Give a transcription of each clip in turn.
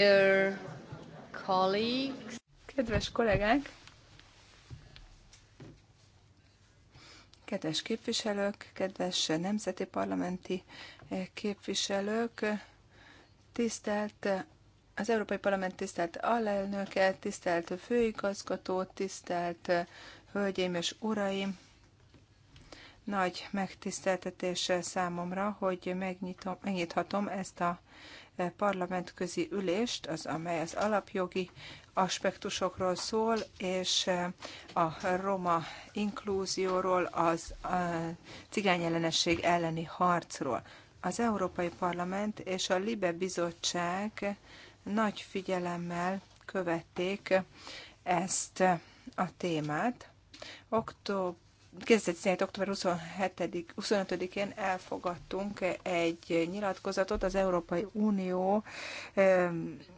Dear colleagues. Kedves kollégák! Kedves képviselők, kedves nemzeti parlamenti képviselők, tisztelt az Európai Parlament tisztelt alelnöke, tisztelt főigazgató, tisztelt hölgyeim és uraim! Nagy megtiszteltetés számomra, hogy megnyitom, megnyithatom ezt a parlamentközi ülést, az, amely az alapjogi aspektusokról szól, és eh, a roma inklúzióról, az a cigányellenesség elleni harcról. Az Európai Parlament és a Libe Bizottság nagy figyelemmel követték ezt a témát. Október 2017. október 27. 25-én elfogadtunk egy nyilatkozatot az Európai Unió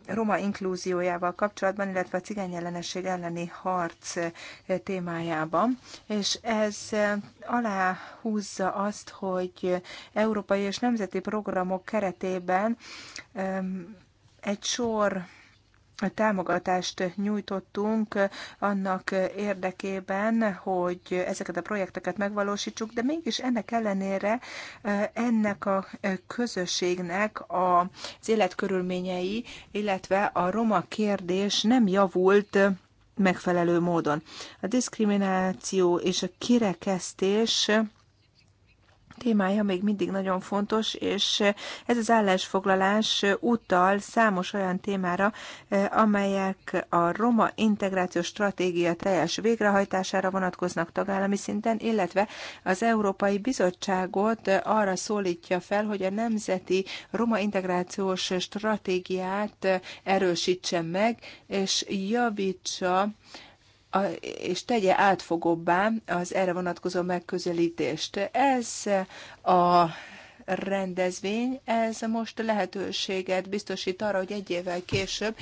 roma inklúziójával kapcsolatban, illetve a ellenesség elleni harc eh, témájában. És ez eh, aláhúzza azt, hogy európai és nemzeti programok keretében egy sor támogatást nyújtottunk annak érdekében, hogy ezeket a projekteket megvalósítsuk, de mégis ennek ellenére eh, ennek a eh, közösségnek az életkörülményei, illetve a roma kérdés nem javult eh, megfelelő módon. A diszkrimináció és a kirekesztés témája még mindig nagyon fontos, és ez az állásfoglalás utal számos olyan témára, eh, amelyek a roma integrációs stratégia teljes végrehajtására vonatkoznak tagállami szinten, illetve az Európai Bizottságot arra szólítja fel, hogy a nemzeti roma integrációs stratégiát erősítse meg, és javítsa és tegye átfogóbbá az erre vonatkozó megközelítést. Ez a rendezvény, ez most lehetőséget biztosít arra, hogy egy évvel később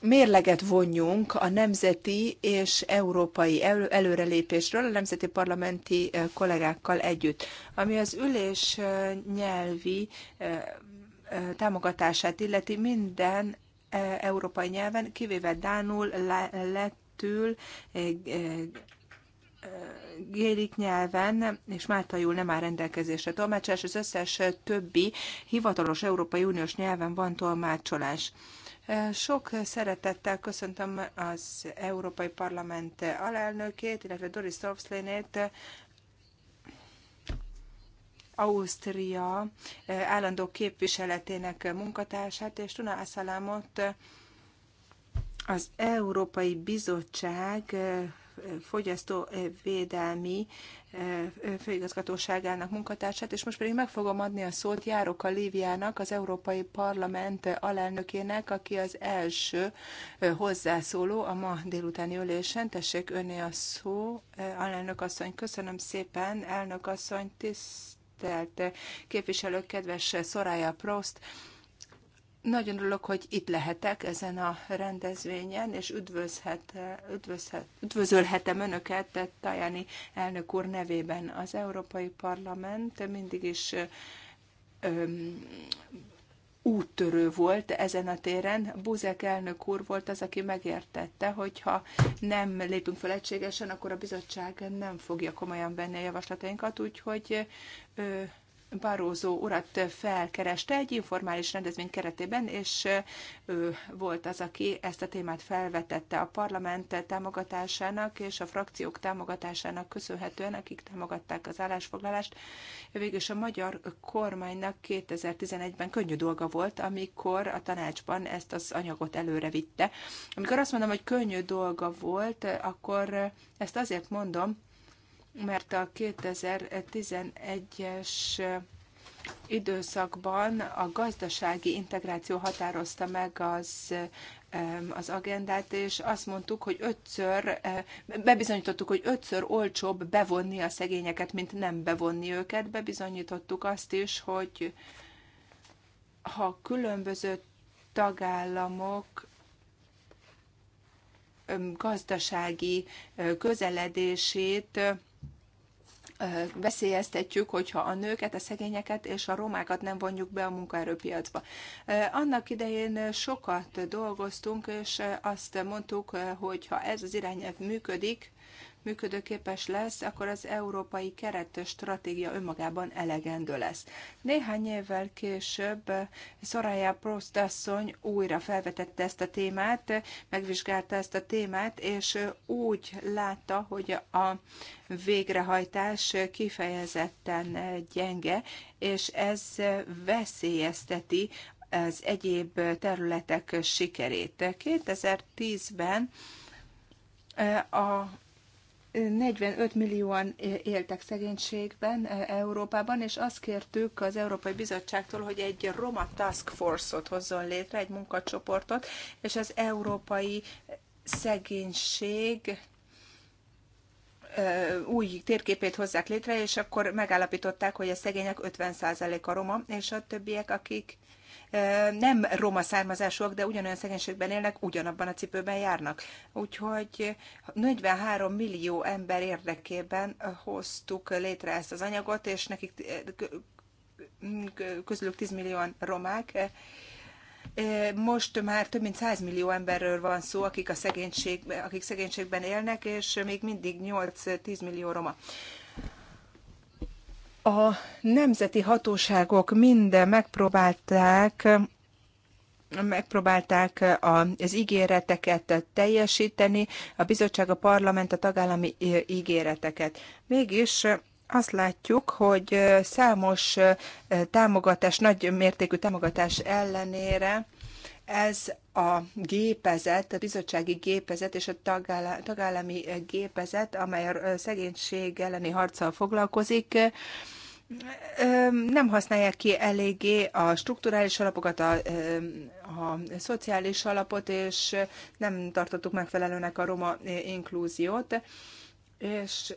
mérleget vonjunk a nemzeti és európai előrelépésről a nemzeti parlamenti kollégákkal együtt. Ami az ülés nyelvi támogatását illeti, minden E, európai nyelven, kivéve dánul, lettül, e, e, gélik nyelven és máltaiul nem áll rendelkezésre tolmácsolás, az összes többi hivatalos Európai Uniós nyelven van tolmácsolás. Sok szeretettel köszöntöm az Európai Parlament alelnökét, illetve Doris Torfslénét, Ausztria eh, állandó képviseletének munkatársát, és Tuna Aszalámot eh, az Európai Bizottság eh, fogyasztóvédelmi főigazgatóságának munkatársát, és most pedig meg fogom adni a szót Járok a Líviának, az Európai Parlament alelnökének, aki az első hozzászóló a ma délutáni ülésen. Tessék öné a szó, alelnök asszony, köszönöm szépen, elnök asszony, tiszt tisztelt képviselők, kedves Szorája Prost! Nagyon örülök, hogy itt lehetek ezen a rendezvényen, és üdvözhet, üdvözhet, üdvözölhetem Önöket Tajani elnök úr nevében. Az Európai Parlament mindig is öm, úttörő volt ezen a téren. Buzek elnök úr volt az, aki megértette, hogy ha nem lépünk fel egységesen, akkor a bizottság nem fogja komolyan venni a javaslatainkat, úgyhogy ö, Barózó urat felkereste egy informális rendezvény keretében, és ő volt az, aki ezt a témát felvetette a parlament támogatásának és a frakciók támogatásának köszönhetően, akik támogatták az állásfoglalást. Végül a magyar kormánynak 2011-ben könnyű dolga volt, amikor a tanácsban ezt az anyagot előre vitte. Amikor azt mondom, hogy könnyű dolga volt, akkor ezt azért mondom, mert a 2011-es időszakban a gazdasági integráció határozta meg az az agendát, és azt mondtuk, hogy ötször, bebizonyítottuk, hogy ötször olcsóbb bevonni a szegényeket, mint nem bevonni őket. Bebizonyítottuk azt is, hogy ha különböző tagállamok gazdasági közeledését veszélyeztetjük, hogyha a nőket, a szegényeket és a romákat nem vonjuk be a munkaerőpiacba. Annak idején sokat dolgoztunk, és azt mondtuk, hogy ha ez az irányelv működik, működőképes lesz, akkor az európai keret stratégia önmagában elegendő lesz. Néhány évvel később Soraya Prost asszony újra felvetette ezt a témát, megvizsgálta ezt a témát, és úgy látta, hogy a végrehajtás kifejezetten gyenge, és ez veszélyezteti az egyéb területek sikerét. 2010-ben a 45 millióan éltek szegénységben e, Európában, és azt kértük az Európai Bizottságtól, hogy egy Roma Task Force-ot hozzon létre, egy munkacsoportot, és az európai szegénység e, új térképét hozzák létre, és akkor megállapították, hogy a szegények 50%-a roma, és a többiek, akik nem roma származásúak, de ugyanolyan szegénységben élnek, ugyanabban a cipőben járnak. Úgyhogy 43 millió ember érdekében hoztuk létre ezt az anyagot, és nekik közülük 10 millióan romák, most már több mint 100 millió emberről van szó, akik, a szegénység, akik szegénységben élnek, és még mindig 8-10 millió roma. A nemzeti hatóságok minden megpróbálták megpróbálták az ígéreteket teljesíteni, a bizottság, a parlament, a tagállami ígéreteket. Mégis azt látjuk, hogy számos támogatás, nagy mértékű támogatás ellenére ez a gépezet, a bizottsági gépezet és a tagállami gépezet, amely a szegénység elleni harccal foglalkozik, nem használják ki eléggé a strukturális alapokat, a, a szociális alapot, és nem tartottuk megfelelőnek a roma inklúziót, és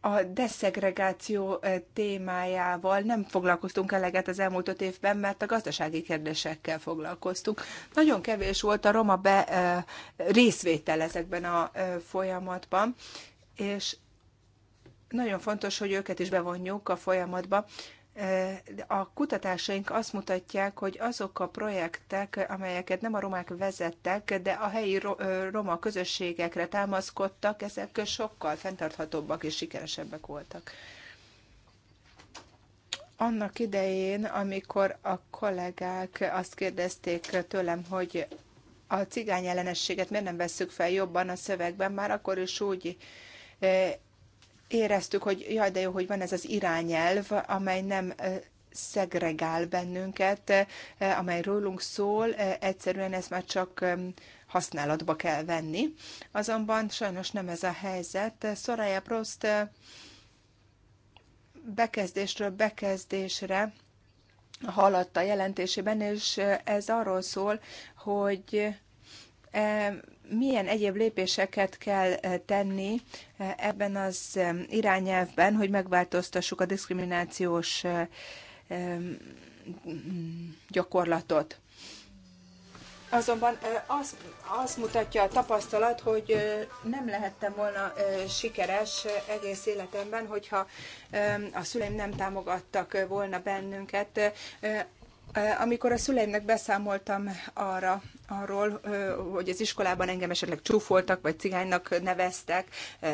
a deszegregáció témájával nem foglalkoztunk eleget az elmúlt öt évben, mert a gazdasági kérdésekkel foglalkoztunk. Nagyon kevés volt a roma be, részvétel ezekben a folyamatban, és nagyon fontos, hogy őket is bevonjuk a folyamatba. A kutatásaink azt mutatják, hogy azok a projektek, amelyeket nem a romák vezettek, de a helyi roma közösségekre támaszkodtak, ezek sokkal fenntarthatóbbak és sikeresebbek voltak. Annak idején, amikor a kollégák azt kérdezték tőlem, hogy a cigány ellenességet miért nem vesszük fel jobban a szövegben, már akkor is úgy éreztük, hogy jaj, de jó, hogy van ez az irányelv, amely nem szegregál bennünket, amely rólunk szól, egyszerűen ez már csak használatba kell venni. Azonban sajnos nem ez a helyzet. Soraya Prost bekezdésről bekezdésre haladta jelentésében, és ez arról szól, hogy milyen egyéb lépéseket kell eh, tenni eh, ebben az eh, irányelvben, hogy megváltoztassuk a diszkriminációs gyakorlatot. Azonban az, az mutatja a tapasztalat, hogy nem lehettem volna sikeres egész életemben, hogyha a szüleim nem támogattak volna bennünket. Amikor a szüleimnek beszámoltam arra, arról, hogy az iskolában engem esetleg csúfoltak, vagy cigánynak neveztek,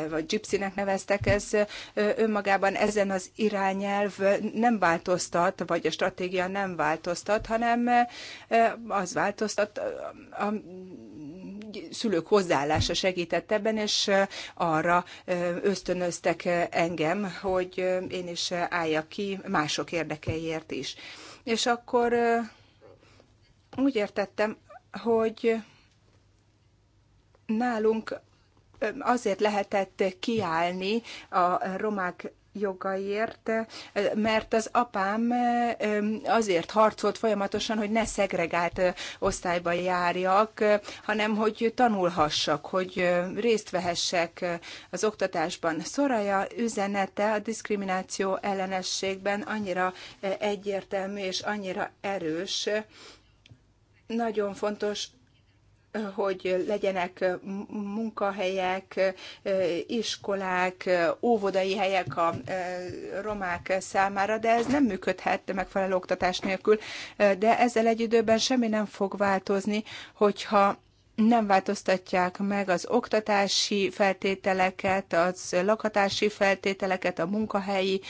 vagy gypsynek neveztek, ez önmagában ezen az irányelv nem változtat, vagy a stratégia nem változtat, hanem az változtat, a szülők hozzáállása segített ebben, és arra ösztönöztek engem, hogy én is álljak ki mások érdekeiért is és akkor úgy értettem, hogy nálunk azért lehetett kiállni a romák jogaiért, mert az apám azért harcolt folyamatosan, hogy ne szegregált osztályba járjak, hanem hogy tanulhassak, hogy részt vehessek az oktatásban. Szoraja üzenete a diszkrimináció ellenességben annyira egyértelmű és annyira erős, nagyon fontos hogy legyenek munkahelyek, iskolák, óvodai helyek a e, romák számára, de ez nem működhet megfelelő oktatás nélkül, de ezzel egy időben semmi nem fog változni, hogyha nem változtatják meg az oktatási feltételeket, az lakhatási feltételeket, a munkahelyi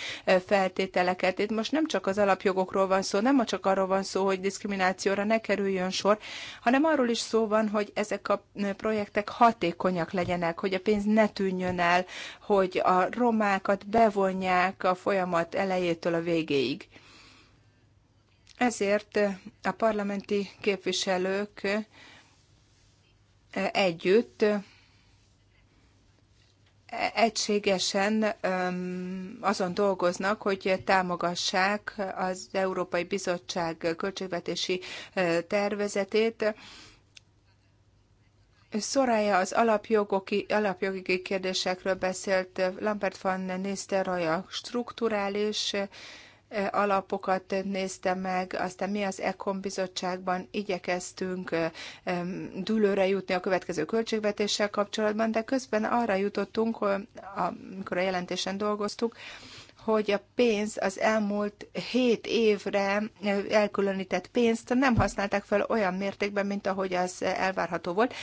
feltételeket. Itt most nem csak az alapjogokról van szó, nem csak arról van szó, hogy diszkriminációra ne kerüljön sor, hanem arról is szó van, hogy ezek a projektek hatékonyak legyenek, hogy a pénz ne tűnjön el, hogy a romákat bevonják a folyamat elejétől a végéig. Ezért a parlamenti képviselők együtt egységesen azon dolgoznak, hogy támogassák az Európai Bizottság költségvetési tervezetét. Szorája az alapjogoki, alapjogi kérdésekről beszélt Lambert van Nistelrooy a strukturális alapokat nézte meg, aztán mi az ECOM bizottságban igyekeztünk dülőre jutni a következő költségvetéssel kapcsolatban, de közben arra jutottunk, amikor a jelentésen dolgoztuk, hogy a pénz az elmúlt hét évre elkülönített pénzt nem használták fel olyan mértékben, mint ahogy az elvárható volt.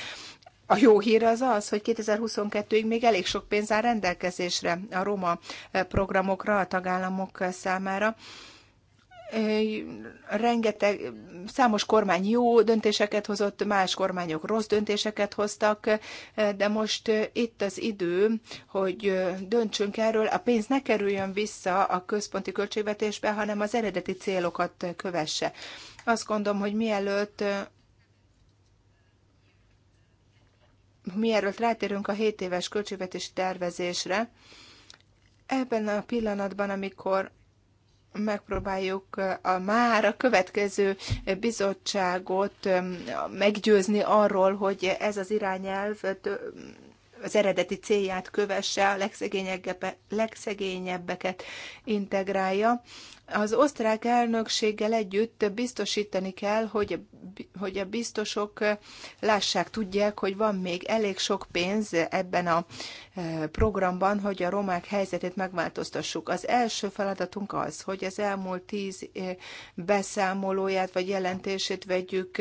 A jó hír az az, hogy 2022-ig még elég sok pénz áll rendelkezésre a roma e, programokra, a tagállamok e, számára e, rengeteg, számos kormány jó döntéseket hozott, más kormányok rossz döntéseket hoztak, de most itt az idő, hogy döntsünk erről, a pénz ne kerüljön vissza a központi költségvetésbe, hanem az eredeti célokat kövesse. Azt gondolom, hogy mielőtt mielőtt rátérünk a 7 éves költségvetési tervezésre, ebben a pillanatban, amikor megpróbáljuk a már a következő bizottságot meggyőzni arról, hogy ez az irányelv az eredeti célját kövesse, a legszegényebbeket integrálja az osztrák elnökséggel együtt biztosítani kell, hogy, hogy a biztosok lássák, tudják, hogy van még elég sok pénz ebben a programban, hogy a romák helyzetét megváltoztassuk. Az első feladatunk az, hogy az elmúlt tíz beszámolóját vagy jelentését vegyük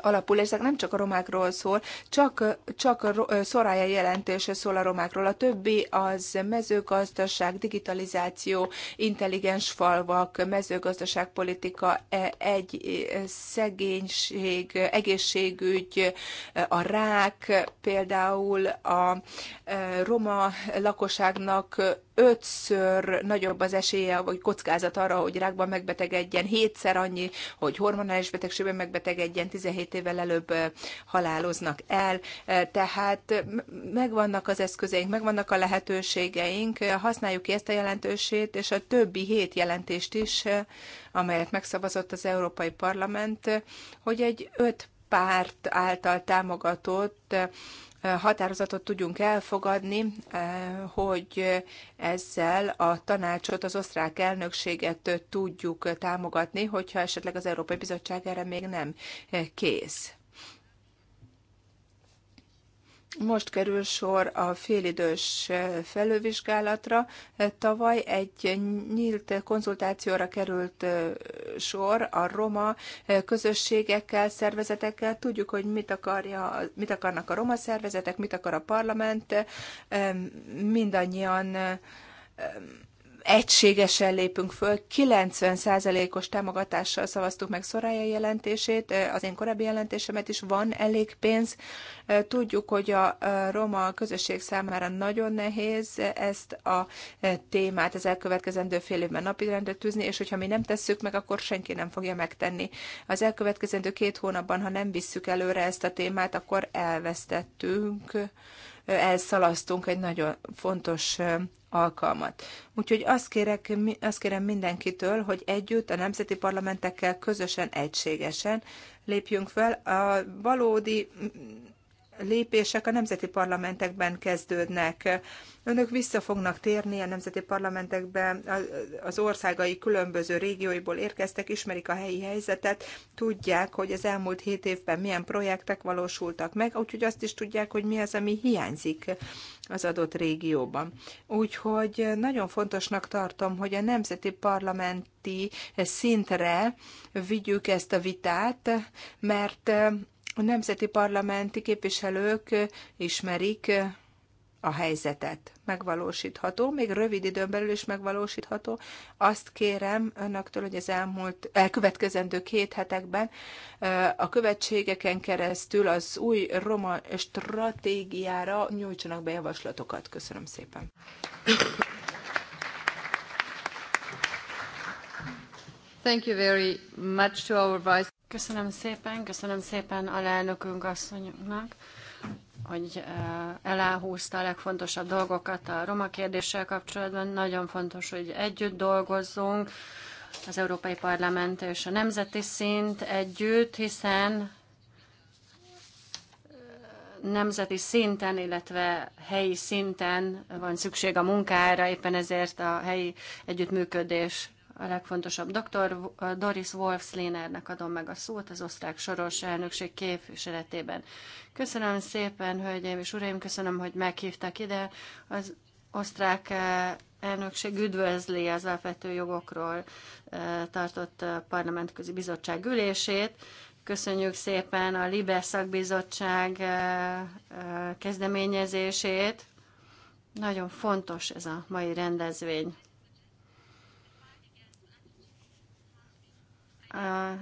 alapul, ezek nem csak a romákról szól, csak, csak a szorája jelentése szól a romákról. A többi az mezőgazdaság, digitalizáció, intelligens falvak, mezőgazdaságpolitika, e, egy szegénység, egészségügy, a rák, például a roma lakosságnak ötször nagyobb az esélye, vagy kockázat arra, hogy rákban megbetegedjen, hétszer annyi, hogy hormonális betegségben megbetegedjen, 17 évvel előbb haláloznak el. Tehát megvannak az eszközeink, megvannak a lehetőségeink, használjuk ki ezt a jelentősét, és a többi hét jelentést is, amelyet megszavazott az Európai Parlament, hogy egy öt párt által támogatott határozatot tudjunk elfogadni, hogy ezzel a tanácsot, az osztrák elnökséget tudjuk támogatni, hogyha esetleg az Európai Bizottság erre még nem kész. Most kerül sor a félidős eh, felővizsgálatra. Eh, tavaly egy nyílt konzultációra került eh, sor a roma közösségekkel, szervezetekkel. Tudjuk, hogy mit, akarja, mit akarnak a roma szervezetek, mit akar a parlament. Mindannyian egységesen lépünk föl. 90%-os támogatással szavaztuk meg Szorája jelentését, az én korábbi jelentésemet is van elég pénz. Tudjuk, hogy a roma közösség számára nagyon nehéz ezt a témát az elkövetkezendő fél évben napirendre tűzni, és hogyha mi nem tesszük meg, akkor senki nem fogja megtenni. Az elkövetkezendő két hónapban, ha nem visszük előre ezt a témát, akkor elvesztettünk elszalasztunk egy nagyon fontos alkalmat. Úgyhogy azt, kérek, azt kérem mindenkitől, hogy együtt a nemzeti parlamentekkel közösen, egységesen lépjünk fel. A valódi lépések a nemzeti parlamentekben kezdődnek. Önök vissza fognak térni a nemzeti parlamentekbe, az országai különböző régióiból érkeztek, ismerik a helyi helyzetet, tudják, hogy az elmúlt hét évben milyen projektek valósultak meg, úgyhogy azt is tudják, hogy mi az, ami hiányzik az adott régióban. Úgyhogy nagyon fontosnak tartom, hogy a nemzeti parlamenti szintre vigyük ezt a vitát, mert a nemzeti parlamenti képviselők ismerik a helyzetet. Megvalósítható, még rövid időn belül is megvalósítható. Azt kérem önöktől, hogy az elmúlt, elkövetkezendő két hetekben a követségeken keresztül az új roma stratégiára nyújtsanak be javaslatokat. Köszönöm szépen. Thank you very much to our vice Köszönöm szépen, köszönöm szépen a lelnökünk asszonynak, hogy eláhúzta a legfontosabb dolgokat a roma kérdéssel kapcsolatban. Nagyon fontos, hogy együtt dolgozzunk, az Európai Parlament és a nemzeti szint együtt, hiszen nemzeti szinten, illetve helyi szinten van szükség a munkára, éppen ezért a helyi együttműködés a legfontosabb Dr. Doris Slénernek adom meg a szót az osztrák soros elnökség képviseletében. Köszönöm szépen, hölgyeim és uraim, köszönöm, hogy meghívtak ide. Az osztrák elnökség üdvözli az alapvető jogokról tartott parlamentközi bizottság ülését. Köszönjük szépen a Libe szakbizottság kezdeményezését. Nagyon fontos ez a mai rendezvény. A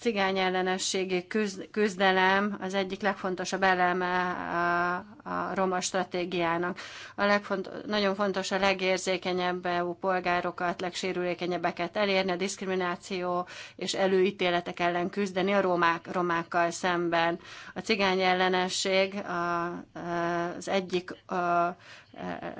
cigány ellenességi küzdelem az egyik legfontosabb eleme a, a roma stratégiának. A legfont, nagyon fontos a legérzékenyebb EU polgárokat, legsérülékenyebbeket elérni, a diszkrimináció és előítéletek ellen küzdeni a romák, romákkal szemben. A cigány ellenesség a, az egyik a,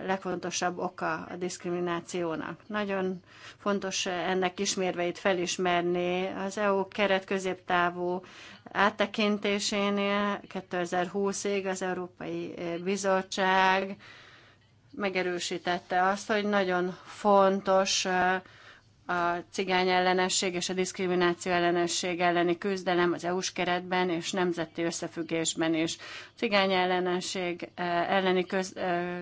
legfontosabb oka a diszkriminációnak. Nagyon fontos ennek ismérveit felismerni az EU keret középtávú áttekintésénél 2020-ig az Európai Bizottság megerősítette azt, hogy nagyon fontos a cigány ellenesség és a diszkrimináció ellenesség elleni küzdelem az EU-s keretben és nemzeti összefüggésben is. A cigány ellenesség eh, elleni köz, eh, eh,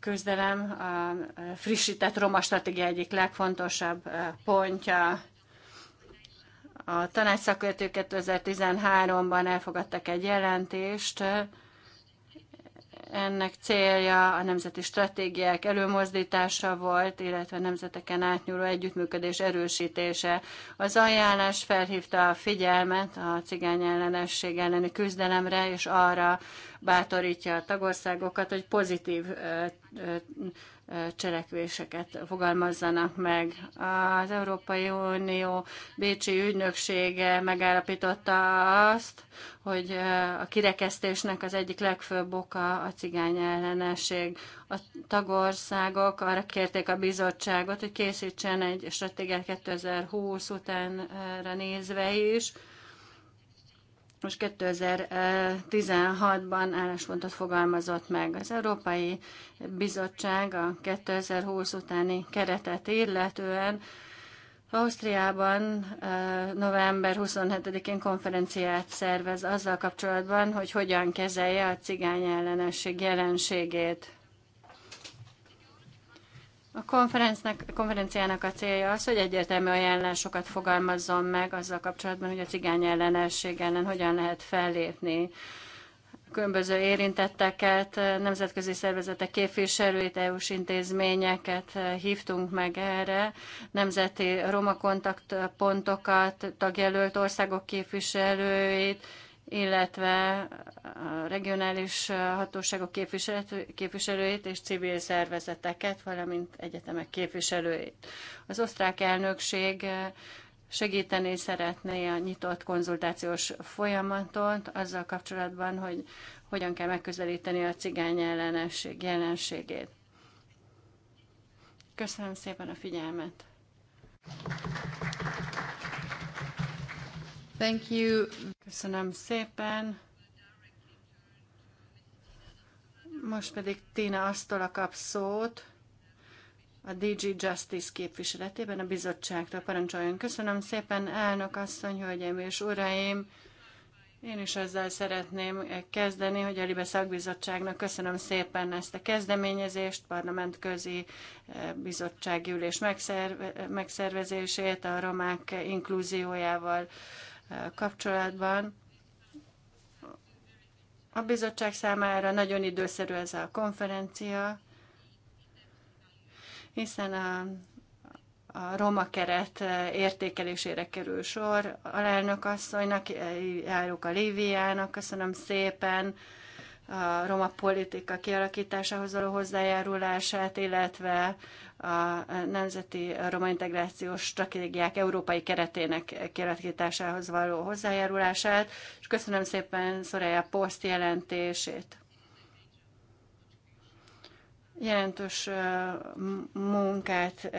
küzdelem a frissített roma stratégia egyik legfontosabb pontja. A tanács 2013-ban elfogadtak egy jelentést, ennek célja a nemzeti stratégiák előmozdítása volt, illetve nemzeteken átnyúló együttműködés erősítése. Az ajánlás felhívta a figyelmet a cigány ellenesség elleni küzdelemre, és arra bátorítja a tagországokat, hogy pozitív cselekvéseket fogalmazzanak meg. Az Európai Unió Bécsi ügynöksége megállapította azt, hogy a kirekesztésnek az egyik legfőbb oka a cigány ellenesség. A tagországok arra kérték a bizottságot, hogy készítsen egy stratégiát 2020 utánra nézve is, most 2016-ban álláspontot fogalmazott meg az Európai Bizottság a 2020 utáni keretet illetően. Ausztriában november 27-én konferenciát szervez azzal kapcsolatban, hogy hogyan kezelje a cigány ellenesség jelenségét. A konferencnek, a konferenciának a célja az, hogy egyértelmű ajánlásokat fogalmazzon meg azzal kapcsolatban, hogy a cigány ellenesség ellen hogyan lehet fellépni. Különböző érintetteket, nemzetközi szervezetek képviselőit, EU-s intézményeket hívtunk meg erre, nemzeti roma kontaktpontokat, tagjelölt országok képviselőit, illetve a regionális hatóságok képviselőit és civil szervezeteket, valamint egyetemek képviselőit. Az osztrák elnökség segíteni szeretné a nyitott konzultációs folyamatot azzal kapcsolatban, hogy hogyan kell megközelíteni a cigány ellenesség jelenségét. Köszönöm szépen a figyelmet! Thank you. Köszönöm szépen. Most pedig Tina Asztola kap szót a DG Justice képviseletében a bizottságtól parancsoljon. Köszönöm szépen, elnök asszony, hölgyeim és uraim! Én is ezzel szeretném kezdeni, hogy a Libe Szakbizottságnak köszönöm szépen ezt a kezdeményezést, parlamentközi eh, bizottsági ülés megszervezését, a romák inkluziójával kapcsolatban. A bizottság számára nagyon időszerű ez a konferencia, hiszen a, a roma keret értékelésére kerül sor. A lelnök asszonynak, járok a Líviának, köszönöm szépen a roma politika kialakításához való hozzájárulását, illetve a nemzeti roma integrációs stratégiák európai keretének kialakításához való hozzájárulását, és köszönöm szépen Szorája post jelentését jelentős munkát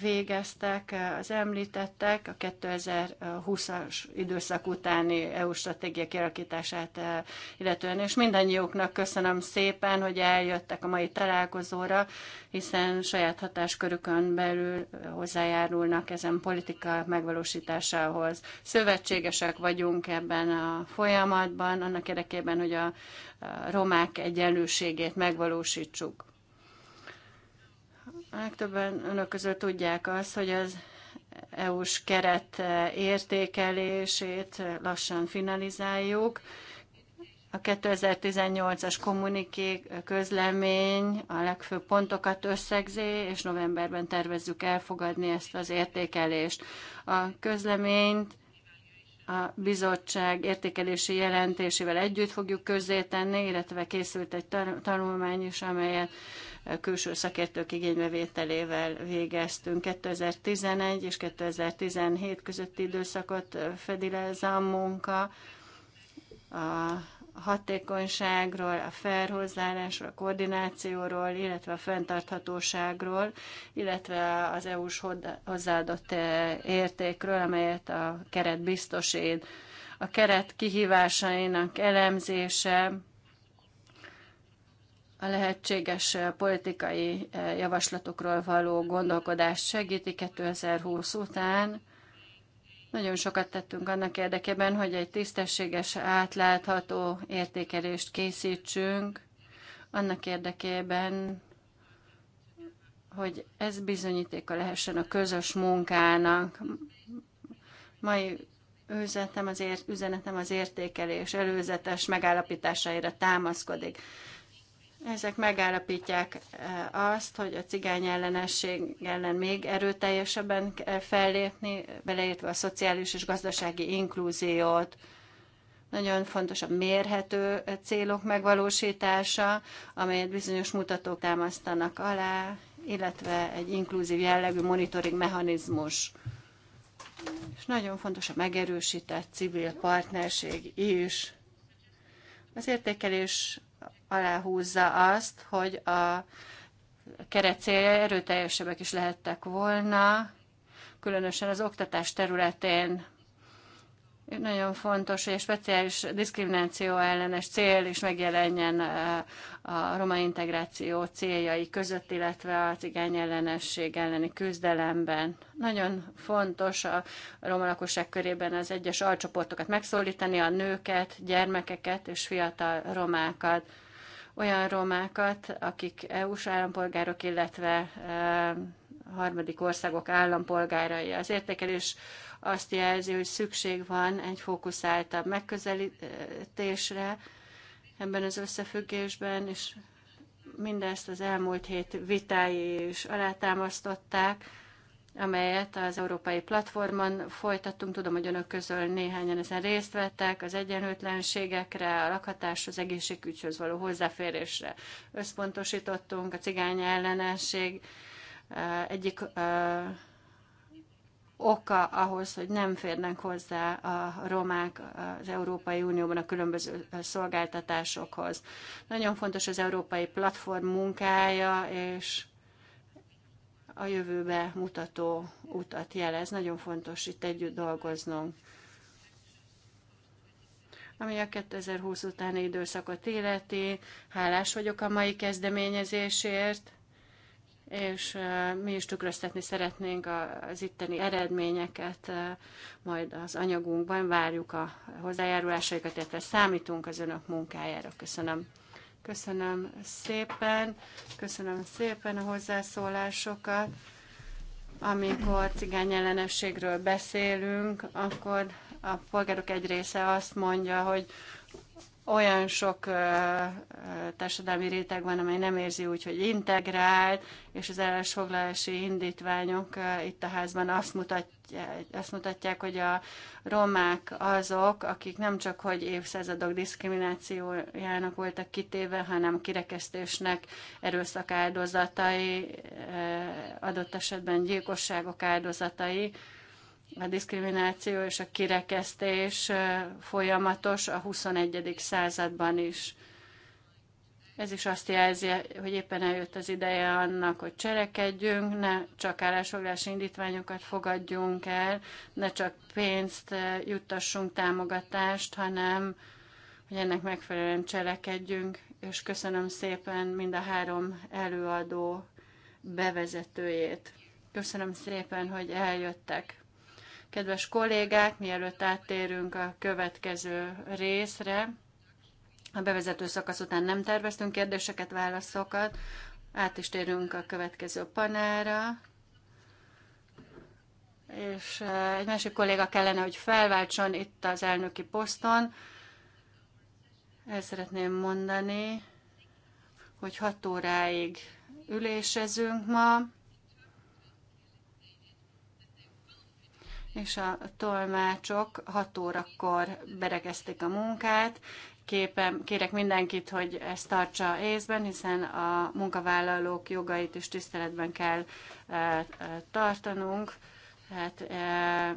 végeztek az említettek a 2020-as időszak utáni EU stratégia kialakítását illetően, és mindannyiuknak köszönöm szépen, hogy eljöttek a mai találkozóra, hiszen saját hatáskörükön belül hozzájárulnak ezen politika megvalósításához. Szövetségesek vagyunk ebben a folyamatban, annak érdekében, hogy a romák egyenlőségét megvalósítsuk. Legtöbben önök között tudják azt, hogy az EU-s keret értékelését lassan finalizáljuk. A 2018-as kommuniké közlemény a legfőbb pontokat összegzi, és novemberben tervezzük elfogadni ezt az értékelést. A közleményt a bizottság értékelési jelentésével együtt fogjuk közzétenni, illetve készült egy tanulmány is, amelyet külső szakértők igénybevételével végeztünk. 2011 és 2017 közötti időszakot fedi le ez a munka. A a hatékonyságról, a felhozzárásról, a koordinációról, illetve a fenntarthatóságról, illetve az EU-s hozzáadott eh, értékről, amelyet a keret biztosít. A keret kihívásainak elemzése, a lehetséges eh, politikai eh, javaslatokról való gondolkodást segíti 2020 után, nagyon sokat tettünk annak érdekében, hogy egy tisztességes, átlátható értékelést készítsünk, annak érdekében, hogy ez bizonyítéka lehessen a közös munkának. Mai üzenetem az, ér, üzenetem az értékelés előzetes megállapításaira támaszkodik. Ezek megállapítják eh, azt, hogy a cigány ellenesség ellen még erőteljesebben kell fellépni, beleértve a szociális és gazdasági inkluziót. Nagyon fontos a mérhető célok megvalósítása, amelyet bizonyos mutatók támasztanak alá, illetve egy inkluzív jellegű monitoring mechanizmus. És nagyon fontos a megerősített civil partnerség is. Az értékelés aláhúzza azt, hogy a keret célja erőteljesebbek is lehettek volna, különösen az oktatás területén. Nagyon fontos, hogy egy speciális diszkrimináció ellenes cél is megjelenjen a roma integráció céljai között, illetve a cigány ellenesség elleni küzdelemben. Nagyon fontos a roma lakosság körében az egyes alcsoportokat megszólítani, a nőket, gyermekeket és fiatal romákat olyan romákat, akik EU-s állampolgárok, illetve harmadik országok állampolgárai. Az értékelés azt jelzi, hogy szükség van egy fókuszáltabb megközelítésre ebben az összefüggésben, és mindezt az elmúlt hét vitái is alátámasztották amelyet az Európai Platformon folytattunk. Tudom, hogy önök közül néhányan ezen részt vettek, az egyenlőtlenségekre, a lakhatáshoz, egészségügyhöz való hozzáférésre összpontosítottunk, a cigány ellenesség egyik oka ahhoz, hogy nem férnek hozzá a romák az Európai Unióban a különböző szolgáltatásokhoz. Nagyon fontos az európai platform munkája, és a jövőbe mutató utat jelez. Nagyon fontos itt együtt dolgoznunk. Ami a 2020 utáni időszakot életi, hálás vagyok a mai kezdeményezésért, és mi is tükröztetni szeretnénk az itteni eredményeket, majd az anyagunkban várjuk a hozzájárulásaikat, illetve számítunk az önök munkájára. Köszönöm. Köszönöm szépen, köszönöm szépen a hozzászólásokat. Amikor cigány ellenességről beszélünk, akkor a polgárok egy része azt mondja, hogy olyan sok társadalmi réteg van, amely nem érzi úgy, hogy integrált, és az állásfoglalási indítványok itt a házban azt mutatják, azt mutatják, hogy a romák azok, akik nem csak hogy évszázadok diszkriminációjának voltak kitéve, hanem kirekesztésnek, erőszak áldozatai, adott esetben gyilkosságok áldozatai, a diszkrimináció és a kirekesztés folyamatos a 21. században is. Ez is azt jelzi, hogy éppen eljött az ideje annak, hogy cselekedjünk, ne csak állásfoglalási indítványokat fogadjunk el, ne csak pénzt juttassunk, támogatást, hanem hogy ennek megfelelően cselekedjünk. És köszönöm szépen mind a három előadó bevezetőjét. Köszönöm szépen, hogy eljöttek. Kedves kollégák, mielőtt áttérünk a következő részre, a bevezető szakasz után nem terveztünk kérdéseket, válaszokat, át is térünk a következő panára, és eh, egy másik kolléga kellene, hogy felváltson itt az elnöki poszton. El szeretném mondani, hogy 6 óráig ülésezünk ma. és a tolmácsok 6 órakor beregezték a munkát. Képem, kérek mindenkit, hogy ezt tartsa észben, hiszen a munkavállalók jogait is tiszteletben kell e, e tartanunk. Hát e,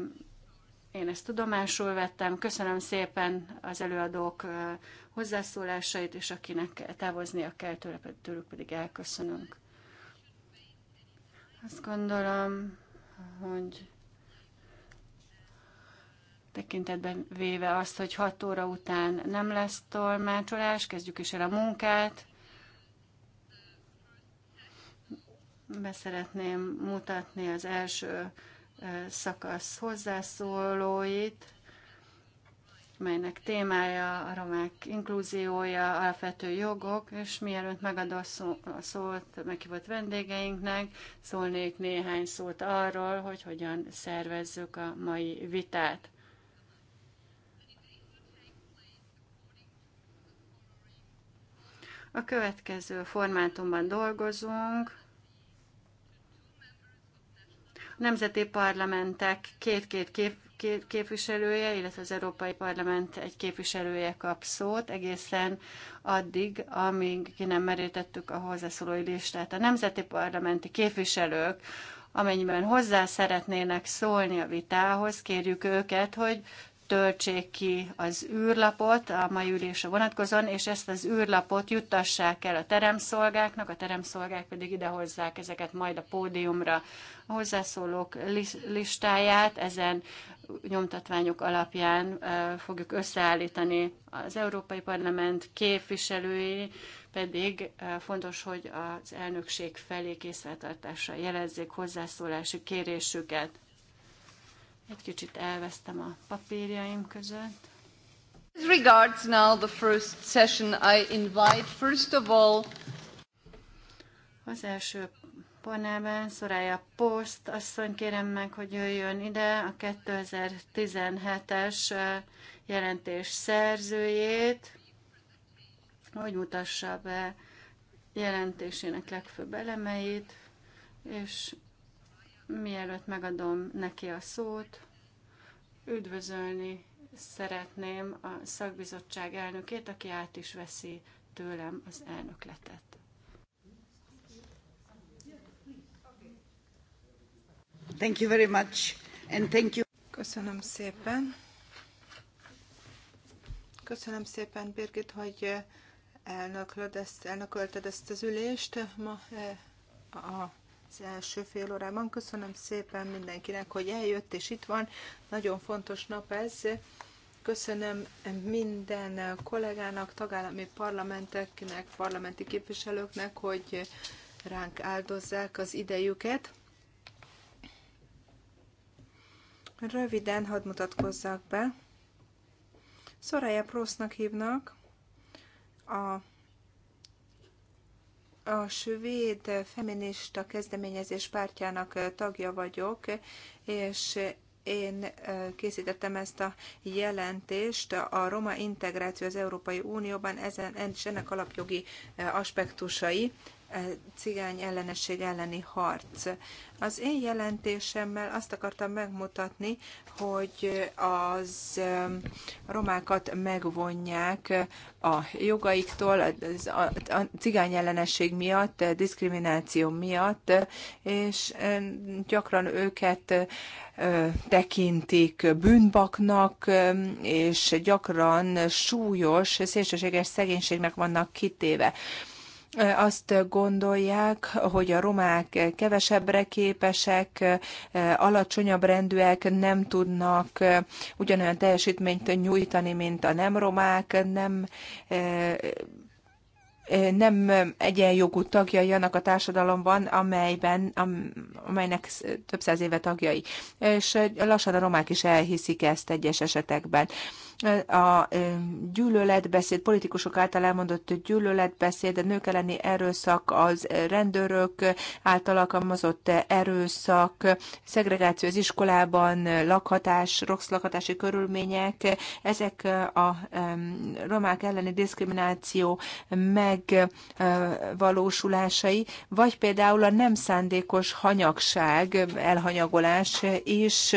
én ezt tudomásul vettem. Köszönöm szépen az előadók e, hozzászólásait, és akinek távoznia kell tőle, tőlük pedig elköszönünk. Azt gondolom, hogy tekintetben véve azt, hogy 6 óra után nem lesz tolmácsolás, kezdjük is el a munkát. Beszeretném mutatni az első szakasz hozzászólóit, melynek témája a romák inkluziója, alapvető jogok, és mielőtt megadom a szót meghívott vendégeinknek, szólnék néhány szót arról, hogy hogyan szervezzük a mai vitát. A következő formátumban dolgozunk. A nemzeti parlamentek két-két kép, képviselője, illetve az Európai Parlament egy képviselője kap szót egészen addig, amíg ki nem merítettük a hozzászólói listát. A nemzeti parlamenti képviselők amennyiben hozzá szeretnének szólni a vitához, kérjük őket, hogy töltsék ki az űrlapot a mai ülésre vonatkozóan, és ezt az űrlapot juttassák el a teremszolgáknak, a teremszolgák pedig idehozzák ezeket majd a pódiumra. A hozzászólók listáját ezen nyomtatványok alapján fogjuk összeállítani. Az Európai Parlament képviselői pedig fontos, hogy az elnökség felé készfeltartással jelezzék hozzászólási kérésüket. Egy kicsit elvesztem a papírjaim között. As regards now the first session, I invite first of all az első panelben Szorája Post asszony kérem meg, hogy jöjjön ide a 2017-es jelentés szerzőjét, hogy mutassa be jelentésének legfőbb elemeit, és Mielőtt megadom neki a szót, üdvözölni szeretném a szakbizottság elnökét, aki át is veszi tőlem az elnökletet. Thank you very much, and thank you. Köszönöm szépen. Köszönöm szépen, Birgit, hogy elnöklöd ezt, ezt az ülést ma eh, a az első fél órában. Köszönöm szépen mindenkinek, hogy eljött és itt van. Nagyon fontos nap ez. Köszönöm minden kollégának, tagállami parlamenteknek, parlamenti képviselőknek, hogy ránk áldozzák az idejüket. Röviden hadd mutatkozzak be. Szorája Prósznak hívnak, a a svéd feminista kezdeményezés pártjának tagja vagyok, és én készítettem ezt a jelentést a roma integráció az Európai Unióban, ezen, ennek alapjogi aspektusai E, cigány ellenesség elleni harc. Az én jelentésemmel azt akartam megmutatni, hogy az e, romákat megvonják a jogaiktól, a cigány ellenesség miatt, a diszkrimináció miatt, és e, gyakran őket tekintik bűnbaknak, és gyakran súlyos, szélsőséges szegénységnek vannak kitéve azt gondolják, hogy a romák kevesebbre képesek, alacsonyabb rendűek nem tudnak ugyanolyan teljesítményt nyújtani, mint a nem romák, nem nem egyenjogú tagjai annak a társadalomban, amelyben, amelynek több száz éve tagjai. És lassan a romák is elhiszik ezt egyes esetekben a gyűlöletbeszéd, politikusok által elmondott gyűlöletbeszéd, a nők elleni erőszak, az rendőrök által alkalmazott erőszak, szegregáció az iskolában, lakhatás, rossz lakhatási körülmények, ezek a romák elleni diszkrimináció megvalósulásai, vagy például a nem szándékos hanyagság, elhanyagolás is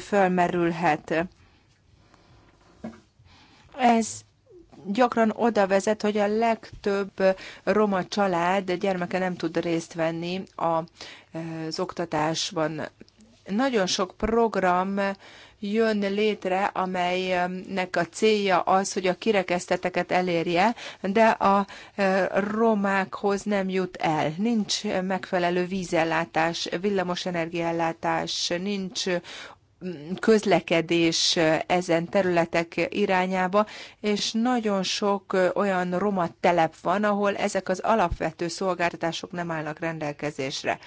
fölmerülhet ez gyakran oda vezet, hogy a legtöbb roma család gyermeke nem tud részt venni az oktatásban. Nagyon sok program jön létre, amelynek a célja az, hogy a kirekeszteteket elérje, de a e, romákhoz nem jut el. Nincs megfelelő vízellátás, villamosenergiállátás, nincs közlekedés eh, ezen területek irányába, és nagyon sok eh, olyan roma telep van, ahol ezek az alapvető szolgáltatások nem állnak rendelkezésre.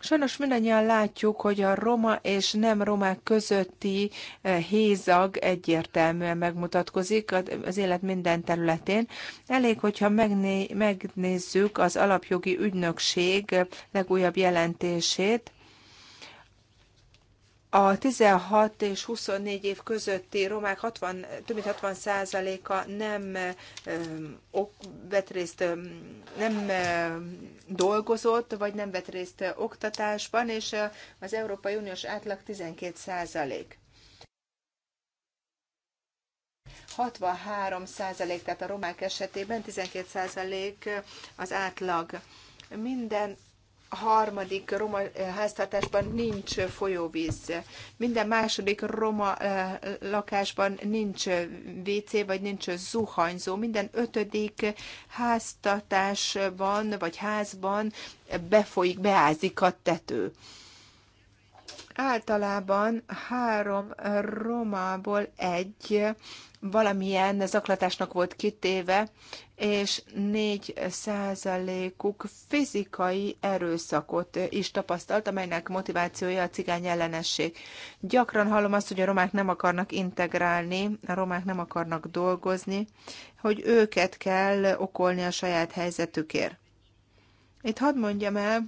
Sajnos mindannyian látjuk, hogy a roma és nem romák közötti eh, hézag egyértelműen megmutatkozik az élet minden területén. Elég, hogyha megnézzük az alapjogi ügynökség legújabb jelentését, a 16 és 24 év közötti romák 60, több mint 60 százaléka nem ok, vett részt, nem dolgozott, vagy nem vett részt oktatásban, és az Európai Uniós átlag 12 százalék. 63 százalék, tehát a romák esetében 12 százalék az átlag. Minden a harmadik roma eh, háztartásban nincs folyóvíz. Minden második roma eh, lakásban nincs WC, vagy nincs zuhanyzó. Minden ötödik háztartásban, vagy házban befolyik, beázik a tető. Általában három romából egy valamilyen zaklatásnak volt kitéve, és 4 százalékuk fizikai erőszakot is tapasztalt, amelynek motivációja a cigány ellenesség. Gyakran hallom azt, hogy a romák nem akarnak integrálni, a romák nem akarnak dolgozni, hogy őket kell okolni a saját helyzetükért. Itt hadd mondjam el,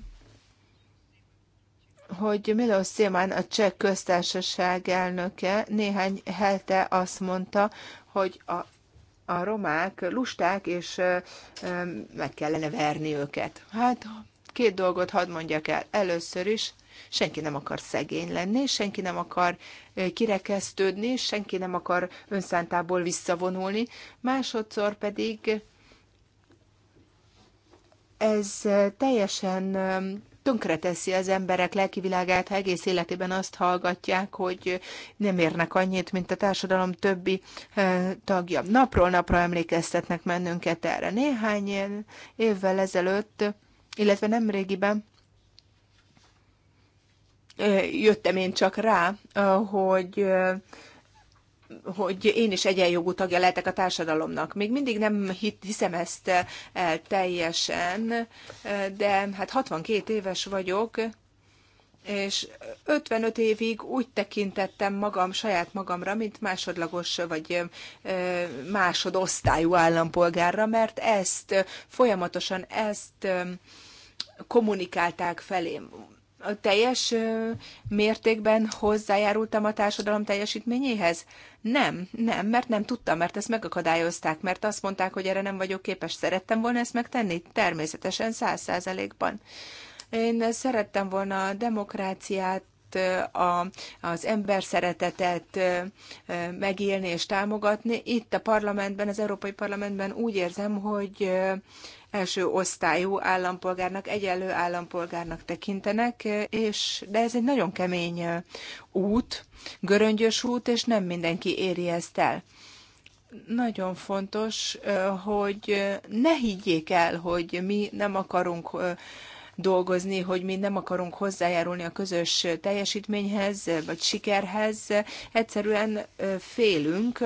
hogy Milos Szilmán, a cseh köztársaság elnöke néhány hete azt mondta, hogy a a romák lusták, és meg kellene verni őket. Hát két dolgot hadd mondjak el. Először is, senki nem akar szegény lenni, senki nem akar kirekesztődni, senki nem akar önszántából visszavonulni. Másodszor pedig ez teljesen tönkreteszi az emberek lelkivilágát, ha egész életében azt hallgatják, hogy nem érnek annyit, mint a társadalom többi eh, tagja. Napról napra emlékeztetnek mennünket erre. Néhány évvel ezelőtt, illetve nem régiben, eh, jöttem én csak rá, eh, hogy hogy én is egyenjogú tagja lehetek a társadalomnak. Még mindig nem hiszem ezt el teljesen, de hát 62 éves vagyok, és 55 évig úgy tekintettem magam, saját magamra, mint másodlagos vagy másodosztályú állampolgárra, mert ezt folyamatosan ezt kommunikálták felém teljes mértékben hozzájárultam a társadalom teljesítményéhez? Nem, nem, mert nem tudtam, mert ezt megakadályozták, mert azt mondták, hogy erre nem vagyok képes. Szerettem volna ezt megtenni? Természetesen, száz százalékban. Én szerettem volna a demokráciát, a, az ember szeretetet megélni és támogatni. Itt a parlamentben, az Európai Parlamentben úgy érzem, hogy első osztályú állampolgárnak, egyenlő állampolgárnak tekintenek, és de ez egy nagyon kemény út, göröngyös út, és nem mindenki éri ezt el. Nagyon fontos, hogy ne higgyék el, hogy mi nem akarunk dolgozni, hogy mi nem akarunk hozzájárulni a közös teljesítményhez, vagy sikerhez. Egyszerűen félünk,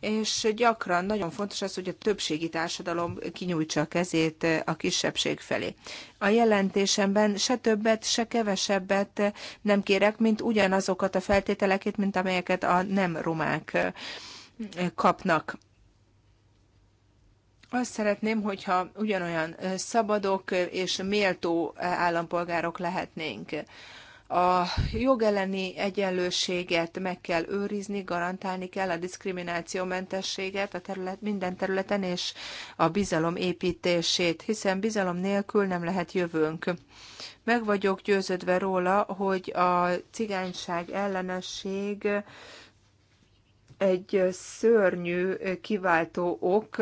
és gyakran nagyon fontos az, hogy a többségi társadalom kinyújtsa a kezét a kisebbség felé. A jelentésemben se többet, se kevesebbet nem kérek, mint ugyanazokat a feltételeket, mint amelyeket a nem romák kapnak. Azt szeretném, hogyha ugyanolyan szabadok és méltó állampolgárok lehetnénk. A jogelleni egyenlőséget meg kell őrizni, garantálni kell a diszkriminációmentességet a terület, minden területen és a bizalom építését, hiszen bizalom nélkül nem lehet jövőnk. Meg vagyok győződve róla, hogy a cigányság ellenesség egy szörnyű kiváltó ok,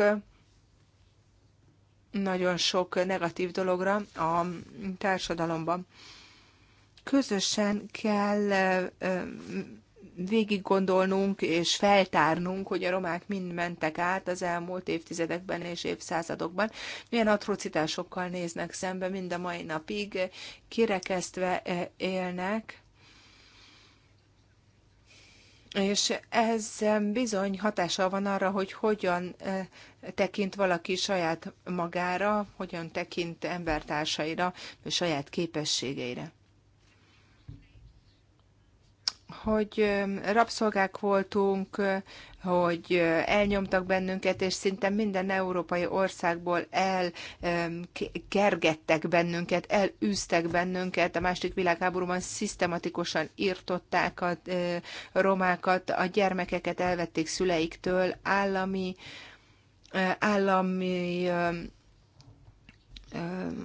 nagyon sok negatív dologra a társadalomban közösen kell végig gondolnunk és feltárnunk, hogy a romák mind mentek át az elmúlt évtizedekben és évszázadokban, milyen atrocitásokkal néznek szembe, mind a mai napig kirekesztve élnek. És ez bizony hatással van arra, hogy hogyan tekint valaki saját magára, hogyan tekint embertársaira, vagy saját képességeire hogy rabszolgák voltunk, hogy elnyomtak bennünket, és szinte minden európai országból elkergettek bennünket, elűztek bennünket. A második világháborúban szisztematikusan írtották a romákat, a gyermekeket elvették szüleiktől, állami állami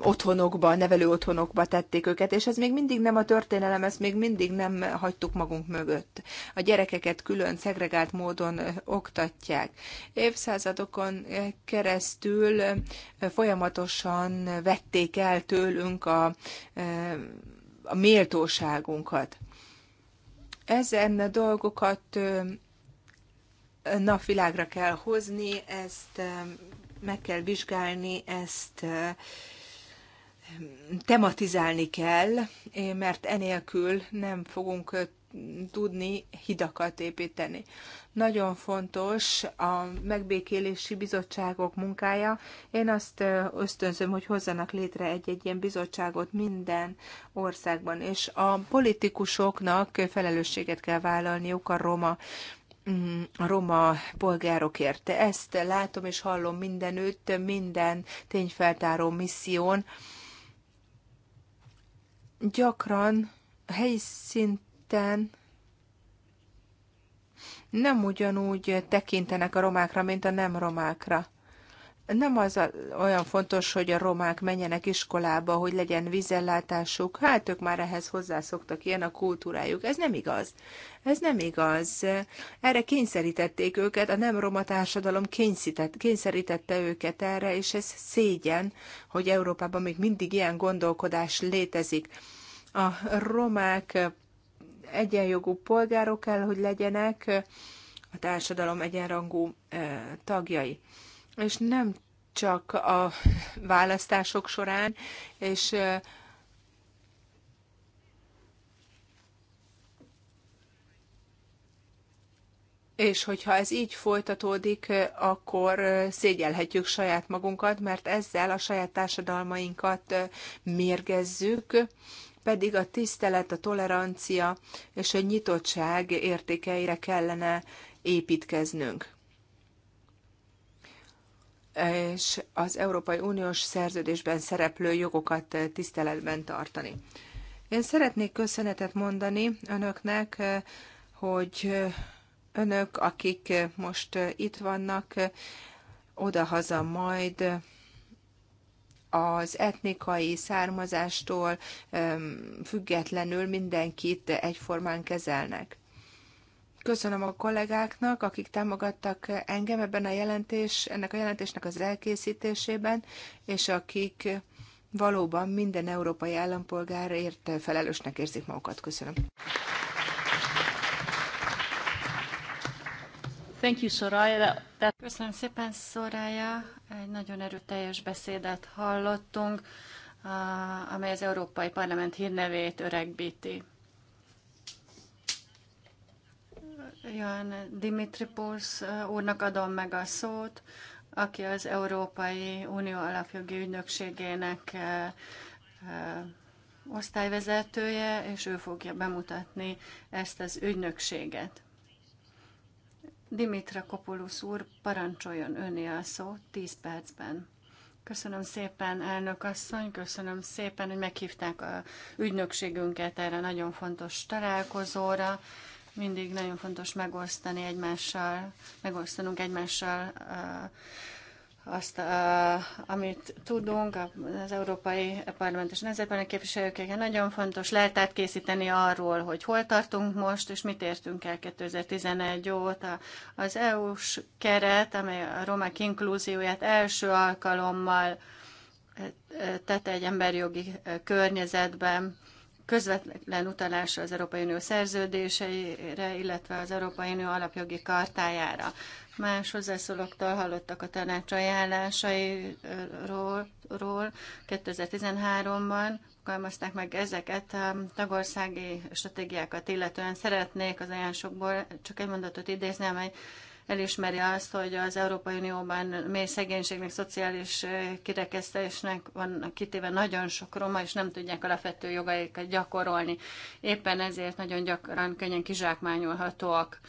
otthonokba, nevelő otthonokba tették őket, és ez még mindig nem a történelem, ezt még mindig nem hagytuk magunk mögött. A gyerekeket külön, szegregált módon oktatják. Évszázadokon keresztül folyamatosan vették el tőlünk a, a méltóságunkat. Ezen a dolgokat napvilágra kell hozni, ezt meg kell vizsgálni ezt, tematizálni kell, mert enélkül nem fogunk tudni hidakat építeni. Nagyon fontos a megbékélési bizottságok munkája. Én azt ösztönzöm, hogy hozzanak létre egy-egy ilyen bizottságot minden országban, és a politikusoknak felelősséget kell vállalniuk a roma Mm, a roma polgárokért. Ezt látom és hallom mindenütt, minden tényfeltáró misszión. Gyakran helyi szinten nem ugyanúgy tekintenek a romákra, mint a nem romákra nem az a, olyan fontos, hogy a romák menjenek iskolába, hogy legyen vízellátásuk, hát ők már ehhez hozzászoktak, ilyen a kultúrájuk. Ez nem igaz. Ez nem igaz. Erre kényszerítették őket, a nem roma társadalom kényszerítette őket erre, és ez szégyen, hogy Európában még mindig ilyen gondolkodás létezik. A romák egyenjogú polgárok kell, hogy legyenek a társadalom egyenrangú eh, tagjai és nem csak a választások során, és És hogyha ez így folytatódik, akkor szégyelhetjük saját magunkat, mert ezzel a saját társadalmainkat mérgezzük, pedig a tisztelet, a tolerancia és a nyitottság értékeire kellene építkeznünk és az Európai Uniós szerződésben szereplő jogokat tiszteletben tartani. Én szeretnék köszönetet mondani önöknek, hogy önök, akik most itt vannak, odahaza majd az etnikai származástól függetlenül mindenkit egyformán kezelnek. Köszönöm a kollégáknak, akik támogattak engem ebben a jelentés, ennek a jelentésnek az elkészítésében, és akik valóban minden európai állampolgárért felelősnek érzik magukat. Köszönöm. Thank you, Soraya. That... Köszönöm szépen, Soraya. Egy nagyon erőteljes beszédet hallottunk, amely az Európai Parlament hírnevét öregbíti. Jan Dimitripus eh, úrnak adom meg a szót, aki az Európai Unió Alapjogi Ügynökségének eh, eh, osztályvezetője, és ő fogja bemutatni ezt az ügynökséget. Dimitra Kopulus úr, parancsoljon önni a szó 10 percben. Köszönöm szépen, elnök asszony, köszönöm szépen, hogy meghívták a ügynökségünket erre nagyon fontos találkozóra mindig nagyon fontos megosztani egymással, megosztanunk egymással azt, amit tudunk, az Európai Parlament és Nemzetben képviselőkkel nagyon fontos leltát készíteni arról, hogy hol tartunk most, és mit értünk el 2011 óta. Az EU-s keret, amely a romák inkluzióját első alkalommal tette egy emberjogi környezetben, közvetlen utalása az Európai Unió szerződéseire, illetve az Európai Unió alapjogi kartájára. Más hozzászólóktól hallottak a tanács ajánlásairól 2013-ban, fogalmazták meg ezeket a tagországi stratégiákat, illetően szeretnék az ajánlásokból csak egy mondatot idézni, amely elismeri azt, hogy az Európai Unióban mély szegénységnek, szociális eh, kirekesztésnek van kitéve nagyon sok roma, és nem tudják alapvető jogaikat gyakorolni. Éppen ezért nagyon gyakran könnyen kizsákmányolhatóak.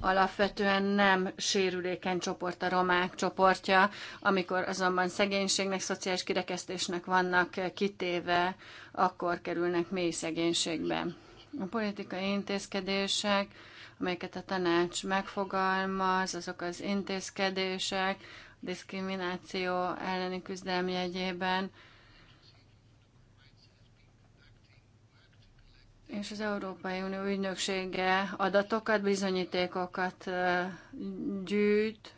Alapvetően nem sérülékeny csoport a romák csoportja, amikor azonban szegénységnek, szociális kirekesztésnek vannak eh, kitéve, akkor kerülnek mély szegénységbe. A politikai intézkedések, amelyeket a tanács megfogalmaz, azok az intézkedések, a diszkrimináció elleni küzdelem jegyében, És az Európai Unió ügynöksége adatokat, bizonyítékokat gyűjt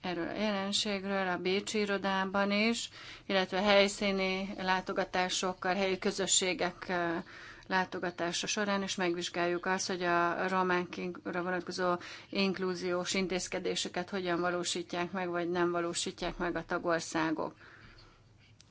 erről a jelenségről, a Bécsi irodában is, illetve helyszíni látogatásokkal, helyi közösségek látogatása során, és megvizsgáljuk azt, hogy a románkra vonatkozó inkluziós intézkedéseket hogyan valósítják meg, vagy nem valósítják meg a tagországok.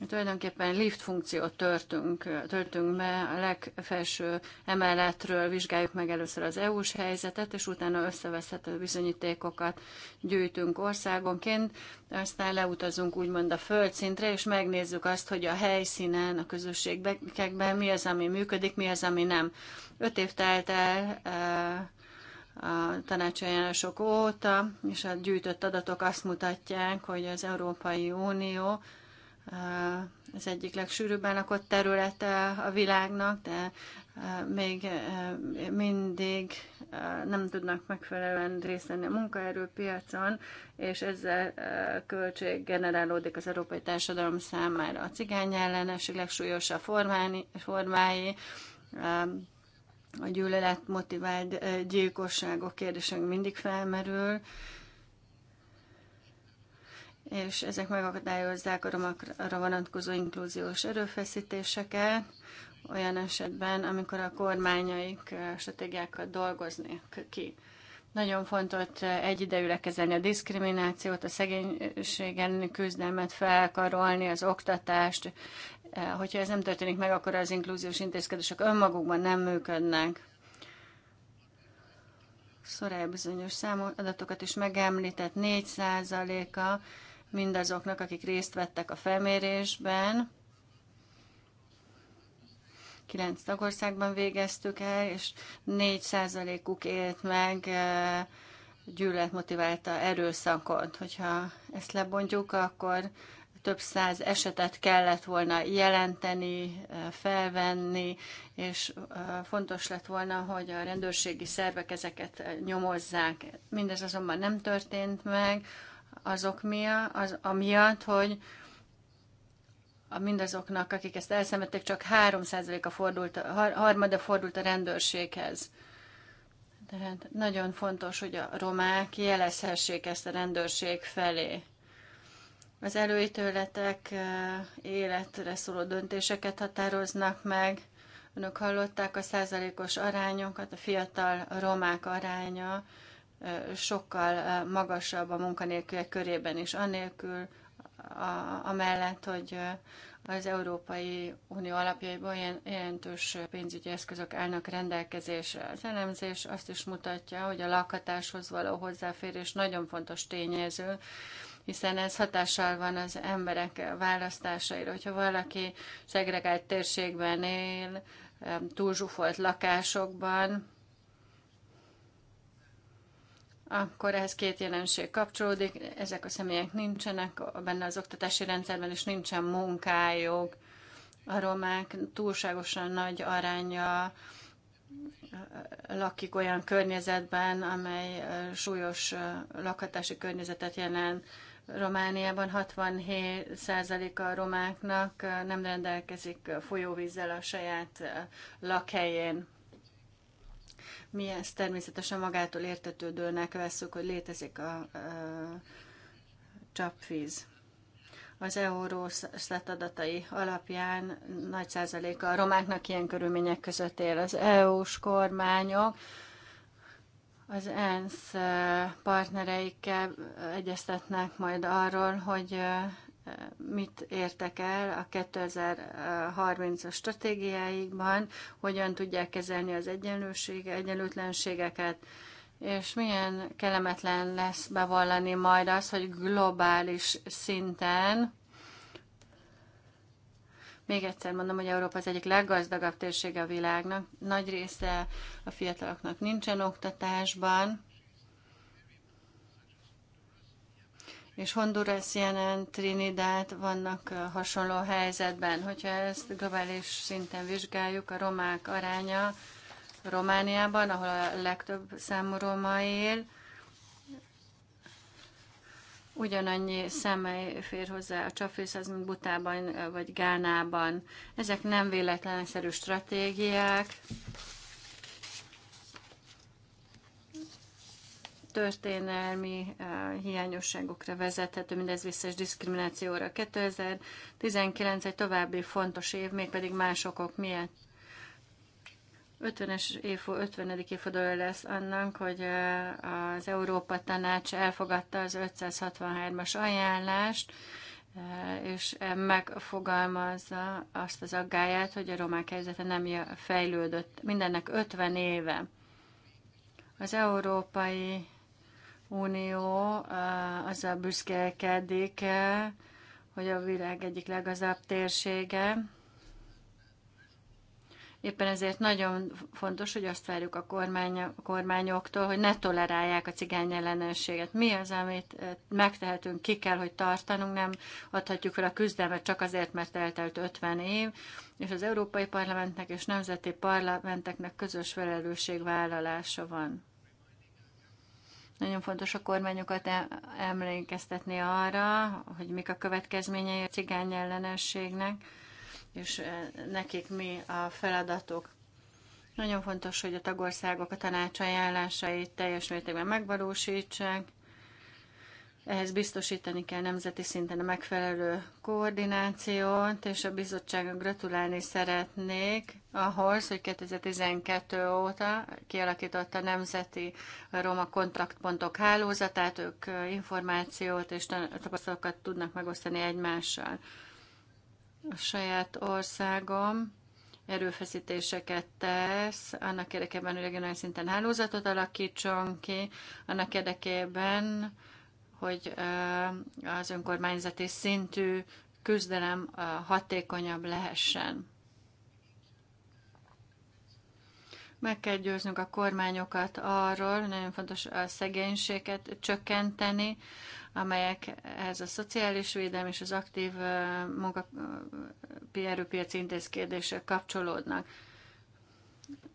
Tulajdonképpen lift funkciót törtünk, törtünk be, a legfelső emeletről vizsgáljuk meg először az EU-s helyzetet, és utána összeveszhető bizonyítékokat gyűjtünk országonként, aztán leutazunk úgymond a földszintre, és megnézzük azt, hogy a helyszínen, a közösségekben mi az, ami működik, mi az, ami nem. Öt év telt el, e, a tanácsajánlások óta, és a gyűjtött adatok azt mutatják, hogy az Európai Unió Eh, az egyik legsűrűbben lakott területe a világnak, de eh, még eh, mindig nem tudnak megfelelően részt venni a munkaerőpiacon, és ezzel költség generálódik az európai társadalom számára. A cigány ellenesség legsúlyosabb formái, a gyűlölet motivált gyilkosságok kérdésünk mindig felmerül, és ezek megakadályozzák a romakra vonatkozó inkluziós erőfeszítéseket, olyan esetben, amikor a kormányaik stratégiákat dolgoznak ki. Nagyon fontos egyidejűleg kezelni a diszkriminációt, a szegénység elleni küzdelmet felkarolni, az oktatást. Hogyha ez nem történik meg, akkor az inkluziós intézkedések önmagukban nem működnek. Szorály bizonyos számú adatokat is megemlített, 4 a mindazoknak, akik részt vettek a felmérésben. Kilenc tagországban végeztük el, és 4 százalékuk élt meg eh, gyűlölet motiválta erőszakot. Hogyha ezt lebontjuk, akkor több száz esetet kellett volna jelenteni, eh, felvenni, és eh, fontos lett volna, hogy a rendőrségi szervek ezeket nyomozzák. Mindez azonban nem történt meg, azok miatt, az, amiatt, hogy a mindazoknak, akik ezt elszenvedték, csak 3%-a fordult, harmada fordult a rendőrséghez. Tehát nagyon fontos, hogy a romák jelezhessék ezt a rendőrség felé. Az előítőletek eh, életre szóló döntéseket határoznak meg. Önök hallották a százalékos arányokat, a fiatal romák aránya sokkal magasabb a munkanélküliek körében is, anélkül, a, amellett, hogy az Európai Unió alapjaiból jelentős pénzügyi eszközök állnak rendelkezésre. Az elemzés azt is mutatja, hogy a lakhatáshoz való hozzáférés nagyon fontos tényező, hiszen ez hatással van az emberek választásaira. Hogyha valaki szegregált térségben él, túlzsúfolt lakásokban, akkor ehhez két jelenség kapcsolódik, ezek a személyek nincsenek benne az oktatási rendszerben, és nincsen munkájog. A romák túlságosan nagy aránya lakik olyan környezetben, amely súlyos lakhatási környezetet jelent. Romániában 67% a romáknak nem rendelkezik folyóvízzel a saját lakhelyén. Mi ezt természetesen magától értetődőnek veszük, hogy létezik a, a csapvíz az Eurostat adatai alapján nagy százaléka a romáknak ilyen körülmények között él. Az EU-s kormányok az ENSZ partnereikkel egyeztetnek majd arról, hogy mit értek el a 2030-as stratégiáikban, hogyan tudják kezelni az egyenlősége, egyenlőtlenségeket, és milyen kellemetlen lesz bevallani majd az, hogy globális szinten még egyszer mondom, hogy Európa az egyik leggazdagabb térsége a világnak. Nagy része a fiataloknak nincsen oktatásban, és Honduras, Jemen, Trinidad vannak hasonló helyzetben. Hogyha ezt globális szinten vizsgáljuk, a romák aránya Romániában, ahol a legtöbb számú roma él, ugyanannyi személy fér hozzá a az, mint Butában vagy Gánában. Ezek nem véletlenszerű stratégiák, történelmi eh, hiányosságokra vezethető, mindez vissza és diszkriminációra. 2019 egy további fontos év, mégpedig más okok miatt. 50-es év, 50. évforduló lesz annak, hogy eh, az Európa Tanács elfogadta az 563-as ajánlást, eh, és megfogalmazza azt az aggáját, hogy a romák helyzete nem fejlődött. Mindennek 50 éve. Az európai Unió eh, azzal büszkélkedik, eh, hogy a világ egyik legazabb térsége. Éppen ezért nagyon fontos, hogy azt várjuk a, kormány, a kormányoktól, hogy ne tolerálják a cigány ellenőrséget. Mi az, amit eh, megtehetünk, ki kell, hogy tartanunk, nem adhatjuk fel a küzdelmet csak azért, mert eltelt 50 év, és az Európai Parlamentnek és nemzeti parlamenteknek közös felelősségvállalása van. Nagyon fontos a kormányokat e- emlékeztetni arra, hogy mik a következményei a cigány ellenességnek, és e, nekik mi a feladatok. Nagyon fontos, hogy a tagországok a tanács ajánlásait teljes mértékben megvalósítsák, ehhez biztosítani kell nemzeti szinten a megfelelő koordinációt, és a bizottságnak gratulálni szeretnék ahhoz, hogy 2012 óta kialakította a Nemzeti Roma Kontaktpontok hálózatát, ők információt és tapasztalatokat tudnak megosztani egymással. A saját országom erőfeszítéseket tesz, annak érdekében, hogy regionális szinten hálózatot alakítson ki, annak érdekében, hogy az önkormányzati szintű küzdelem hatékonyabb lehessen. Meg kell győznünk a kormányokat arról, nagyon fontos a szegénységet csökkenteni, amelyekhez a szociális védelem és az aktív munkapiaci intézkedések kapcsolódnak.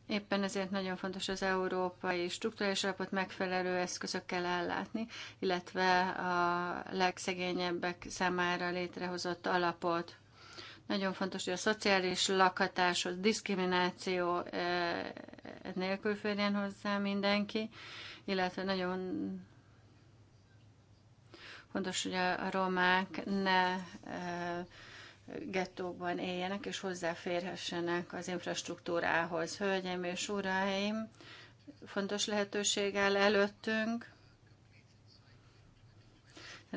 Éppen ezért nagyon fontos az európai struktúrális alapot megfelelő eszközökkel ellátni, illetve a legszegényebbek számára létrehozott alapot. Nagyon fontos, hogy a szociális lakhatáshoz, diszkrimináció eh, nélkül férjen hozzá mindenki, illetve nagyon fontos, hogy a romák ne eh, gettókban éljenek és hozzáférhessenek az infrastruktúrához. Hölgyeim és uraim, fontos lehetőség áll előttünk,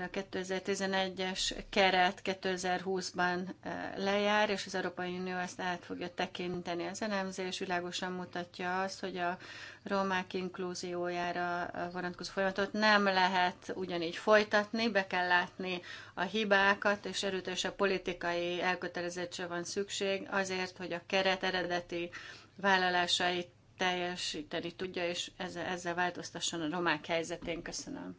a 2011-es keret 2020-ban eh, lejár, és az Európai Unió ezt át fogja tekinteni. Az elemzés világosan mutatja azt, hogy a romák inkluziójára eh, vonatkozó folyamatot nem lehet ugyanígy folytatni, be kell látni a hibákat, és a politikai elkötelezettse van szükség azért, hogy a keret eredeti vállalásait teljesíteni tudja, és ezzel, ezzel változtasson a romák helyzetén. Köszönöm.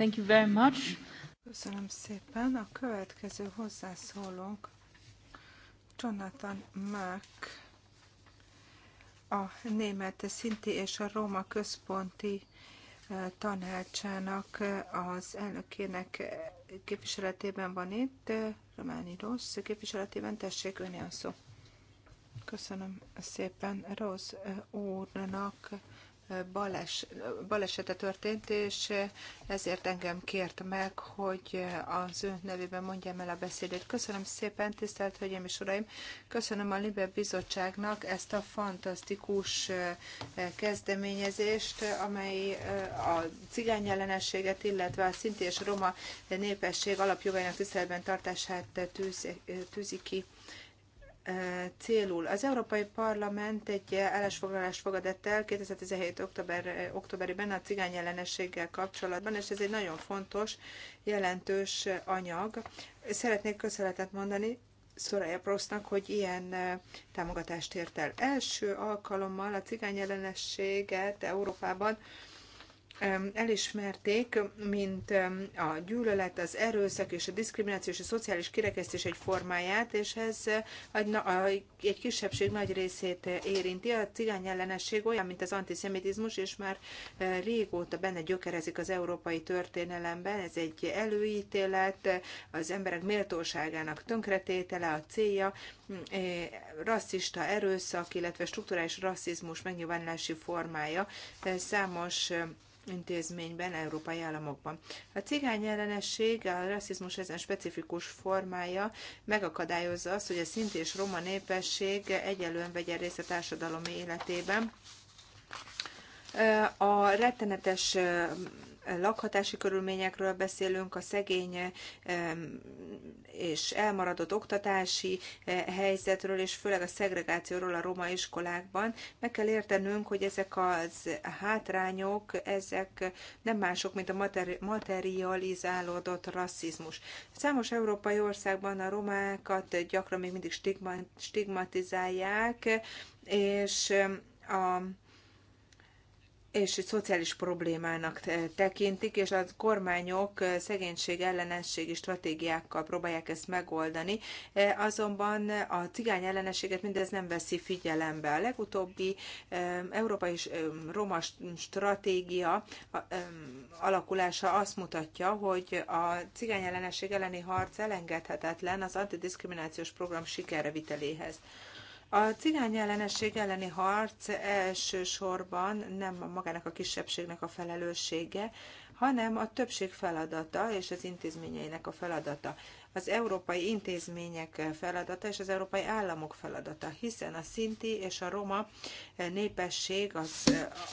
Thank you very much. Köszönöm szépen. A következő hozzászólónk Jonathan Mack, a Német Szinti és a Róma Központi eh, Tanácsának eh, az elnökének eh, képviseletében van itt, Románi Rossz képviseletében, tessék önjön szó. Köszönöm szépen Rossz úrnak bales, balesete történt, és ezért engem kért meg, hogy az ön nevében mondjam el a beszédét. Köszönöm szépen, tisztelt Hölgyeim és Uraim! Köszönöm a Libe Bizottságnak ezt a fantasztikus eh, kezdeményezést, amely eh, a cigány ellenességet, illetve a szinti és roma népesség alapjogainak tiszteletben tartását tűzi, eh, tűzi ki célul. Az Európai Parlament egy állásfoglalást fogadott el 2017. Október, októberében a cigány ellenességgel kapcsolatban, és ez egy nagyon fontos, jelentős anyag. Szeretnék köszönetet mondani Soraya Prostnak, hogy ilyen támogatást ért el. Első alkalommal a cigány ellenességet Európában elismerték, mint a gyűlölet, az erőszak és a diszkrimináció és a szociális kirekesztés egy formáját, és ez eh, egy kisebbség nagy részét eh, érinti. A cigány ellenesség olyan, mint az antiszemitizmus, és már eh, régóta benne gyökerezik az európai történelemben. Ez egy előítélet, az emberek méltóságának tönkretétele, a célja, mm, rasszista erőszak, illetve strukturális rasszizmus megnyilvánulási formája. Számos intézményben, európai államokban. A cigány ellenesség, a rasszizmus ezen specifikus formája megakadályozza azt, hogy a szint és roma népesség egyelően vegyen részt a társadalom életében. A rettenetes lakhatási körülményekről beszélünk, a szegény és elmaradott oktatási eh, helyzetről, és főleg a szegregációról a roma iskolákban. Meg kell értenünk, hogy ezek az hátrányok, ezek nem mások, mint a materializálódott rasszizmus. Számos európai országban a romákat gyakran még mindig stigmatizálják, és a és egy szociális problémának tekintik, és a kormányok szegénység ellenességi stratégiákkal próbálják ezt megoldani, azonban a cigány ellenességet mindez nem veszi figyelembe. A legutóbbi európai roma stratégia alakulása azt mutatja, hogy a cigány ellenesség elleni harc elengedhetetlen az antidiskriminációs program sikerre viteléhez. A cigány ellenesség elleni harc elsősorban nem magának a kisebbségnek a felelőssége, hanem a többség feladata és az intézményeinek a feladata. Az európai intézmények feladata és az európai államok feladata, hiszen a szinti és a roma népesség az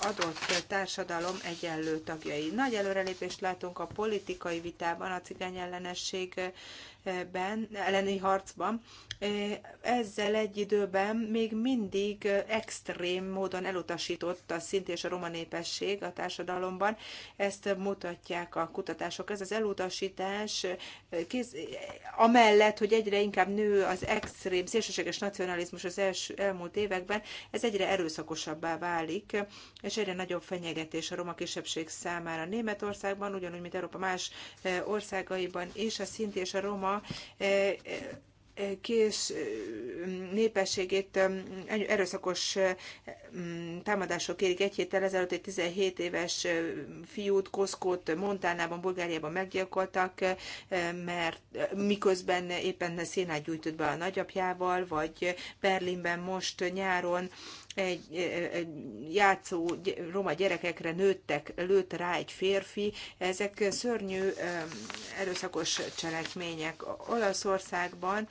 adott társadalom egyenlő tagjai. Nagy előrelépést látunk a politikai vitában a cigány ellenesség ben, elleni harcban, ezzel egy időben még mindig extrém módon elutasított a szint és a roma népesség a társadalomban. Ezt mutatják a kutatások. Ez az elutasítás, kéz, amellett, hogy egyre inkább nő az extrém, szélsőséges nacionalizmus az első elmúlt években, ez egyre erőszakosabbá válik, és egyre nagyobb fenyegetés a roma kisebbség számára. Németországban, ugyanúgy, mint Európa más országaiban is, a szint és a roma kész népességét erőszakos támadások érik. Egy héttel ezelőtt egy 17 éves fiút, Koszkót Montánában, Bulgáriában meggyilkoltak, mert miközben éppen szénát gyújtott be a nagyapjával, vagy Berlinben most nyáron egy játszó roma gyerekekre nőttek, lőtt rá egy férfi. Ezek szörnyű erőszakos cselekmények. Olaszországban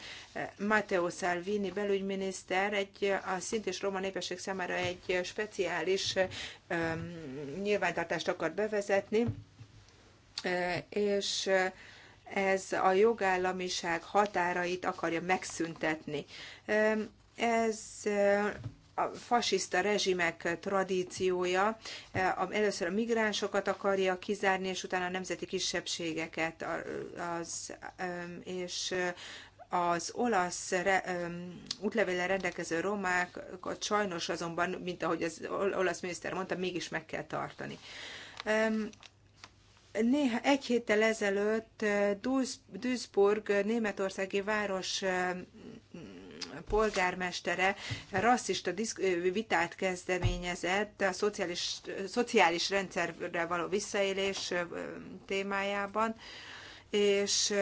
Matteo Salvini belügyminiszter egy, a szintén roma népesség számára egy speciális nyilvántartást akar bevezetni, és ez a jogállamiság határait akarja megszüntetni. Ez a fasiszta rezsimek tradíciója. Eh, először a migránsokat akarja kizárni, és utána a nemzeti kisebbségeket, az, és eh, az olasz re, útlevéle rendelkező romákat sajnos azonban, mint ahogy az olasz miniszter mondta, mégis meg kell tartani. Néha egy héttel ezelőtt eh, Duisburg németországi város polgármestere rasszista vitát kezdeményezett a szociális, szociális rendszerre való visszaélés témájában, és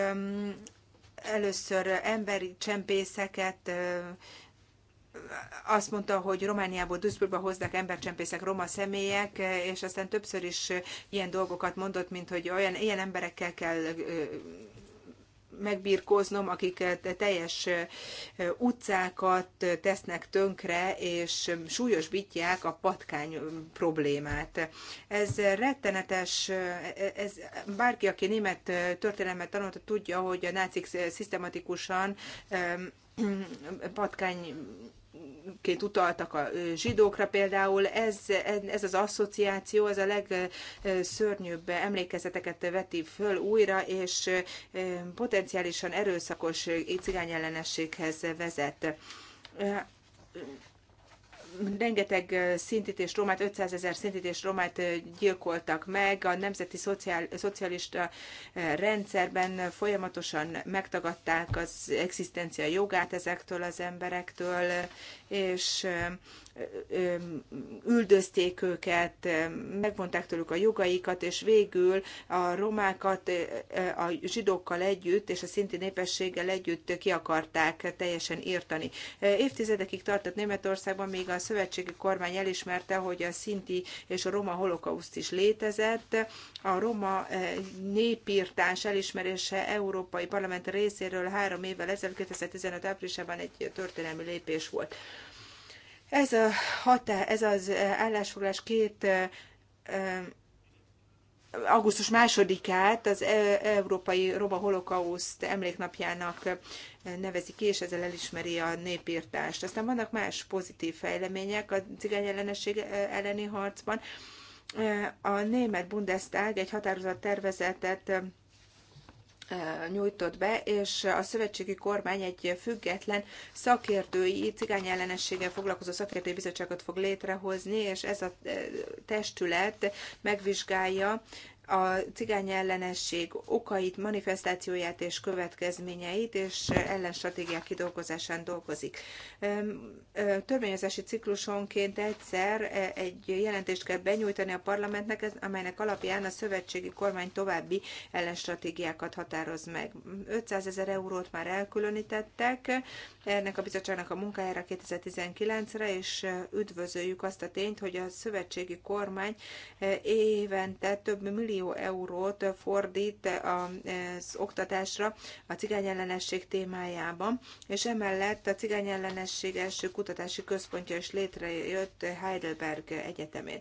először emberi csempészeket azt mondta, hogy Romániából Duisburgba hoznak embercsempészek, roma személyek, és aztán többször is ilyen dolgokat mondott, mint hogy olyan, ilyen emberekkel kell megbírkoznom, akiket teljes utcákat tesznek tönkre, és súlyos a patkány problémát. Ez rettenetes, ez bárki, aki német történelmet tanulta, tudja, hogy a nácik szisztematikusan patkány ként utaltak a zsidókra például, ez, ez az asszociáció, ez a legszörnyűbb emlékezeteket veti föl újra, és potenciálisan erőszakos ellenességhez vezet rengeteg szintit és romát, 500 ezer szintit és romát gyilkoltak meg, a nemzeti szociál, szocialista rendszerben folyamatosan megtagadták az egzisztencia jogát ezektől az emberektől, és üldözték őket, megvonták tőlük a jogaikat, és végül a romákat a zsidókkal együtt és a szinti népességgel együtt ki akarták teljesen írtani. Évtizedekig tartott Németországban, még a szövetségi kormány elismerte, hogy a szinti és a roma holokauszt is létezett. A roma népírtás elismerése Európai Parlament részéről három évvel ezelőtt, 2015 áprilisában egy történelmi lépés volt. Ez, a hatá, ez az állásfoglalás két augusztus másodikát az Európai Roma Holokauszt emléknapjának nevezi ki, és ezzel elismeri a népírtást. Aztán vannak más pozitív fejlemények a cigány ellenesség elleni harcban. A német Bundestag egy határozat tervezetet nyújtott be, és a szövetségi kormány egy független szakértői, cigány ellenességgel foglalkozó szakértői bizottságot fog létrehozni, és ez a testület megvizsgálja a cigány ellenesség okait, manifestációját és következményeit, és ellenstratégiák kidolgozásán dolgozik. Törvényezési ciklusonként egyszer e, egy jelentést kell benyújtani a parlamentnek, amelynek alapján a szövetségi kormány további ellenstratégiákat határoz meg. 500 ezer eurót már elkülönítettek ennek a bizottságnak a munkájára 2019-re, és üdvözöljük azt a tényt, hogy a szövetségi kormány évente több millió eurót fordít az oktatásra a cigányellenesség témájában, és emellett a cigányellenesség első kutatási központja is létrejött Heidelberg Egyetemén.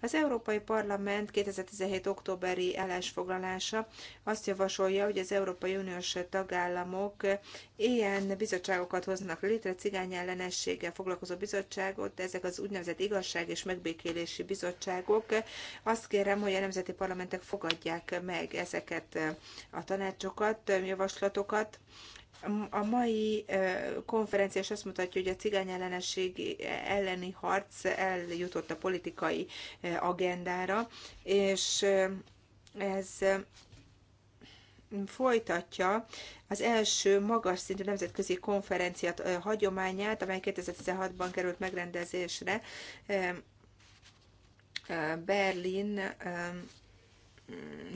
Az Európai Parlament 2017. októberi állásfoglalása azt javasolja, hogy az Európai Uniós tagállamok Ilyen bizottságokat hoznak létre, cigány ellenességgel foglalkozó bizottságot, ezek az úgynevezett igazság és megbékélési bizottságok. Azt kérem, hogy a nemzeti parlamentek fogadják meg ezeket a tanácsokat, javaslatokat, a mai konferencia is azt mutatja, hogy a cigány ellenesség elleni harc eljutott a politikai agendára, és ez folytatja az első magas szintű nemzetközi konferenciát hagyományát, amely 2016-ban került megrendezésre Berlin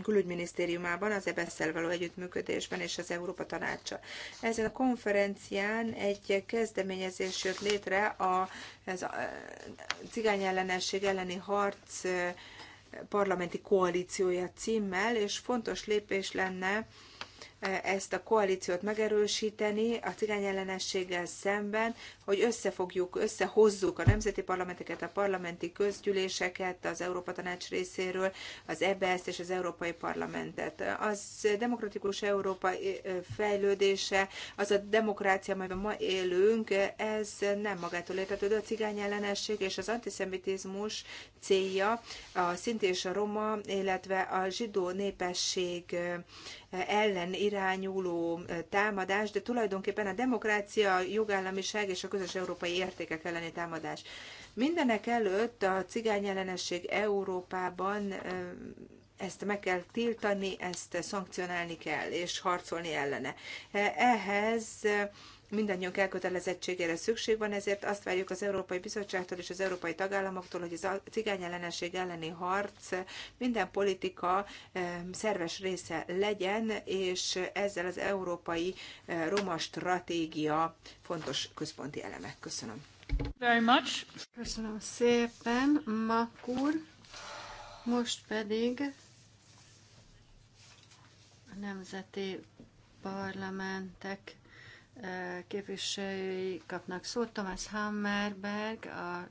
külügyminisztériumában, az EBSZ-szel való együttműködésben és az Európa Tanácsa. Ezen a konferencián egy kezdeményezés jött létre a, ez a cigány ellenesség elleni harc parlamenti koalíciója címmel, és fontos lépés lenne ezt a koalíciót megerősíteni a cigányellenességgel szemben, hogy összefogjuk, összehozzuk a nemzeti parlamenteket, a parlamenti közgyűléseket, az Európa Tanács részéről, az EBS-t és az Európai Parlamentet. Az demokratikus Európa eh, fejlődése, az a demokrácia, amelyben ma élünk, ez nem magától értetődő. A cigányellenesség és az antiszemitizmus célja a szint és a roma, illetve a zsidó népesség eh, ellen irányuló támadás, de tulajdonképpen a demokrácia, jogállamiság és a közös európai értékek elleni támadás. Mindenek előtt a cigányellenesség Európában ezt meg kell tiltani, ezt szankcionálni kell, és harcolni ellene. Ehhez mindannyiunk elkötelezettségére szükség van, ezért azt várjuk az Európai Bizottságtól és az európai tagállamoktól, hogy a cigány ellenesség elleni harc minden politika eh, szerves része legyen, és ezzel az európai eh, roma stratégia fontos központi eleme. Köszönöm. Very much. Köszönöm szépen, Makur. Most pedig a nemzeti parlamentek képviselői kapnak szót. Thomas Hammerberg, a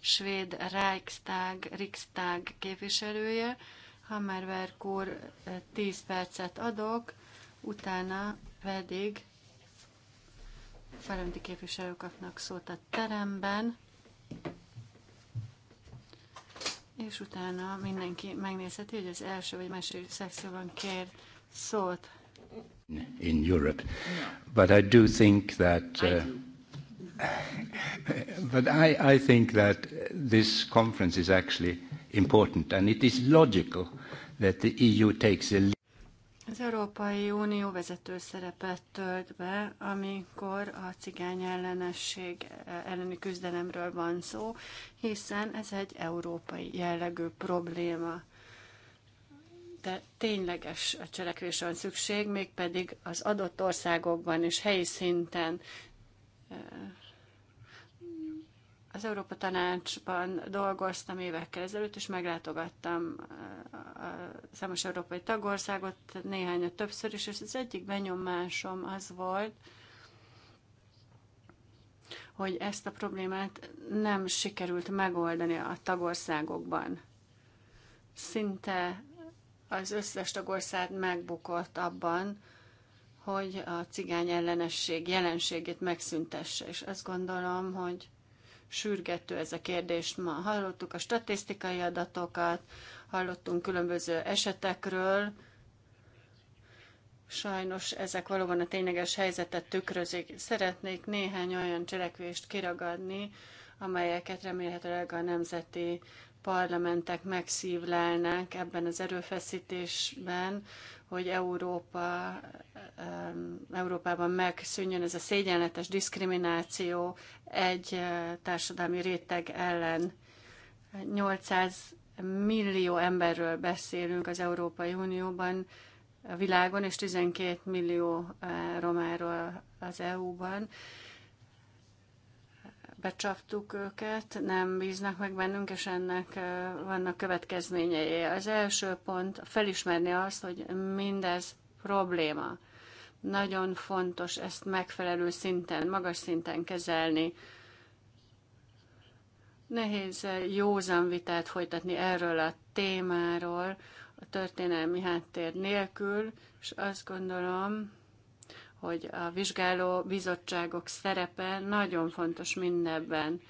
svéd Reichstag, Riksdag képviselője. Hammerberg úr 10 percet adok, utána pedig felönti képviselők kapnak szót a teremben, és utána mindenki megnézheti, hogy az első vagy második szekcióban kér szót in Europe. But I do think that. Uh, do. but I, I think that this conference is actually important, and it is logical that the EU takes a lead. Az Európai Unió vezető szerepet tölt be, amikor a cigány ellenesség eh, elleni küzdelemről van szó, hiszen ez egy európai jellegű probléma de tényleges cselekvésre van szükség, mégpedig az adott országokban és helyi szinten eh, az Európa Tanácsban dolgoztam évekkel ezelőtt, és meglátogattam eh, a számos európai tagországot, néhány többször is, és az egyik benyomásom az volt, hogy ezt a problémát nem sikerült megoldani a tagországokban. Szinte az összes tagország megbukott abban, hogy a cigány ellenesség jelenségét megszüntesse. És azt gondolom, hogy sürgető ez a kérdés ma. Hallottuk a statisztikai adatokat, hallottunk különböző esetekről, Sajnos ezek valóban a tényleges helyzetet tükrözik. Szeretnék néhány olyan cselekvést kiragadni, amelyeket remélhetőleg a nemzeti parlamentek megszívlelnek ebben az erőfeszítésben, hogy Európa, Európában megszűnjön ez a szégyenletes diszkrimináció egy eh, társadalmi réteg ellen. 800 millió emberről beszélünk az Európai Unióban, a világon, és 12 millió eh, romáról az EU-ban becsaptuk őket, nem bíznak meg bennünk, és ennek vannak következményei. Az első pont felismerni azt, hogy mindez probléma. Nagyon fontos ezt megfelelő szinten, magas szinten kezelni. Nehéz józan vitát folytatni erről a témáról, a történelmi háttér nélkül, és azt gondolom, hogy a vizsgáló bizottságok szerepe nagyon fontos mindebben.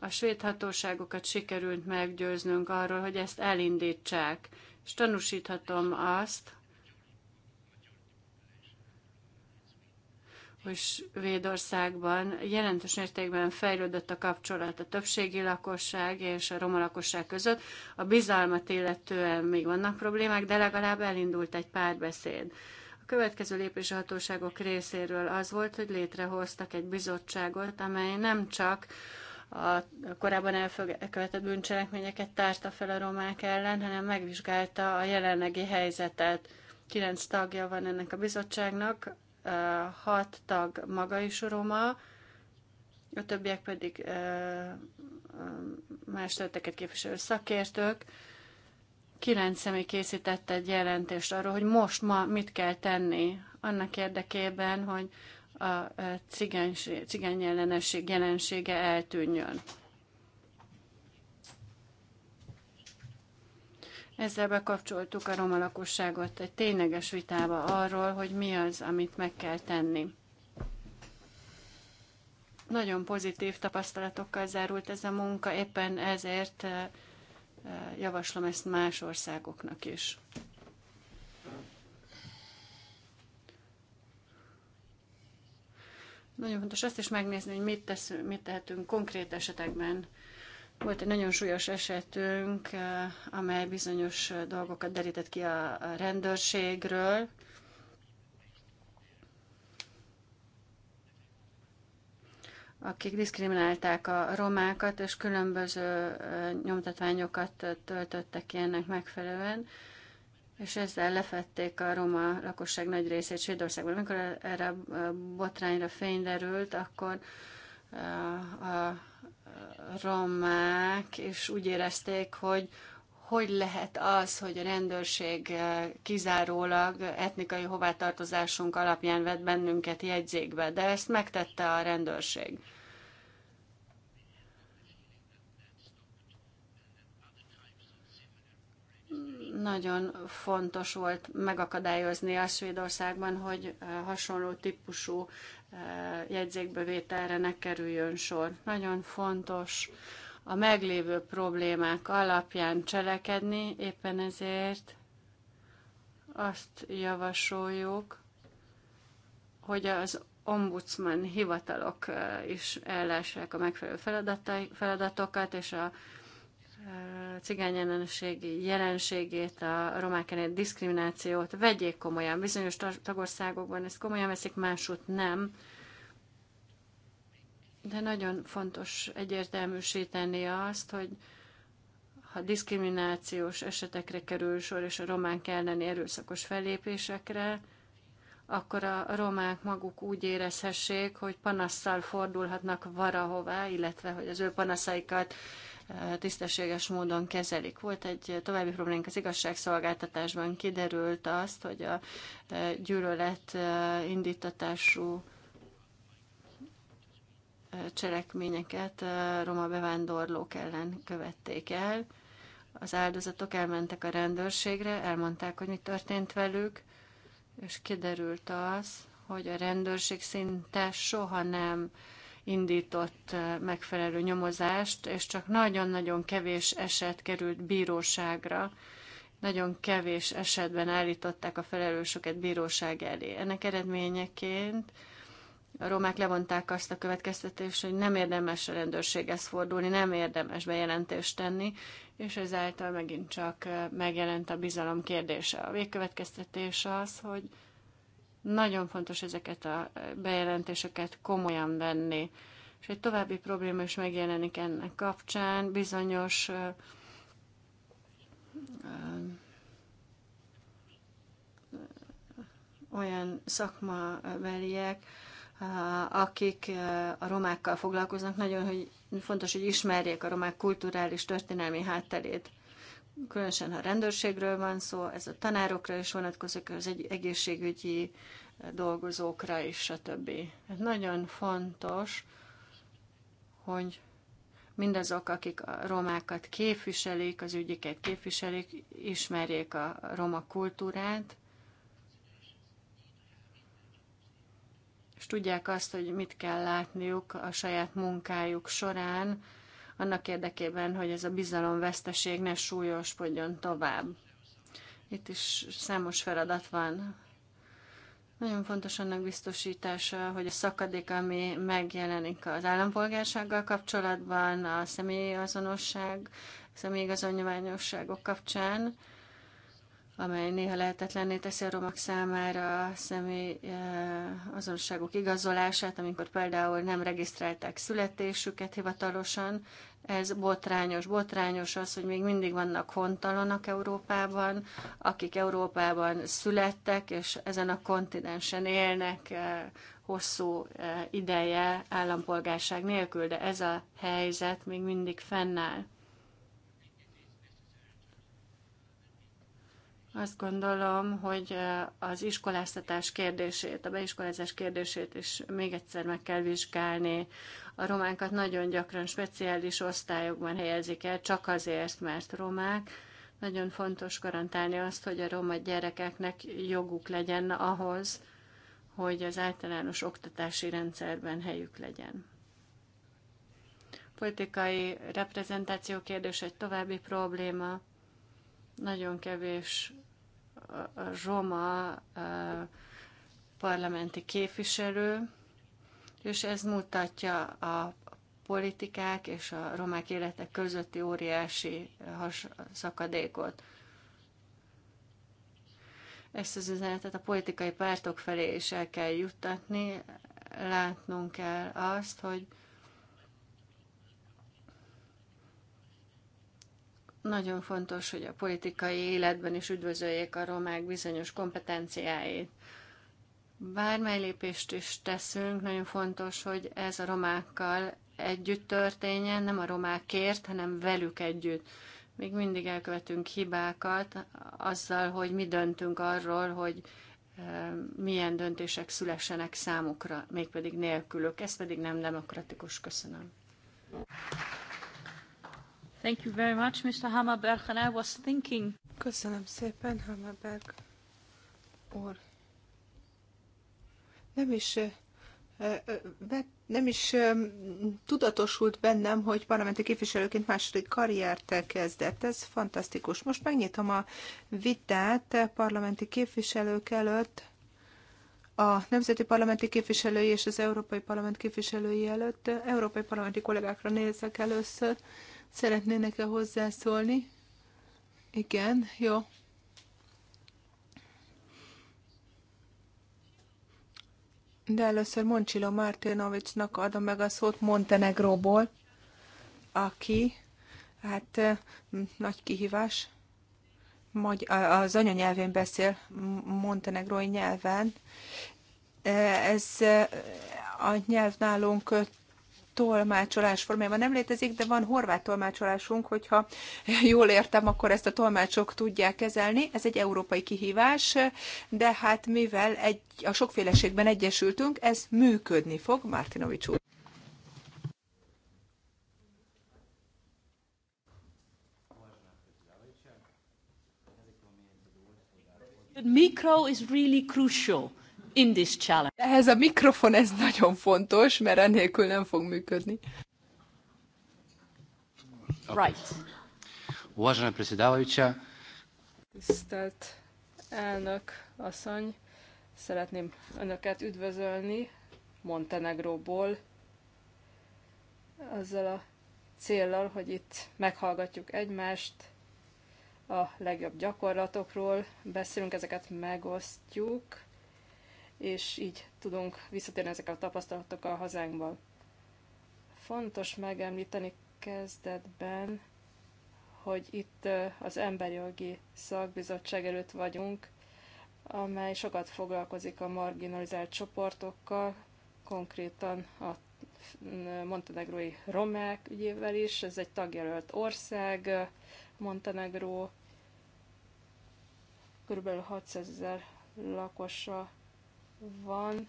A svéd hatóságokat sikerült meggyőznünk arról, hogy ezt elindítsák, és tanúsíthatom azt, hogy Svédországban jelentős mértékben fejlődött a kapcsolat a többségi lakosság és a roma lakosság között. A bizalmat illetően még vannak problémák, de legalább elindult egy párbeszéd következő lépés a hatóságok részéről az volt, hogy létrehoztak egy bizottságot, amely nem csak a korábban elkövetett bűncselekményeket tárta fel a romák ellen, hanem megvizsgálta a jelenlegi helyzetet. Kilenc tagja van ennek a bizottságnak, hat tag maga is roma, a többiek pedig más területeket képviselő szakértők. Kilenc személy készítette egy jelentést arról, hogy most ma mit kell tenni annak érdekében, hogy a e, cigány ellenesség jelensége eltűnjön. Ezzel bekapcsoltuk a roma lakosságot egy tényleges vitába arról, hogy mi az, amit meg kell tenni. Nagyon pozitív tapasztalatokkal zárult ez a munka, éppen ezért e, Eh, javaslom ezt más országoknak is. Nagyon fontos azt is megnézni, hogy mit, tesz, mit tehetünk konkrét esetekben. Volt egy nagyon súlyos esetünk, eh, amely bizonyos dolgokat derített ki a rendőrségről, akik diszkriminálták a romákat, és különböző nyomtatványokat töltöttek ki ennek megfelelően, és ezzel lefették a roma lakosság nagy részét Svédországban. Amikor erre a botrányra fény derült, akkor a romák is úgy érezték, hogy hogy lehet az, hogy a rendőrség eh, kizárólag etnikai hovatartozásunk alapján vett bennünket jegyzékbe, de ezt megtette a rendőrség. Nagyon fontos volt megakadályozni a Svédországban, hogy eh, hasonló típusú eh, jegyzékbevételre ne kerüljön sor. Nagyon fontos, a meglévő problémák alapján cselekedni, éppen ezért azt javasoljuk, hogy az ombudsman hivatalok is ellássák a megfelelő feladatokat, és a cigány jelenségét, a romák elleni diszkriminációt vegyék komolyan. Bizonyos tagországokban ezt komolyan veszik, máshogy nem de nagyon fontos egyértelműsíteni azt, hogy ha diszkriminációs esetekre kerül sor, és a románk elleni erőszakos fellépésekre, akkor a romák maguk úgy érezhessék, hogy panasszal fordulhatnak varahová, illetve hogy az ő panaszaikat eh, tisztességes módon kezelik. Volt egy további problémánk az igazságszolgáltatásban, kiderült azt, hogy a eh, gyűlölet eh, indítatású cselekményeket roma bevándorlók ellen követték el. Az áldozatok elmentek a rendőrségre, elmondták, hogy mi történt velük, és kiderült az, hogy a rendőrség szinte soha nem indított megfelelő nyomozást, és csak nagyon-nagyon kevés eset került bíróságra. Nagyon kevés esetben állították a felelősöket bíróság elé. Ennek eredményeként a romák levonták azt a következtetést, hogy nem érdemes a rendőrséghez fordulni, nem érdemes bejelentést tenni, és ezáltal megint csak megjelent a bizalom kérdése. A végkövetkeztetés az, hogy nagyon fontos ezeket a bejelentéseket komolyan venni. És egy további probléma is megjelenik ennek kapcsán, bizonyos olyan szakmabeliek, akik a romákkal foglalkoznak, nagyon hogy fontos, hogy ismerjék a romák kulturális történelmi hátterét. Különösen, ha rendőrségről van szó, ez a tanárokra is vonatkozik, az egy egészségügyi dolgozókra is, stb. Hát nagyon fontos, hogy mindazok, akik a romákat képviselik, az ügyiket képviselik, ismerjék a roma kultúrát, és tudják azt, hogy mit kell látniuk a saját munkájuk során, annak érdekében, hogy ez a bizalomveszteség ne súlyosbodjon tovább. Itt is számos feladat van. Nagyon fontos annak biztosítása, hogy a szakadék, ami megjelenik az állampolgársággal kapcsolatban, a személyazonosság, személyigazolványosságok kapcsán, amely néha lehetetlenné teszi a romak számára a személy eh, azonosságok igazolását, amikor például nem regisztrálták születésüket hivatalosan. Ez botrányos. Botrányos az, hogy még mindig vannak hontalanak Európában, akik Európában születtek, és ezen a kontinensen élnek eh, hosszú eh, ideje állampolgárság nélkül, de ez a helyzet még mindig fennáll. Azt gondolom, hogy az iskoláztatás kérdését, a beiskolázás kérdését is még egyszer meg kell vizsgálni. A románkat nagyon gyakran speciális osztályokban helyezik el, csak azért, mert romák. Nagyon fontos garantálni azt, hogy a roma gyerekeknek joguk legyen ahhoz, hogy az általános oktatási rendszerben helyük legyen. Politikai reprezentáció kérdés egy további probléma. Nagyon kevés roma parlamenti képviselő, és ez mutatja a politikák és a romák életek közötti óriási has- szakadékot. Ezt az üzenetet a politikai pártok felé is el kell juttatni, látnunk kell azt, hogy Nagyon fontos, hogy a politikai életben is üdvözöljék a romák bizonyos kompetenciáit. Bármely lépést is teszünk, nagyon fontos, hogy ez a romákkal együtt történjen, nem a romákért, hanem velük együtt. Még mindig elkövetünk hibákat azzal, hogy mi döntünk arról, hogy milyen döntések szülessenek számukra, mégpedig nélkülök. Ez pedig nem demokratikus. Köszönöm. Thank you very much, Mr. Hammerberg, and I was thinking... Köszönöm szépen, Hammerberg úr. Nem is nem is tudatosult bennem, hogy parlamenti képviselőként második karriert kezdett. Ez fantasztikus. Most megnyitom a vitát parlamenti képviselők előtt a nemzeti parlamenti képviselői és az Európai Parlament képviselői előtt. Európai parlamenti kollégákra nézek először. Szeretnének-e hozzászólni? Igen, jó. De először Moncsilo Martinovicsnak adom meg a szót Montenegróból, aki, hát nagy kihívás, magy- az anyanyelvén beszél, montenegrói nyelven. E, ez e, a nyelv nálunk tolmácsolás formájában nem létezik, de van horvát tolmácsolásunk, hogyha jól értem, akkor ezt a tolmácsok tudják kezelni. Ez egy európai kihívás, de hát mivel egy, a sokféleségben egyesültünk, ez működni fog, Martinovics úr. micro is really crucial in this challenge. Ehhez a mikrofon, ez nagyon fontos, mert enélkül nem fog működni. Right. Uvažena predsjedavajuća. Tisztelt elnök asszony, szeretném önöket üdvözölni Montenegróból azzal a céllal, hogy itt meghallgatjuk egymást, a legjobb gyakorlatokról beszélünk, ezeket megosztjuk, és így tudunk visszatérni ezek a tapasztalatok a hazánkban. Fontos megemlíteni kezdetben, hogy itt az Emberjogi Szakbizottság előtt vagyunk, amely sokat foglalkozik a marginalizált csoportokkal, konkrétan a montenegrói romák ügyével is. Ez egy tagjelölt ország, Montenegró kb. 600 ezer lakosa van,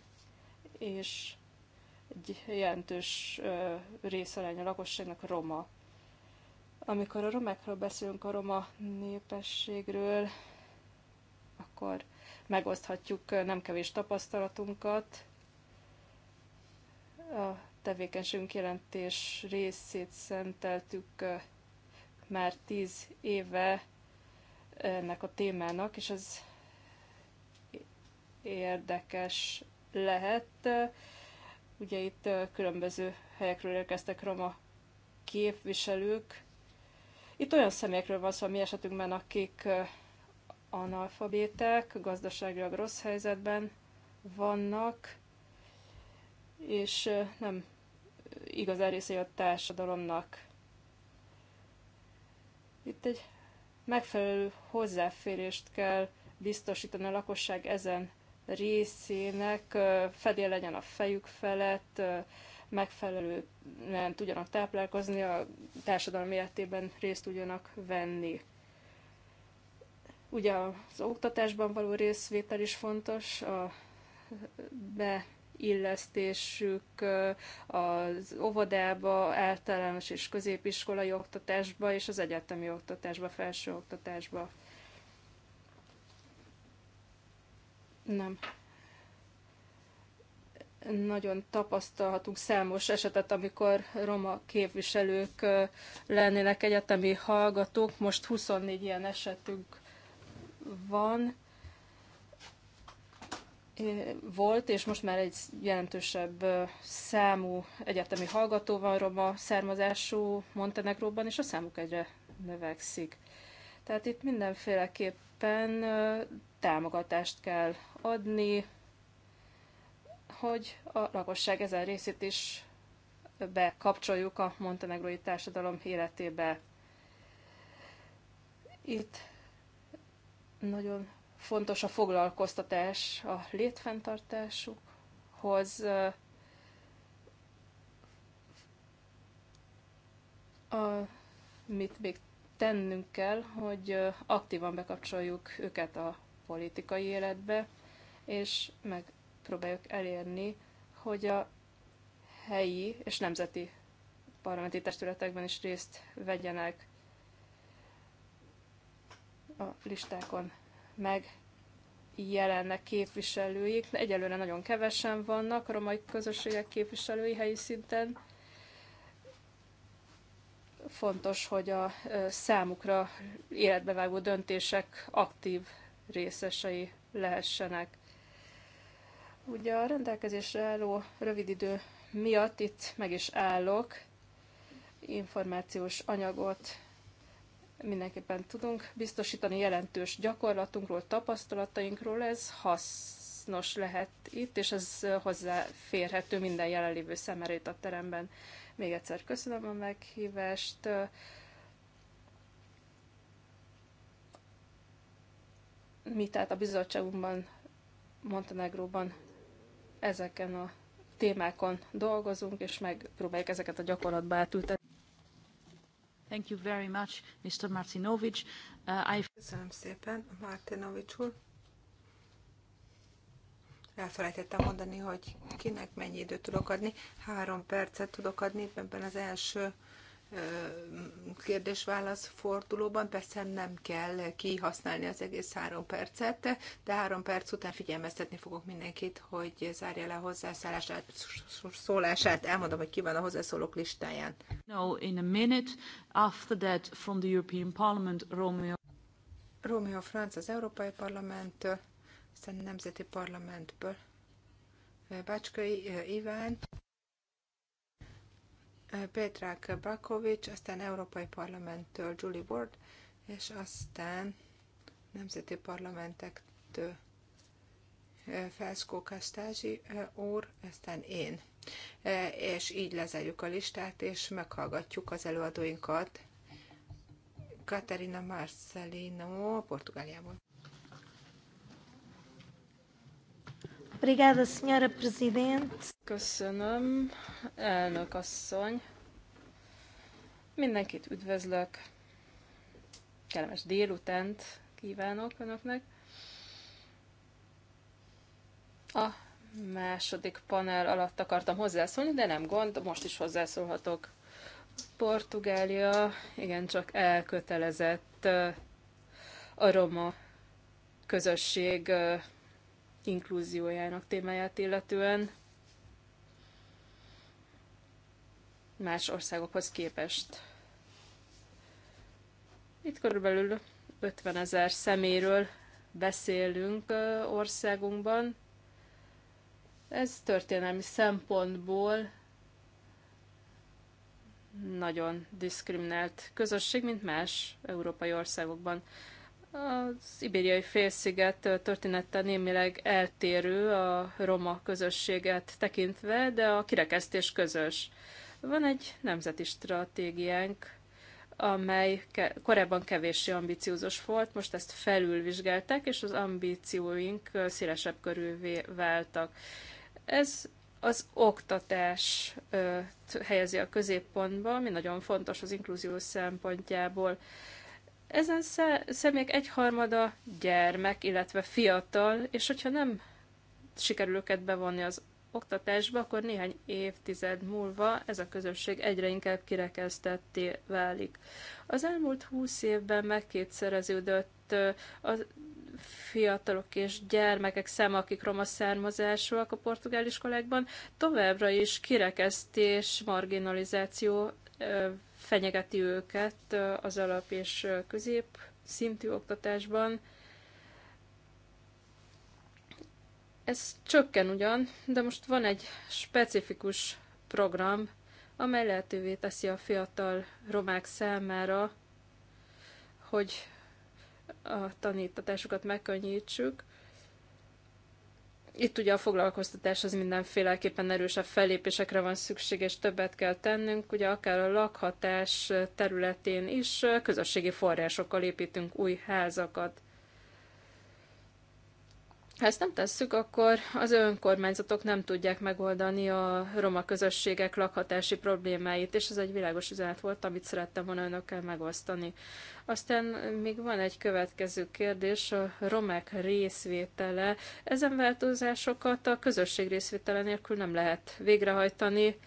és egy jelentős részarány a lakosságnak roma. Amikor a romákról beszélünk, a roma népességről, akkor megoszthatjuk nem kevés tapasztalatunkat. A tevékenységünk jelentés részét szenteltük már tíz éve ennek a témának, és ez érdekes lehet. Ugye itt különböző helyekről érkeztek roma képviselők. Itt olyan személyekről van szó a mi esetünkben, akik analfabéták, gazdaságilag rossz helyzetben vannak, és nem igazán részei a társadalomnak. Itt egy Megfelelő hozzáférést kell biztosítani a lakosság ezen részének, fedél legyen a fejük felett, megfelelően tudjanak táplálkozni, a társadalom életében részt tudjanak venni. Ugye az oktatásban való részvétel is fontos, a be illesztésük az óvodába, általános és középiskolai oktatásba és az egyetemi oktatásba, felső oktatásba. Nem nagyon tapasztalhatunk számos esetet, amikor roma képviselők lennének egyetemi hallgatók. Most 24 ilyen esetünk van, volt, és most már egy jelentősebb számú egyetemi hallgató van roma származású Montenegróban, és a számuk egyre növekszik. Tehát itt mindenféleképpen támogatást kell adni, hogy a lakosság ezen részét is bekapcsoljuk a montenegrói társadalom életébe. Itt nagyon fontos a foglalkoztatás a létfenntartásukhoz. mit még tennünk kell, hogy aktívan bekapcsoljuk őket a politikai életbe, és megpróbáljuk elérni, hogy a helyi és nemzeti parlamenti testületekben is részt vegyenek a listákon meg jelennek képviselőik. Egyelőre nagyon kevesen vannak a romai közösségek képviselői helyi szinten. Fontos, hogy a számukra életbevágó döntések aktív részesei lehessenek. Ugye a rendelkezésre álló rövid idő miatt itt meg is állok, információs anyagot mindenképpen tudunk biztosítani jelentős gyakorlatunkról, tapasztalatainkról. Ez hasznos lehet itt, és ez hozzáférhető minden jelenlévő szemerét a teremben. Még egyszer köszönöm a meghívást. Mi tehát a bizottságunkban, Montenegróban ezeken a témákon dolgozunk, és megpróbáljuk ezeket a gyakorlatba átültetni. Thank you very much, Mr. Martinovic. Uh, Köszönöm szépen, Martinovic úr. Elfelejtettem mondani, hogy kinek mennyi időt tudok adni. Három percet tudok adni ebben az első kérdés-válasz fordulóban. Persze nem kell kihasználni az egész három percet, de három perc után figyelmeztetni fogok mindenkit, hogy zárja le hozzászállását, szólását. Elmondom, hogy ki van a hozzászólók listáján. No, in a minute after that from the European Parliament, Romeo. Romeo Franz az Európai Parlament, aztán a Nemzeti Parlamentből. Bácskai Iván. Petrák Brakovics, aztán Európai Parlamenttől Julie Ward, és aztán Nemzeti Parlamentektől Felszkó Kastázsi úr, aztán én. És így lezárjuk a listát, és meghallgatjuk az előadóinkat. Katarina Marcelino, Portugáliából. Obrigada, senhora presidente. Köszönöm, elnök asszony. Mindenkit üdvözlök. Kellemes délutánt kívánok önöknek. A második panel alatt akartam hozzászólni, de nem gond, most is hozzászólhatok. Portugália igencsak elkötelezett a roma közösség inklúziójának témáját illetően más országokhoz képest. Itt körülbelül 50 ezer szeméről beszélünk országunkban. Ez történelmi szempontból nagyon diszkriminált közösség, mint más európai országokban. Az ibériai félsziget története némileg eltérő a roma közösséget tekintve, de a kirekesztés közös. Van egy nemzeti stratégiánk, amely ke- korábban kevéssé ambiciózus volt, most ezt felülvizsgálták, és az ambícióink szélesebb körülvé váltak. Ez az oktatás helyezi a középpontba, ami nagyon fontos az inkluzió szempontjából. Ezen személyek egyharmada gyermek, illetve fiatal, és hogyha nem sikerül őket bevonni az oktatásba, akkor néhány évtized múlva ez a közösség egyre inkább kirekesztetté válik. Az elmúlt húsz évben megkétszereződött a fiatalok és gyermekek száma, akik roma származásúak a portugál iskolákban, továbbra is kirekesztés, marginalizáció fenyegeti őket az alap és közép szintű oktatásban. Ez csökken ugyan, de most van egy specifikus program, amely lehetővé teszi a fiatal romák számára, hogy a tanítatásukat megkönnyítsük, itt ugye a foglalkoztatás az mindenféleképpen erősebb fellépésekre van szükség, és többet kell tennünk, ugye akár a lakhatás területén is közösségi forrásokkal építünk új házakat. Ha ezt nem tesszük, akkor az önkormányzatok nem tudják megoldani a roma közösségek lakhatási problémáit, és ez egy világos üzenet volt, amit szerettem volna önökkel megosztani. Aztán még van egy következő kérdés, a romák részvétele. Ezen változásokat a közösség részvétele nélkül nem lehet végrehajtani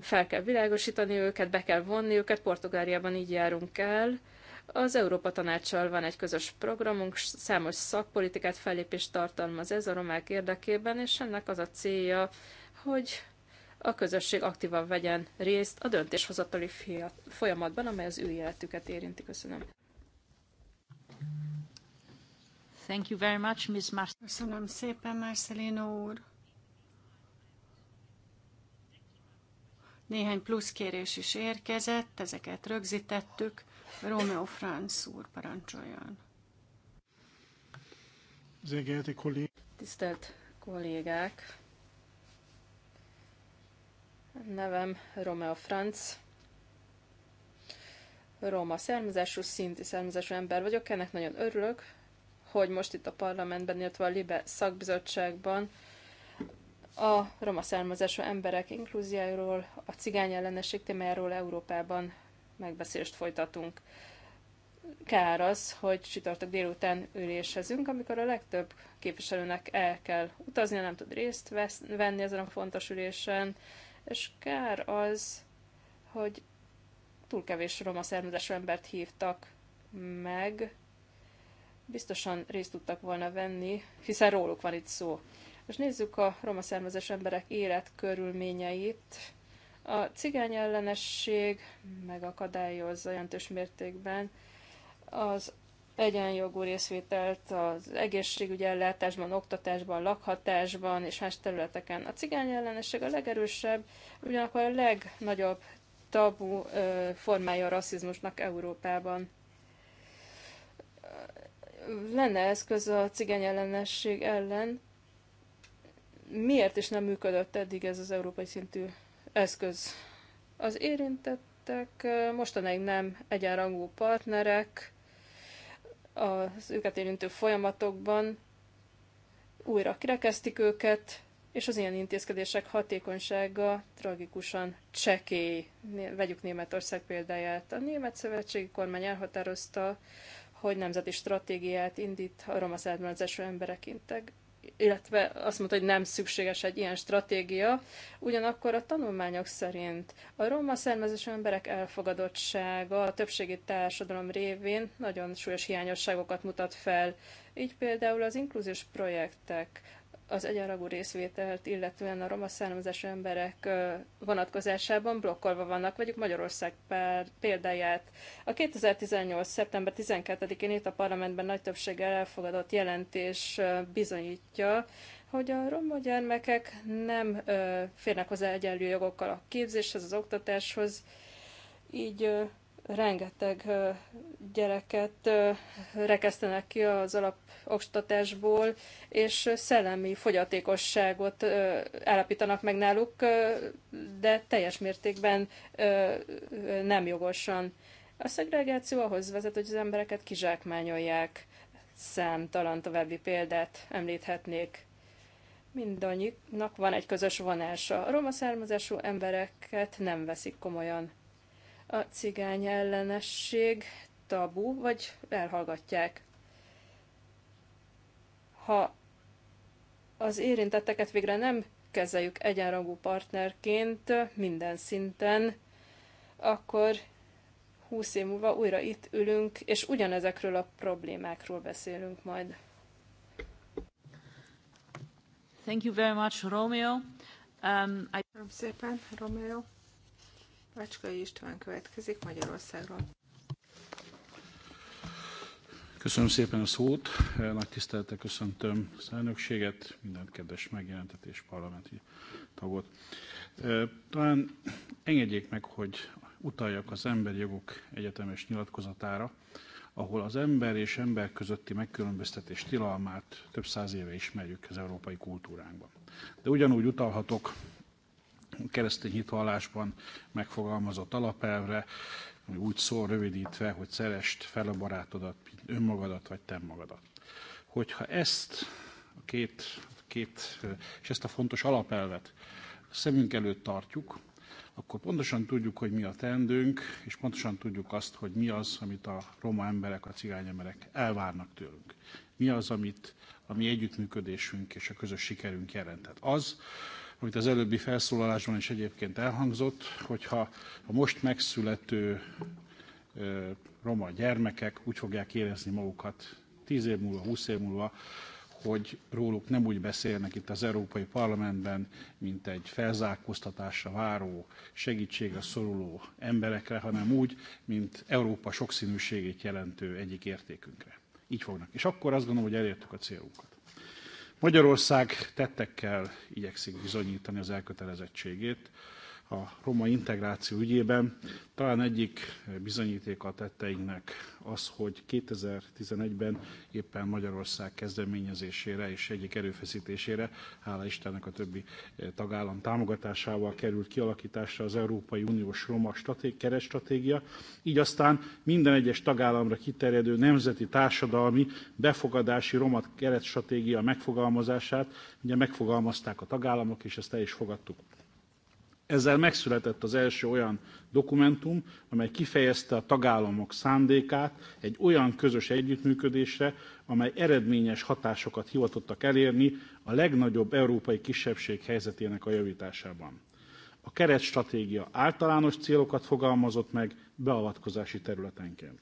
fel kell világosítani őket, be kell vonni őket, Portugáliában így járunk el, az Európa Tanácssal van egy közös programunk, számos szakpolitikát, fellépést tartalmaz ez a romák érdekében, és ennek az a célja, hogy a közösség aktívan vegyen részt a döntéshozatali folyamatban, amely az ő életüket érinti. Köszönöm. Thank you very much, Ms. Mar- Köszönöm szépen, Marcelino úr. Néhány plusz kérés is érkezett, ezeket rögzítettük. Romeo Franz úr parancsoljon. Tisztelt kollégák! Nevem Romeo Franz. Róma származású, szinti származású ember vagyok. Ennek nagyon örülök, hogy most itt a parlamentben, illetve a Libe szakbizottságban a roma származású emberek inkluziájáról, a cigány ellenesség témájáról Európában megbeszélést folytatunk. Kár az, hogy csütörtök délután ülésezünk, amikor a legtöbb képviselőnek el kell utaznia, nem tud részt vesz, venni ezen a fontos ülésen, és kár az, hogy túl kevés roma származású embert hívtak meg, biztosan részt tudtak volna venni, hiszen róluk van itt szó. És nézzük a roma származás emberek életkörülményeit. A cigány ellenesség megakadályozza jelentős mértékben az egyenjogú részvételt az egészségügyi ellátásban, oktatásban, lakhatásban és más területeken. A cigány ellenesség a legerősebb, ugyanakkor a legnagyobb tabu formája a rasszizmusnak Európában. Lenne eszköz a cigány ellenesség ellen. Miért is nem működött eddig ez az európai szintű eszköz. Az érintettek mostanáig nem egyenrangú partnerek az őket érintő folyamatokban, újra kirekeztik őket, és az ilyen intézkedések hatékonysága tragikusan csekély. Vegyük Németország példáját. A Német Szövetségi Kormány elhatározta, hogy nemzeti stratégiát indít a roma származású emberek illetve azt mondta, hogy nem szükséges egy ilyen stratégia. Ugyanakkor a tanulmányok szerint a roma származású emberek elfogadottsága a többségi társadalom révén nagyon súlyos hiányosságokat mutat fel. Így például az inkluziós projektek, az egyenragú részvételt, illetően a roma származású emberek vonatkozásában blokkolva vannak, vegyük Magyarország példáját. A 2018. szeptember 12-én itt a parlamentben nagy többséggel elfogadott jelentés bizonyítja, hogy a roma gyermekek nem férnek hozzá egyenlő jogokkal a képzéshez, az oktatáshoz, így rengeteg gyereket rekesztenek ki az alapoktatásból, és szellemi fogyatékosságot állapítanak meg náluk, de teljes mértékben nem jogosan. A szegregáció ahhoz vezet, hogy az embereket kizsákmányolják. Számtalan további példát említhetnék. Mindannyiknak van egy közös vonása. A roma származású embereket nem veszik komolyan a cigány ellenesség tabu, vagy elhallgatják. Ha az érintetteket végre nem kezeljük egyenrangú partnerként minden szinten, akkor húsz év múlva újra itt ülünk, és ugyanezekről a problémákról beszélünk majd. Thank you very much, Romeo. Um, I... Köszönöm szépen, Romeo. Macskai István következik Magyarországról. Köszönöm szépen a szót, nagy tisztelettel köszöntöm az elnökséget, minden kedves megjelentetés parlamenti tagot. Talán engedjék meg, hogy utaljak az Emberi Jogok Egyetemes nyilatkozatára, ahol az ember és ember közötti megkülönböztetés tilalmát több száz éve ismerjük az európai kultúránkban. De ugyanúgy utalhatok keresztény hitvallásban megfogalmazott alapelvre, ami úgy szól rövidítve, hogy szerest fel a barátodat, önmagadat vagy te magadat. Hogyha ezt a két, két, és ezt a fontos alapelvet szemünk előtt tartjuk, akkor pontosan tudjuk, hogy mi a teendőnk, és pontosan tudjuk azt, hogy mi az, amit a roma emberek, a cigány emberek elvárnak tőlünk. Mi az, amit a mi együttműködésünk és a közös sikerünk jelentett. Az, amit az előbbi felszólalásban is egyébként elhangzott, hogyha a most megszülető roma gyermekek úgy fogják érezni magukat tíz év múlva, húsz év múlva, hogy róluk nem úgy beszélnek itt az Európai Parlamentben, mint egy felzárkóztatásra váró, segítségre szoruló emberekre, hanem úgy, mint Európa sokszínűségét jelentő egyik értékünkre. Így fognak. És akkor azt gondolom, hogy elértük a célunkat. Magyarország tettekkel igyekszik bizonyítani az elkötelezettségét a roma integráció ügyében. Talán egyik bizonyítéka a tetteinknek az, hogy 2011-ben éppen Magyarország kezdeményezésére és egyik erőfeszítésére, hála Istennek a többi eh, tagállam támogatásával került kialakításra az Európai Uniós Roma stratég, keretstratégia, így aztán minden egyes tagállamra kiterjedő nemzeti társadalmi befogadási roma keretstratégia megfogalmazását ugye megfogalmazták a tagállamok, és ezt el is fogadtuk. Ezzel megszületett az első olyan dokumentum, amely kifejezte a tagállamok szándékát egy olyan közös együttműködésre, amely eredményes hatásokat hivatottak elérni a legnagyobb európai kisebbség helyzetének a javításában. A keretstratégia általános célokat fogalmazott meg beavatkozási területenként.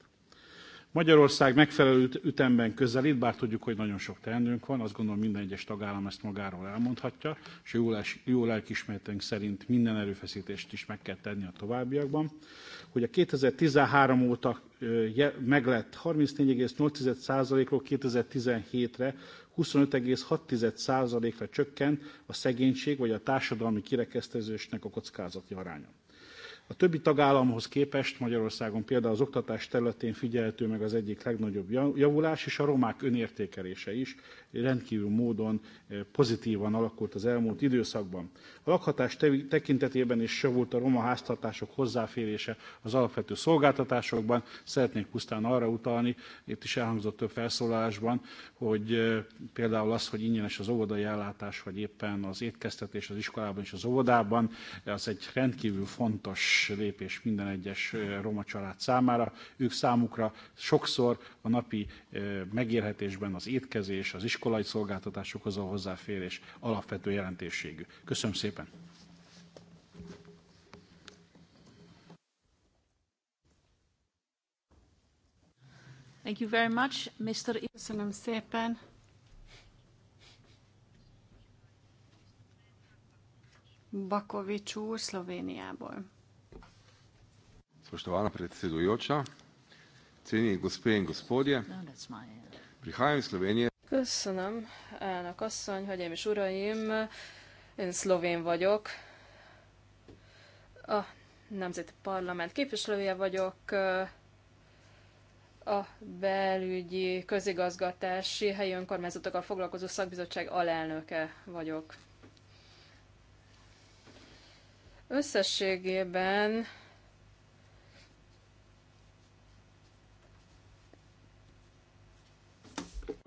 Magyarország megfelelő ütemben közelít, bár tudjuk, hogy nagyon sok teendőnk van, azt gondolom minden egyes tagállam ezt magáról elmondhatja, és jó, jó, jó lelkismeretünk szerint minden erőfeszítést is meg kell tenni a továbbiakban, hogy a 2013 óta meglett 34,8%-ról 2017-re 25,6%-ra csökkent a szegénység vagy a társadalmi kirekesztezésnek a kockázati aránya. A többi tagállamhoz képest Magyarországon például az oktatás területén figyelhető meg az egyik legnagyobb javulás, és a romák önértékelése is rendkívül módon eh, pozitívan alakult az elmúlt időszakban. A lakhatás tekintetében is javult a roma háztartások hozzáférése az alapvető szolgáltatásokban. Szeretnék pusztán arra utalni, itt is elhangzott több felszólalásban, hogy eh, például az, hogy ingyenes az óvodai ellátás, vagy éppen az étkeztetés az iskolában és az óvodában, az egy rendkívül fontos fontos lépés minden egyes roma család számára. Ők számukra sokszor a napi megélhetésben az étkezés, az iskolai szolgáltatásokhoz a hozzáférés alapvető jelentőségű. Köszönöm szépen! Thank you very much, Mr. Köszönöm szépen. Bakovics úr Szlovéniából. Spoštovana predsedujoča, ceni gospe in gospodje, uh, prihajam iz Slovenije. Köszönöm, elnök asszony, hölgyeim és uraim, én szlovén vagyok. A Nemzeti Parlament képviselője vagyok, a belügyi közigazgatási helyi önkormányzatokkal foglalkozó szakbizottság alelnöke vagyok. Összességében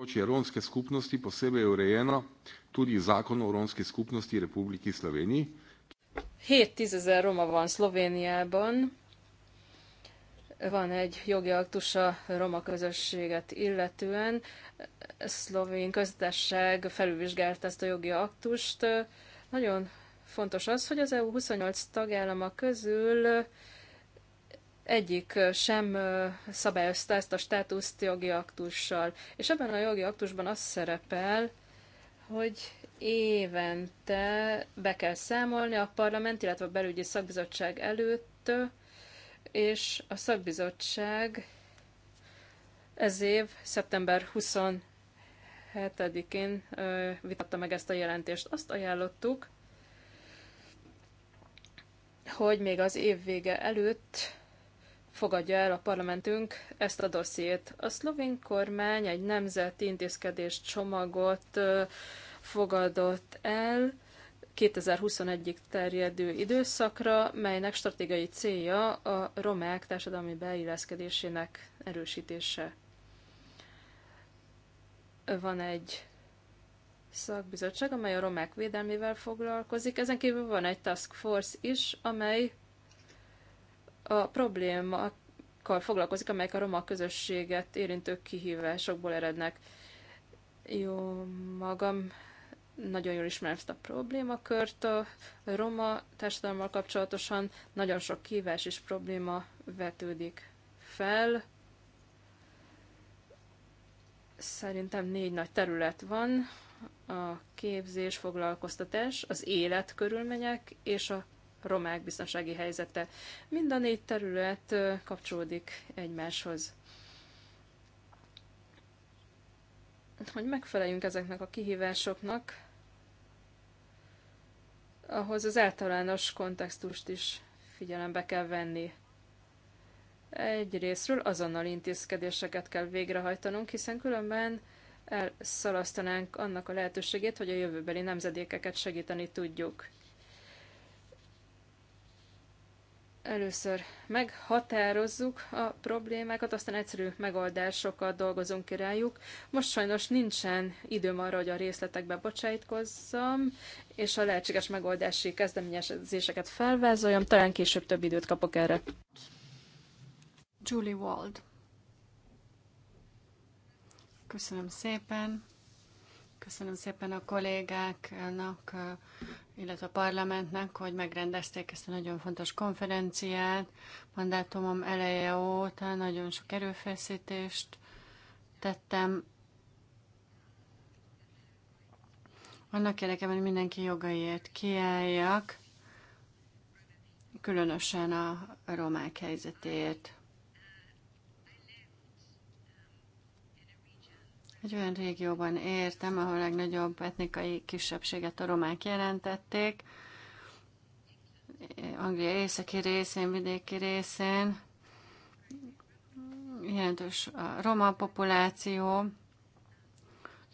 področje romske skupnosti posebej urejeno tudi zakon o romski skupnosti Republiki Sloveniji. 7-10 roma van Szlovéniában. Van egy jogi aktus a roma közösséget illetően. Szlovén köztesség felülvizsgált ezt a jogi aktust. Nagyon fontos az, hogy az EU 28 tagállama közül egyik sem szabályozta ezt a státuszt jogi aktussal. És ebben a jogi aktusban az szerepel, hogy évente be kell számolni a parlament, illetve a belügyi szakbizottság előtt, és a szakbizottság ez év szeptember 27-én vitatta meg ezt a jelentést. Azt ajánlottuk, hogy még az év vége előtt fogadja el a parlamentünk ezt a dossziét. A szlovén kormány egy nemzeti intézkedés csomagot fogadott el 2021-ig terjedő időszakra, melynek stratégiai célja a romák társadalmi beilleszkedésének erősítése. Van egy szakbizottság, amely a romák védelmével foglalkozik. Ezen kívül van egy task force is, amely a problémakkal foglalkozik, amelyek a roma közösséget érintő kihívásokból erednek. Jó magam, nagyon jól ismerem ezt a problémakört a roma társadalommal kapcsolatosan. Nagyon sok kihívás és probléma vetődik fel. Szerintem négy nagy terület van, a képzés, foglalkoztatás, az életkörülmények és a romák biztonsági helyzete. Mind a négy terület kapcsolódik egymáshoz. Hogy megfeleljünk ezeknek a kihívásoknak, ahhoz az általános kontextust is figyelembe kell venni. Egyrésztről azonnal intézkedéseket kell végrehajtanunk, hiszen különben elszalasztanánk annak a lehetőségét, hogy a jövőbeli nemzedékeket segíteni tudjuk. Először meghatározzuk a problémákat, aztán egyszerű megoldásokat dolgozunk ki rájuk. Most sajnos nincsen időm arra, hogy a részletekbe bocsájtkozzam, és a lehetséges megoldási kezdeményezéseket felvázoljam. Talán később több időt kapok erre. Julie Wald. Köszönöm szépen. Köszönöm szépen a kollégáknak, illetve a parlamentnek, hogy megrendezték ezt a nagyon fontos konferenciát. Mandátumom eleje óta nagyon sok erőfeszítést tettem. Annak érdekében, hogy mindenki jogaiért kiálljak, különösen a romák helyzetéért. Egy olyan régióban értem, ahol a legnagyobb etnikai kisebbséget a romák jelentették, Anglia északi részén, vidéki részén, jelentős a roma populáció,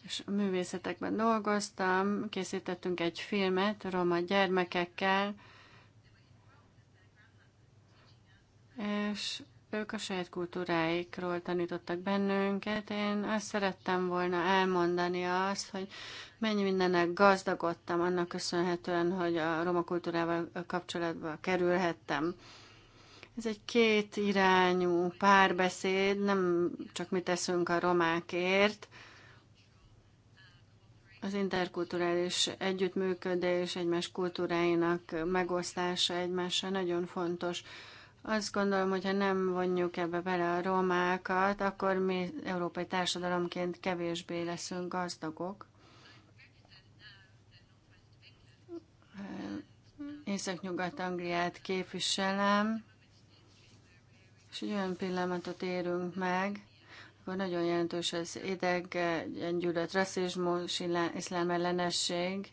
és a művészetekben dolgoztam, készítettünk egy filmet roma gyermekekkel, és ők a saját kultúráikról tanítottak bennünket. Én azt szerettem volna elmondani azt, hogy mennyi mindennek gazdagodtam annak köszönhetően, hogy a roma kultúrával kapcsolatba kerülhettem. Ez egy két irányú párbeszéd, nem csak mi teszünk a romákért, az interkulturális együttműködés, egymás kultúráinak megosztása egymással nagyon fontos. Azt gondolom, hogyha nem vonjuk ebbe bele a romákat, akkor mi európai társadalomként kevésbé leszünk gazdagok. Észak-Nyugat-Angliát képviselem, és egy olyan pillanatot érünk meg, akkor nagyon jelentős az ideg, gyűlölet, rasszizmus, iszlám ellenesség,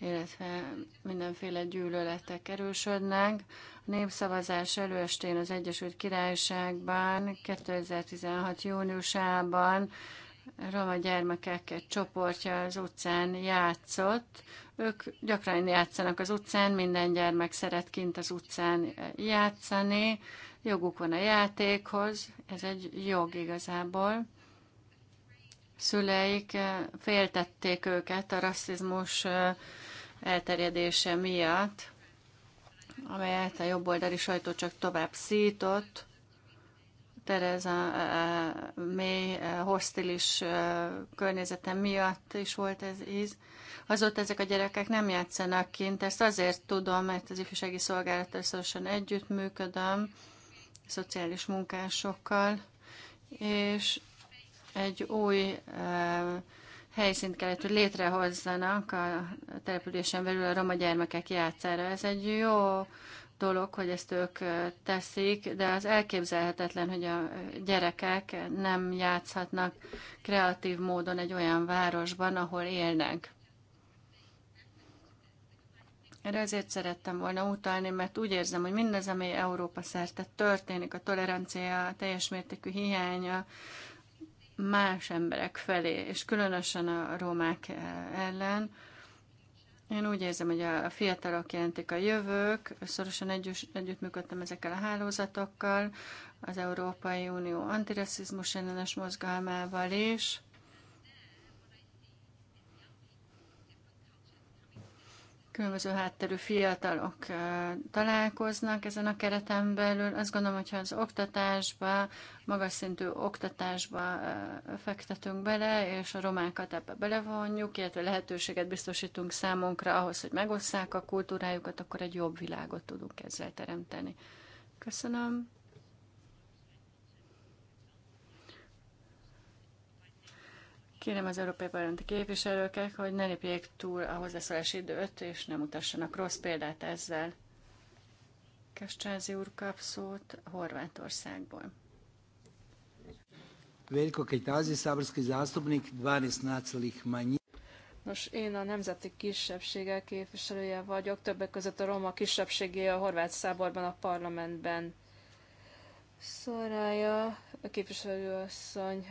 illetve mindenféle gyűlöletek erősödnek. A népszavazás előestén az Egyesült Királyságban 2016. júniusában roma gyermekek egy csoportja az utcán játszott. Ők gyakran játszanak az utcán, minden gyermek szeret kint az utcán játszani, joguk van a játékhoz, ez egy jog igazából. Szüleik eh, féltették őket a rasszizmus eh, elterjedése miatt, amelyet a jobboldali sajtó csak tovább szított. Tereza eh, eh, mély eh, hostilis környezete miatt is volt ez íz. Azóta ezek a gyerekek nem játszanak kint, ezt azért tudom, mert az ifjúsági szolgálattal szorosan együttműködöm, szociális munkásokkal, és egy új uh, helyszínt kellett, hogy létrehozzanak a településen belül a roma gyermekek játszára. Ez egy jó dolog, hogy ezt ők teszik, de az elképzelhetetlen, hogy a gyerekek nem játszhatnak kreatív módon egy olyan városban, ahol élnek. Erre azért szerettem volna utalni, mert úgy érzem, hogy mindez, ami Európa szerte történik, a tolerancia, a teljes mértékű hiánya, más emberek felé, és különösen a romák eh, ellen. Én úgy érzem, hogy a fiatalok jelentik a jövők, szorosan együtt, együttműködtem ezekkel a hálózatokkal, az Európai Unió antirasszizmus ellenes mozgalmával is. különböző hátterű fiatalok találkoznak ezen a kereten belül. Azt gondolom, hogyha az oktatásba, magas szintű oktatásba fektetünk bele, és a romákat ebbe belevonjuk, illetve lehetőséget biztosítunk számunkra ahhoz, hogy megosszák a kultúrájukat, akkor egy jobb világot tudunk ezzel teremteni. Köszönöm. Kérem az Európai Parlamenti képviselőket, hogy ne lépjék túl a hozzászólási időt, és nem mutassanak rossz példát ezzel. Kastrázi úr kap szót Horvátországból. Veljko Kajtázi, száborszki zászlóbnik, 12 nácelik manyi. Nos, én a nemzeti kisebbségek képviselője vagyok, többek között a roma kisebbségé a horvát száborban a parlamentben. Szorája, a képviselőasszony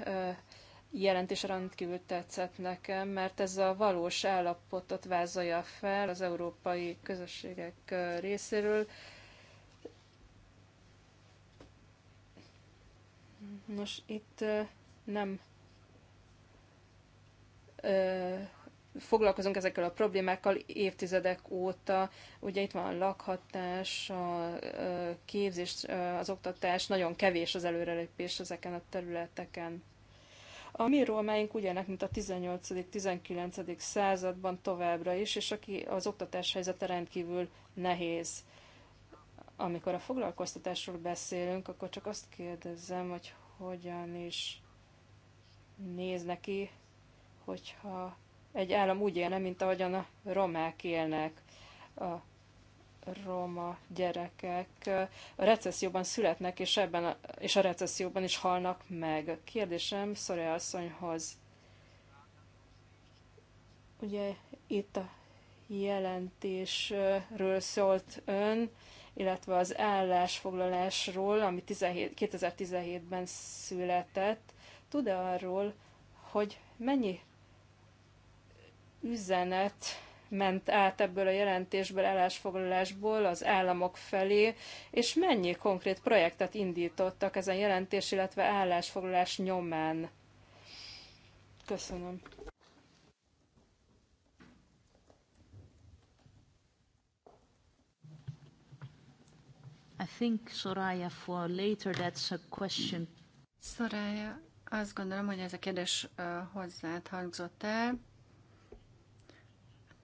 jelentés rendkívül tetszett nekem, mert ez a valós állapotot vázolja fel az európai közösségek részéről. Nos, itt nem foglalkozunk ezekkel a problémákkal évtizedek óta. Ugye itt van a lakhatás, a képzés, az oktatás, nagyon kevés az előrelépés ezeken a területeken. A mi rómáink ugyanek, mint a 18.-19. században továbbra is, és aki az oktatás helyzete rendkívül nehéz. Amikor a foglalkoztatásról beszélünk, akkor csak azt kérdezem, hogy hogyan is néz neki, hogyha egy állam úgy élne, mint ahogyan a romák élnek. A roma gyerekek a recesszióban születnek, és, ebben a, és a recesszióban is halnak meg. Kérdésem Szorja asszonyhoz. Ugye itt a jelentésről szólt ön, illetve az állásfoglalásról, ami 17, 2017-ben született. Tud-e arról, hogy mennyi üzenet ment át ebből a jelentésből, állásfoglalásból az államok felé, és mennyi konkrét projektet indítottak ezen jelentés, illetve állásfoglalás nyomán? Köszönöm. I think, Soraya, for later that's a question. Soraya, azt gondolom, hogy ez a kérdés uh, hozzád hangzott el.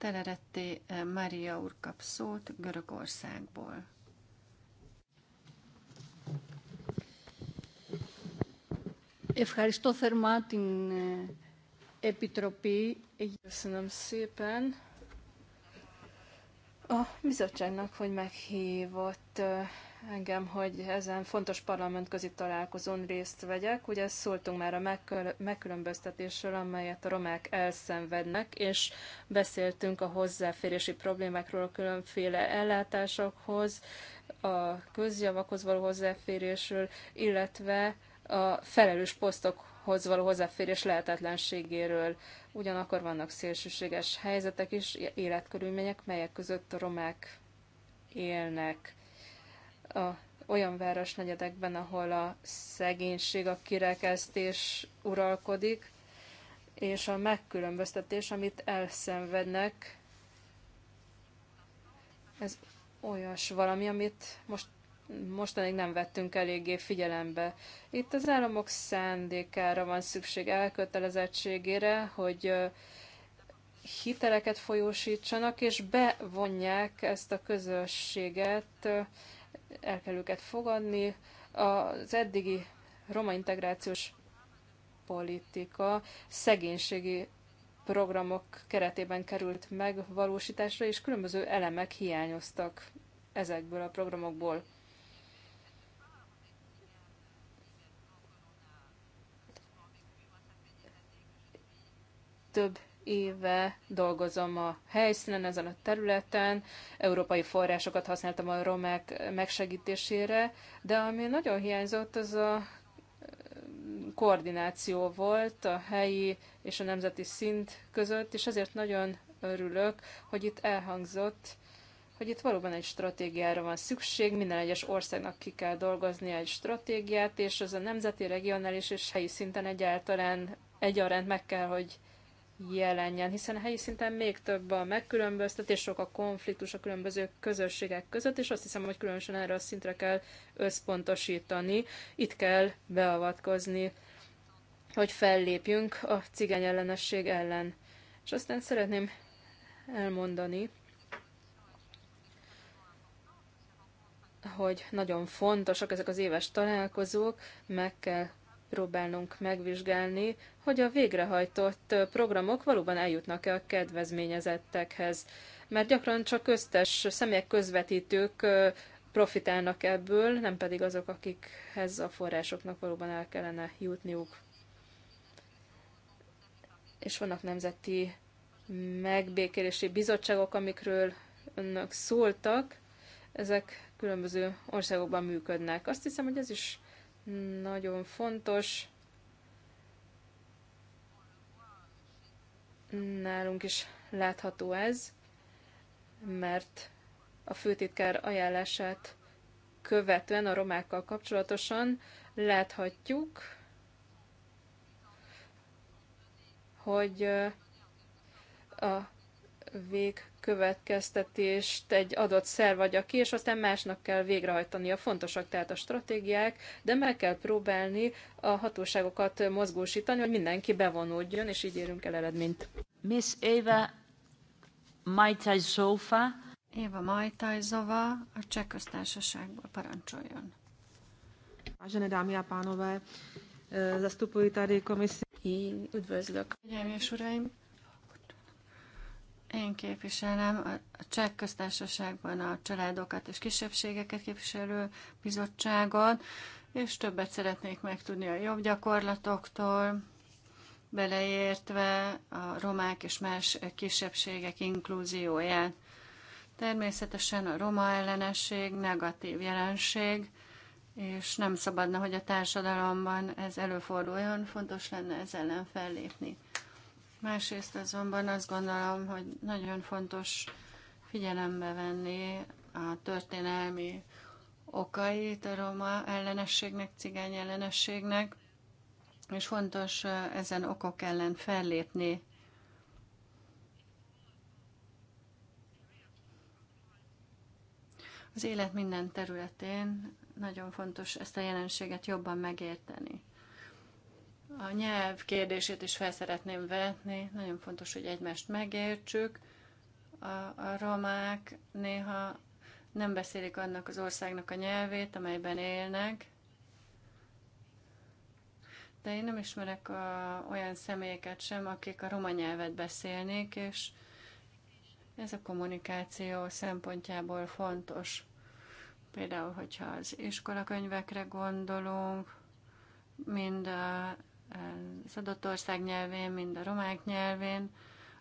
Teleretté eh, Mária úr kap szót Görögországból. Ευχαριστώ θερμά την Επιτροπή. Köszönöm szépen a bizottságnak, hogy meghívott eh, engem, hogy ezen fontos parlamentközi találkozón részt vegyek. Ugye szóltunk már a megkülönböztetésről, amelyet a romák elszenvednek, és beszéltünk a hozzáférési problémákról, a különféle ellátásokhoz, a közjavakhoz való hozzáférésről, illetve a felelős posztokhoz való hozzáférés lehetetlenségéről. Ugyanakkor vannak szélsőséges helyzetek és életkörülmények, melyek között a romák élnek a olyan negyedekben, ahol a szegénység, a kirekesztés uralkodik, és a megkülönböztetés, amit elszenvednek, ez olyas valami, amit most, mostanig nem vettünk eléggé figyelembe. Itt az államok szándékára van szükség, elkötelezettségére, hogy hiteleket folyósítsanak, és bevonják ezt a közösséget el kell őket fogadni. Az eddigi roma integrációs politika szegénységi programok keretében került megvalósításra, és különböző elemek hiányoztak ezekből a programokból. Több éve dolgozom a helyszínen, ezen a területen, európai forrásokat használtam a romák megsegítésére, de ami nagyon hiányzott, az a koordináció volt a helyi és a nemzeti szint között, és ezért nagyon örülök, hogy itt elhangzott, hogy itt valóban egy stratégiára van szükség, minden egyes országnak ki kell dolgozni egy stratégiát, és az a nemzeti, regionális és helyi szinten egyáltalán egyaránt meg kell, hogy jelenjen, hiszen a helyi szinten még több a megkülönböztetés, sok a konfliktus a különböző közösségek között, és azt hiszem, hogy különösen erre a szintre kell összpontosítani, itt kell beavatkozni, hogy fellépjünk a cigány ellenesség ellen. És aztán szeretném elmondani, hogy nagyon fontosak ezek az éves találkozók, meg kell próbálnunk megvizsgálni, hogy a végrehajtott programok valóban eljutnak-e a kedvezményezettekhez. Mert gyakran csak köztes személyek közvetítők profitálnak ebből, nem pedig azok, akikhez a forrásoknak valóban el kellene jutniuk. És vannak nemzeti megbékélési bizottságok, amikről önök szóltak, ezek különböző országokban működnek. Azt hiszem, hogy ez is nagyon fontos, nálunk is látható ez, mert a főtitkár ajánlását követően a romákkal kapcsolatosan láthatjuk, hogy a végkövetkeztetést egy adott szerv adja ki, és aztán másnak kell a Fontosak tehát a stratégiák, de meg kell próbálni a hatóságokat mozgósítani, hogy mindenki bevonódjon, és így érünk el eredményt. Miss Eva Majtajzova. Éva Majtajzova a Cseh Köztársaságból parancsoljon. Vážené dámy a pánové, eh, zastupuji tady komisi. Üdvözlök. Ugyan, és uraim, én képviselem a Cseh köztársaságban a családokat és kisebbségeket képviselő bizottságot, és többet szeretnék megtudni a jobb gyakorlatoktól, beleértve a romák és más kisebbségek inklúzióját. Természetesen a roma ellenesség negatív jelenség, és nem szabadna, hogy a társadalomban ez előforduljon, fontos lenne ez ellen fellépni. Másrészt azonban azt gondolom, hogy nagyon fontos figyelembe venni a történelmi okait a roma ellenességnek, cigány ellenességnek, és fontos ezen okok ellen fellépni. Az élet minden területén nagyon fontos ezt a jelenséget jobban megérteni. A nyelv kérdését is fel szeretném vetni. Nagyon fontos, hogy egymást megértsük. A, a romák néha nem beszélik annak az országnak a nyelvét, amelyben élnek. De én nem ismerek a, olyan személyeket sem, akik a roma nyelvet beszélnék, és ez a kommunikáció szempontjából fontos. Például, hogyha az iskolakönyvekre gondolunk, mind a az adott ország nyelvén, mind a romák nyelvén,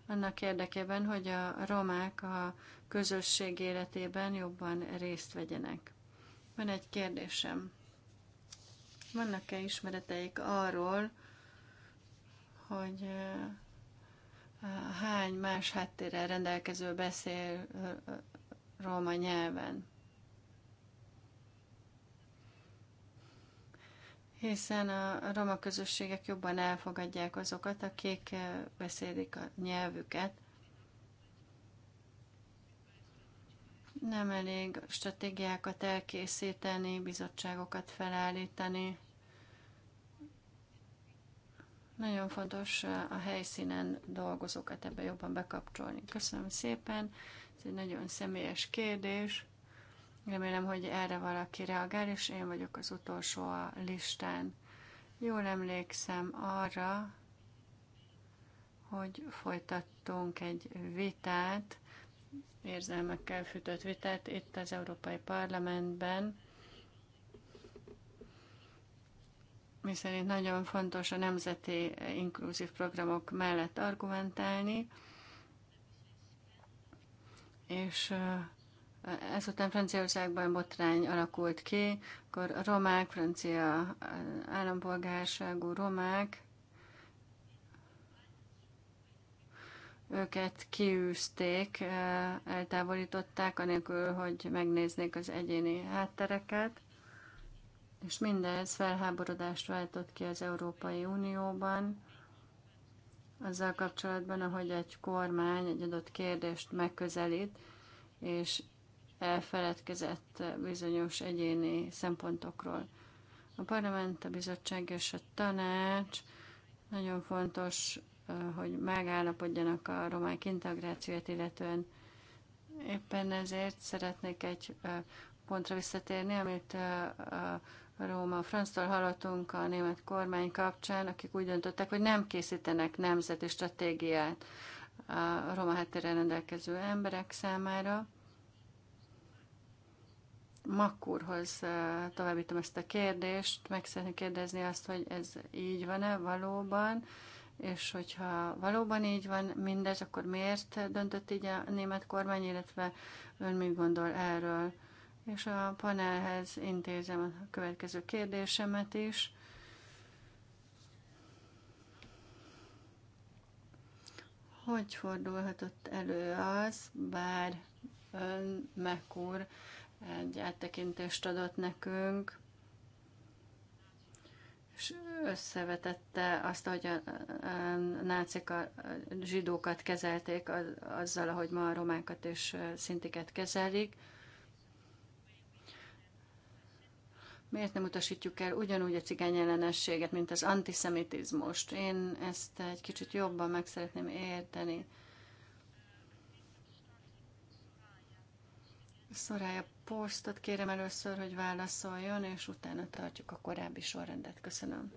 annak érdekében, hogy a romák a közösség életében jobban részt vegyenek. Van egy kérdésem. Vannak-e ismereteik arról, hogy eh, hány más háttérrel rendelkező beszél eh, eh, róma nyelven? hiszen a roma közösségek jobban elfogadják azokat, akik eh, beszélik a nyelvüket. Nem elég stratégiákat elkészíteni, bizottságokat felállítani. Nagyon fontos eh, a helyszínen dolgozókat ebbe jobban bekapcsolni. Köszönöm szépen, ez egy nagyon személyes kérdés. Remélem, hogy erre valaki reagál, és én vagyok az utolsó a listán. Jól emlékszem arra, hogy folytattunk egy vitát, érzelmekkel fűtött vitát itt az Európai Parlamentben, miszerint nagyon fontos a nemzeti inkluzív programok mellett argumentálni, és Ezután Franciaországban botrány alakult ki, akkor a romák, francia állampolgárságú romák, őket kiűzték, eh, eltávolították, anélkül, hogy megnéznék az egyéni háttereket, és mindez felháborodást váltott ki az Európai Unióban, azzal kapcsolatban, ahogy egy kormány egy adott kérdést megközelít, és elfeledkezett bizonyos egyéni szempontokról. A parlament, a bizottság és a tanács nagyon fontos, hogy megállapodjanak a romák integrációt, illetően éppen ezért szeretnék egy pontra visszatérni, amit a Róma Franztól hallottunk a német kormány kapcsán, akik úgy döntöttek, hogy nem készítenek nemzeti stratégiát a roma háttérrel rendelkező emberek számára. Makkurhoz továbbítom ezt a kérdést, meg szeretném kérdezni azt, hogy ez így van-e valóban, és hogyha valóban így van mindez, akkor miért döntött így a német kormány, illetve ön mit gondol erről? És a panelhez intézem a következő kérdésemet is. Hogy fordulhatott elő az, bár ön, Mekkor egy áttekintést adott nekünk, és összevetette azt, hogy a nácik a zsidókat kezelték azzal, ahogy ma a romákat és szintiket kezelik. Miért nem utasítjuk el ugyanúgy a cigány ellenességet, mint az antiszemitizmust? Én ezt egy kicsit jobban meg szeretném érteni. Szorája Postot kérem először, hogy válaszoljon, és utána tartjuk a korábbi sorrendet. Köszönöm.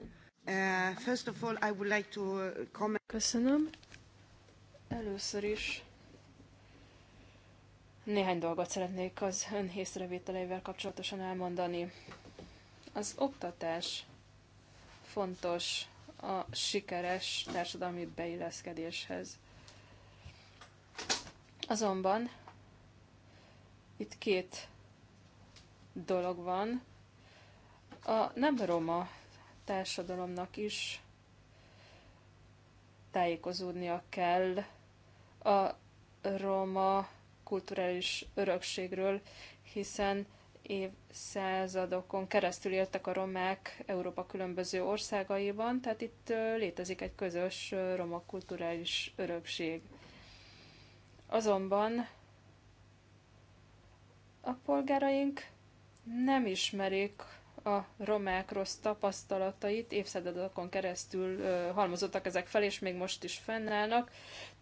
Uh, first of all, I would like to uh, comment. Köszönöm. Először is néhány dolgot szeretnék az ön észrevételeivel kapcsolatosan elmondani. Az oktatás fontos a sikeres társadalmi beilleszkedéshez. Azonban itt két dolog van. A nem roma társadalomnak is tájékozódnia kell a roma kulturális örökségről, hiszen évszázadokon keresztül éltek a romák Európa különböző országaiban, tehát itt létezik egy közös roma kulturális örökség. Azonban a polgáraink nem ismerik a romák rossz tapasztalatait, évszázadokon keresztül halmozottak ezek fel, és még most is fennállnak.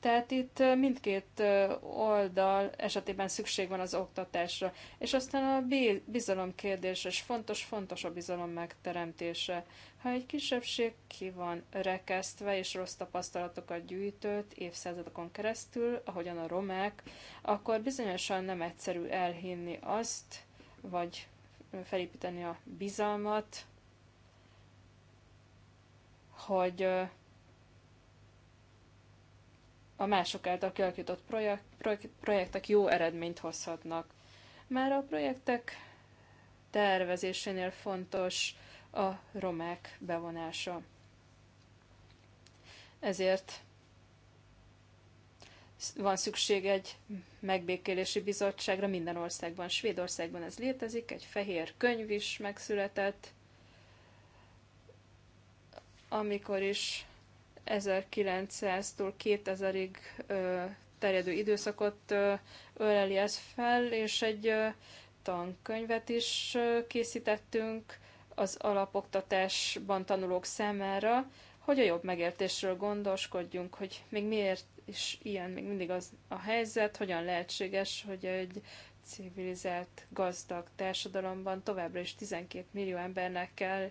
Tehát itt mindkét oldal esetében szükség van az oktatásra. És aztán a bizalom kérdése, és fontos, fontos a bizalom megteremtése. Ha egy kisebbség ki van rekesztve és rossz tapasztalatokat gyűjtött évszázadokon keresztül, ahogyan a romák, akkor bizonyosan nem egyszerű elhinni azt, vagy felépíteni a bizalmat, hogy a mások által kialakított projekt, projekt, projektek jó eredményt hozhatnak. Már a projektek tervezésénél fontos a romák bevonása. Ezért van szükség egy megbékélési bizottságra minden országban. Svédországban ez létezik, egy fehér könyv is megszületett, amikor is 1900-tól 2000-ig terjedő időszakot öleli ez fel, és egy tankönyvet is készítettünk az alapoktatásban tanulók számára, hogy a jobb megértésről gondoskodjunk, hogy még miért is ilyen még mindig az a helyzet, hogyan lehetséges, hogy egy civilizált, gazdag társadalomban továbbra is 12 millió embernek kell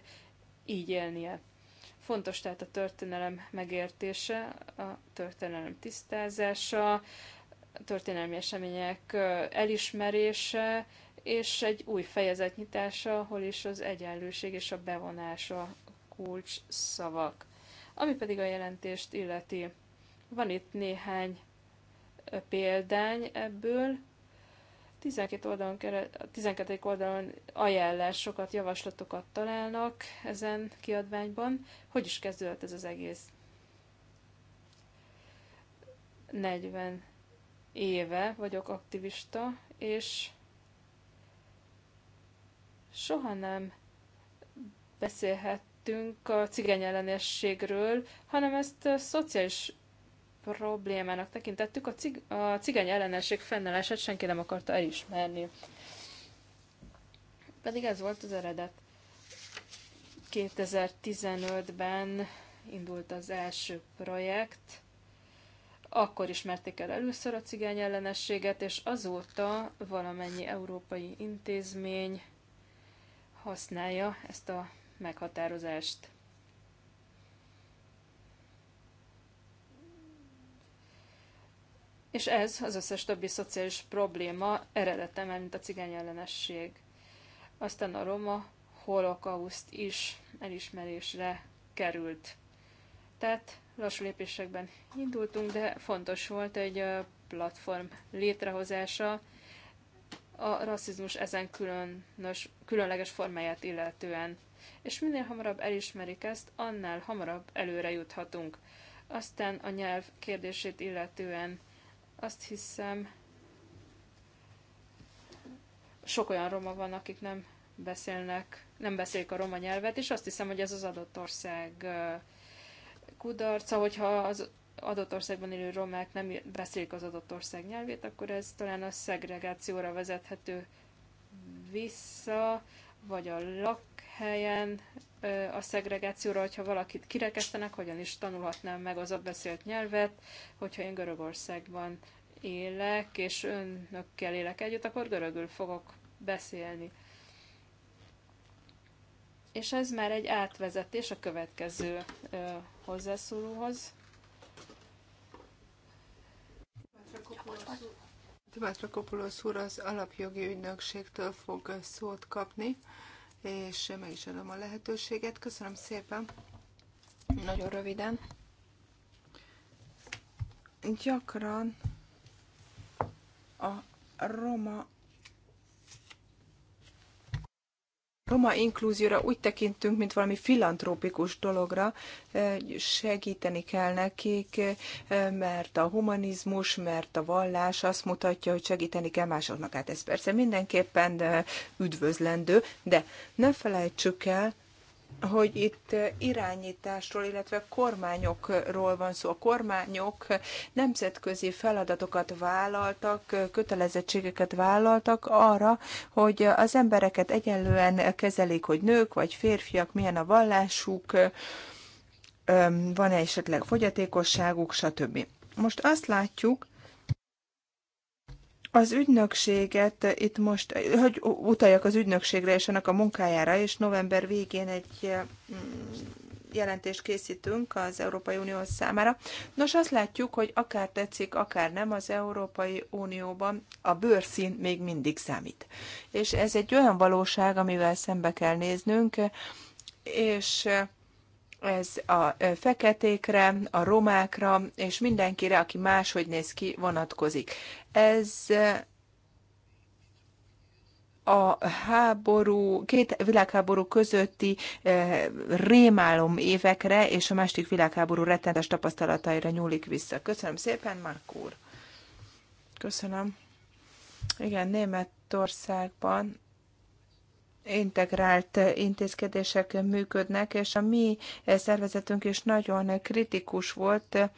így élnie. Fontos tehát a történelem megértése, a történelem tisztázása, a történelmi események elismerése, és egy új fejezet nyitása, ahol is az egyenlőség és a bevonása kulcs szavak. Ami pedig a jelentést illeti. Van itt néhány példány ebből. 12 oldalon, 12. oldalon ajánlásokat, javaslatokat találnak ezen kiadványban. Hogy is kezdődött ez az egész? 40 éve vagyok aktivista, és soha nem beszélhet beszélgettünk a cigány ellenességről, hanem ezt a szociális problémának tekintettük. A, cig- a cigány ellenesség fennállását senki nem akarta elismerni. Pedig ez volt az eredet. 2015-ben indult az első projekt, akkor ismerték el először a cigány ellenességet, és azóta valamennyi európai intézmény használja ezt a meghatározást. És ez az összes többi szociális probléma eredete, mert mint a cigány ellenesség. Aztán a roma holokauszt is elismerésre került. Tehát lassú lépésekben indultunk, de fontos volt egy platform létrehozása a rasszizmus ezen különös, különleges formáját illetően és minél hamarabb elismerik ezt, annál hamarabb előre juthatunk. Aztán a nyelv kérdését illetően azt hiszem, sok olyan roma van, akik nem beszélnek, nem beszélik a roma nyelvet, és azt hiszem, hogy ez az adott ország kudarca, hogyha az adott országban élő romák nem beszélik az adott ország nyelvét, akkor ez talán a szegregációra vezethető vissza, vagy a lak munkahelyen a szegregációra, hogyha valakit kirekesztenek, hogyan is tanulhatnám meg az ott beszélt nyelvet, hogyha én Görögországban élek, és önökkel élek együtt, akkor görögül fogok beszélni. És ez már egy átvezetés a következő ö, hozzászólóhoz. Dimitra Kopulosz úr az alapjogi ügynökségtől fog szót kapni és meg is adom a lehetőséget. Köszönöm szépen. Nagyon röviden. Gyakran a roma roma inklúzióra úgy tekintünk, mint valami filantrópikus dologra, eh, segíteni kell nekik, eh, mert a humanizmus, mert a vallás azt mutatja, hogy segíteni kell másoknak. Hát ez persze mindenképpen üdvözlendő, de ne felejtsük el, hogy itt irányításról, illetve kormányokról van szó. A kormányok nemzetközi feladatokat vállaltak, kötelezettségeket vállaltak arra, hogy az embereket egyenlően kezelik, hogy nők vagy férfiak, milyen a vallásuk, van-e esetleg fogyatékosságuk, stb. Most azt látjuk, az ügynökséget itt most, hogy utaljak az ügynökségre és annak a munkájára, és november végén egy mm, jelentést készítünk az Európai Unió számára. Nos, azt látjuk, hogy akár tetszik, akár nem, az Európai Unióban a bőrszín még mindig számít. És ez egy olyan valóság, amivel szembe kell néznünk, és ez a feketékre, a romákra, és mindenkire, aki máshogy néz ki, vonatkozik. Ez a háború, két világháború közötti rémálom évekre és a második világháború rettenetes tapasztalataira nyúlik vissza. Köszönöm szépen, Márk úr. Köszönöm. Igen, Németországban integrált intézkedések működnek, és a mi szervezetünk is nagyon kritikus volt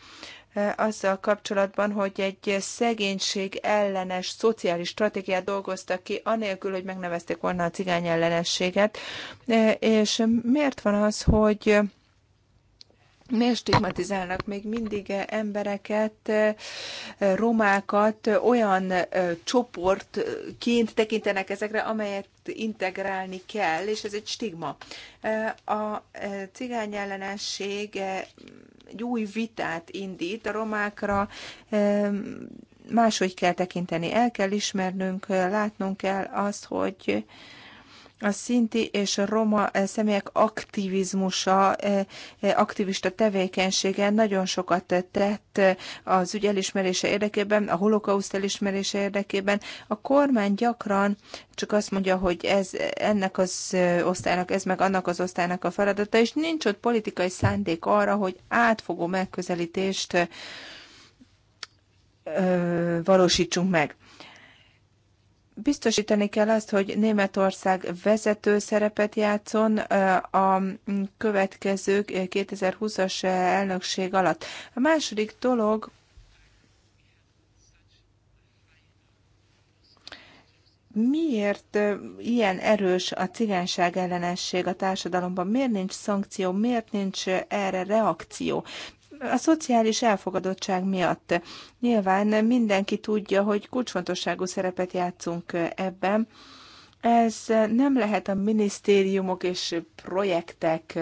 eh, azzal kapcsolatban, hogy egy szegénység ellenes szociális stratégiát dolgoztak ki, anélkül, hogy megnevezték volna a cigány ellenességet. Eh, és miért van az, hogy miért stigmatizálnak még mindig embereket, romákat, olyan csoportként tekintenek ezekre, amelyet integrálni kell, és ez egy stigma. A cigány ellenesség egy új vitát indít a romákra, máshogy kell tekinteni, el kell ismernünk, látnunk kell azt, hogy a szinti és a roma eh, személyek aktivizmusa, eh, eh, aktivista tevékenysége nagyon sokat tett az ügy elismerése érdekében, a holokauszt elismerése érdekében. A kormány gyakran csak azt mondja, hogy ez ennek az osztálynak, ez meg annak az osztálynak a feladata, és nincs ott politikai szándék arra, hogy átfogó megközelítést valósítsunk meg. Biztosítani kell azt, hogy Németország vezető szerepet játszon a következő 2020-as elnökség alatt. A második dolog, miért ilyen erős a cigányság ellenesség a társadalomban? Miért nincs szankció? Miért nincs erre reakció? a szociális elfogadottság miatt. Nyilván mindenki tudja, hogy kulcsfontosságú szerepet játszunk ebben. Ez nem lehet a minisztériumok és projektek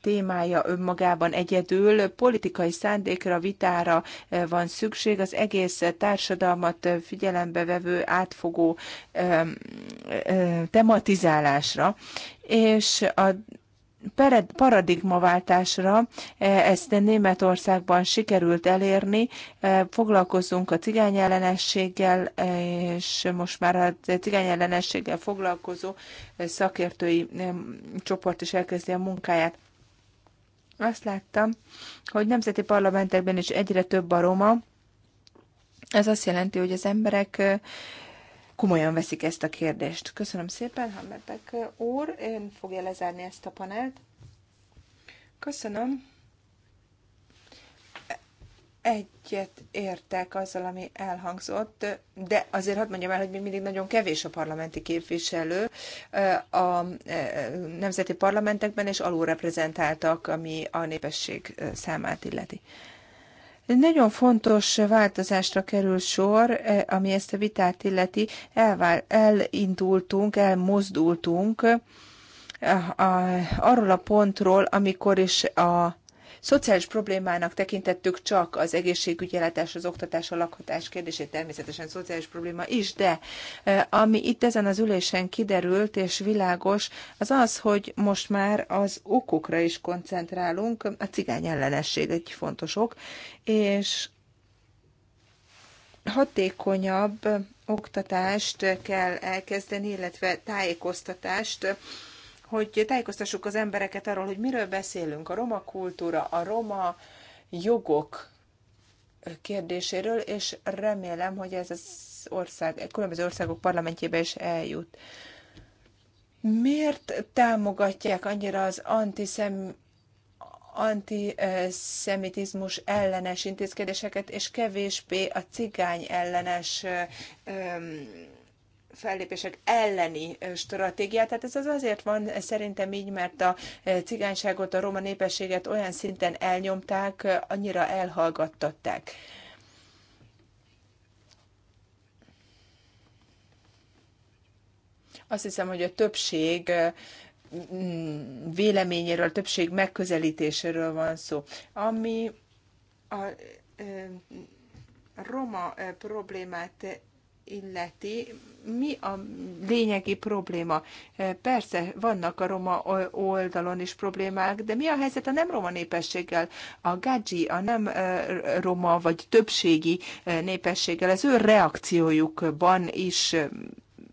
témája önmagában egyedül. Politikai szándékra, vitára van szükség, az egész társadalmat figyelembe vevő átfogó tematizálásra, és a paradigmaváltásra e, ezt Németországban sikerült elérni. E, Foglalkozunk a cigányellenességgel, e, és most már a cigányellenességgel foglalkozó szakértői csoport is elkezdi a munkáját. Azt láttam, hogy nemzeti parlamentekben is egyre több a roma. Ez azt jelenti, hogy az emberek komolyan veszik ezt a kérdést. Köszönöm szépen, Hammerbeck úr, én fogja lezárni ezt a panelt. Köszönöm. Egyet értek azzal, ami elhangzott, de azért hadd mondjam el, hogy még mindig nagyon kevés a parlamenti képviselő eh, a eh, nemzeti parlamentekben, és alulreprezentáltak, ami a népesség eh, számát illeti. Nagyon fontos változásra kerül sor, eh, ami ezt a vitát illeti. Elvál, elindultunk, elmozdultunk eh, arról a pontról, amikor is a Szociális problémának tekintettük csak az egészségügyi ellátás, az oktatás, a lakhatás kérdését, természetesen szociális probléma is, de ami itt ezen az ülésen kiderült és világos, az az, hogy most már az okokra is koncentrálunk, a cigány ellenesség egy fontos ok, és hatékonyabb oktatást kell elkezdeni, illetve tájékoztatást hogy tájékoztassuk az embereket arról, hogy miről beszélünk, a roma kultúra, a roma jogok kérdéséről, és remélem, hogy ez az ország, különböző országok parlamentjébe is eljut. Miért támogatják annyira az antiszem, antiszemitizmus ellenes intézkedéseket, és kevésbé a cigány ellenes fellépések elleni stratégiát. Tehát ez az azért van szerintem így, mert a cigányságot, a roma népességet olyan szinten elnyomták, annyira elhallgattatták. Azt hiszem, hogy a többség mm, véleményéről, a többség megközelítéséről van szó. Ami a, a roma problémát illeti, mi a lényegi probléma? Eh, persze, vannak a roma oldalon is problémák, de mi a helyzet a nem roma népességgel? A gadzsi, a nem eh, roma vagy többségi eh, népességgel, az ő reakciójukban is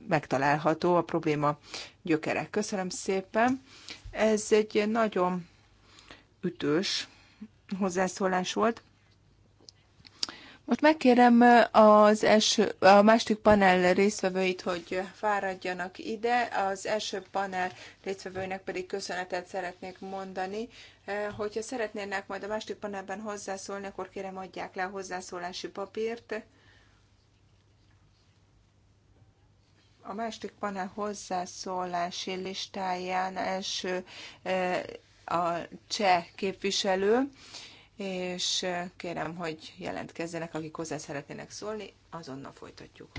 megtalálható a probléma gyökere. Köszönöm szépen. Ez egy nagyon ütős hozzászólás volt. Most megkérem az első, a második panel résztvevőit, hogy fáradjanak ide. Az első panel résztvevőinek pedig köszönetet szeretnék mondani. Hogyha szeretnének majd a második panelben hozzászólni, akkor kérem adják le a hozzászólási papírt. A második panel hozzászólási listáján első a cseh képviselő és eh, kérem, hogy jelentkezzenek, akik hozzá szeretnének szólni, azonnal folytatjuk.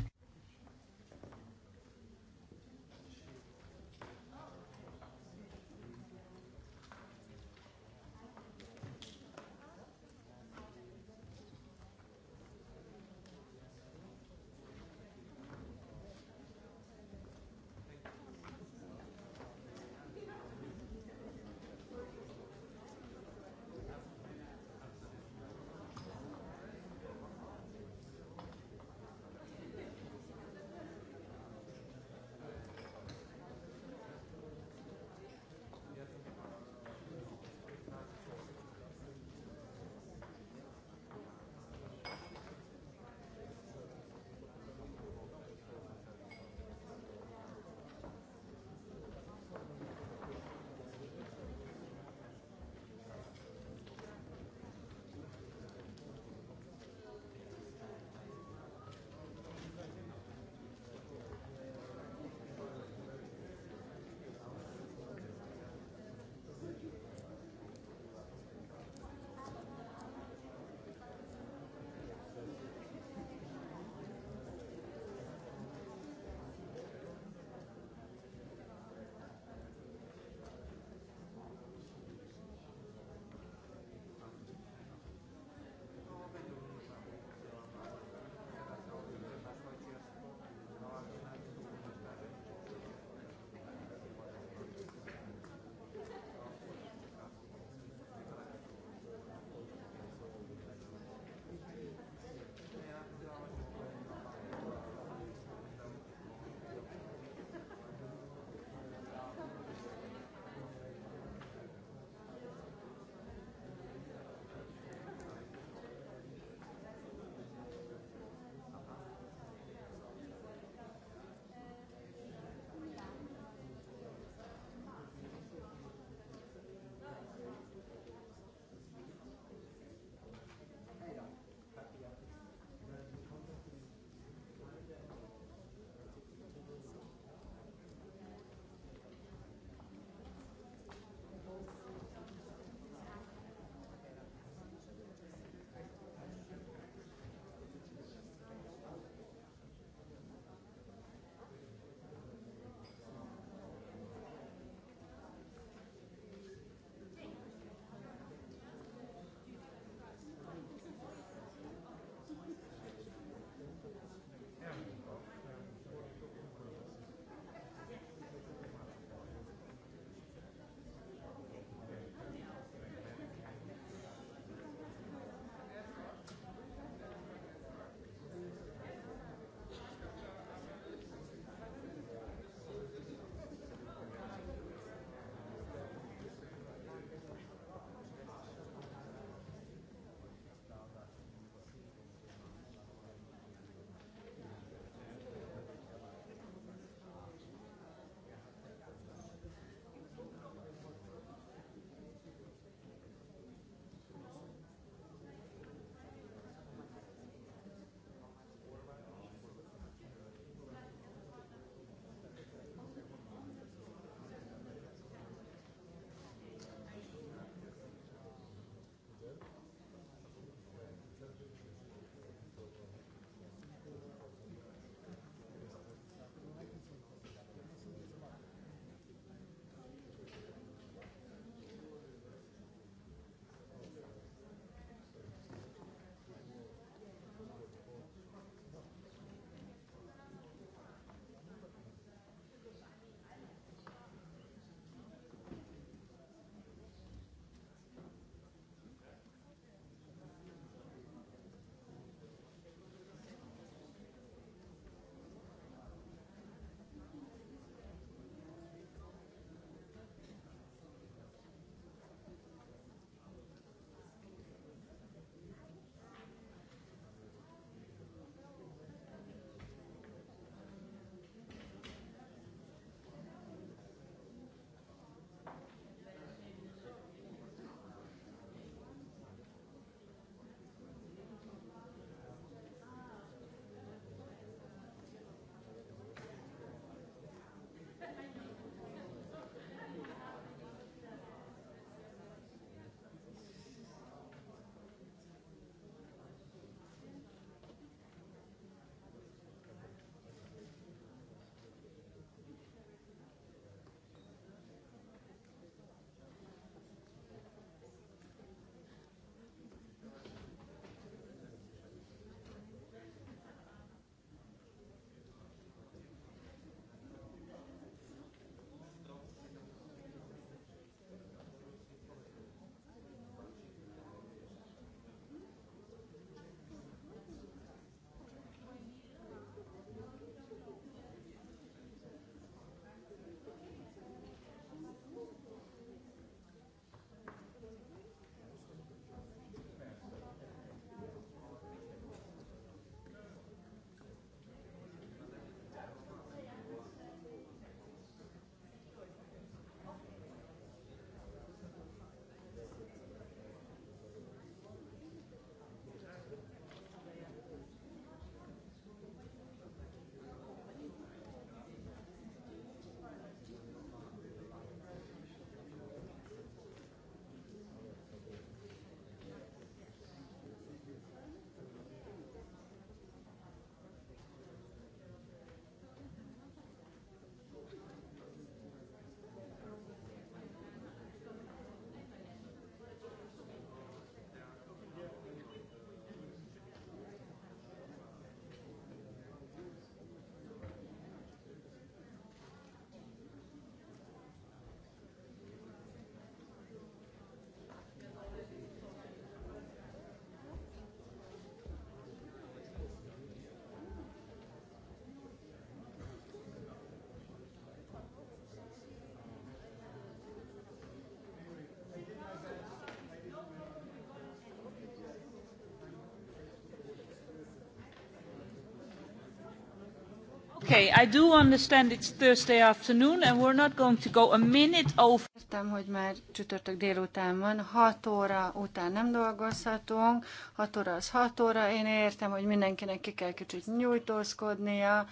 Okay, I do understand it's Thursday afternoon, and we're not going to go a minute over. Értem, hogy már csütörtök délután van, 6 óra után nem dolgozhatunk, 6 óra az 6 óra, én értem, hogy mindenkinek ki kell kicsit nyújtózkodnia,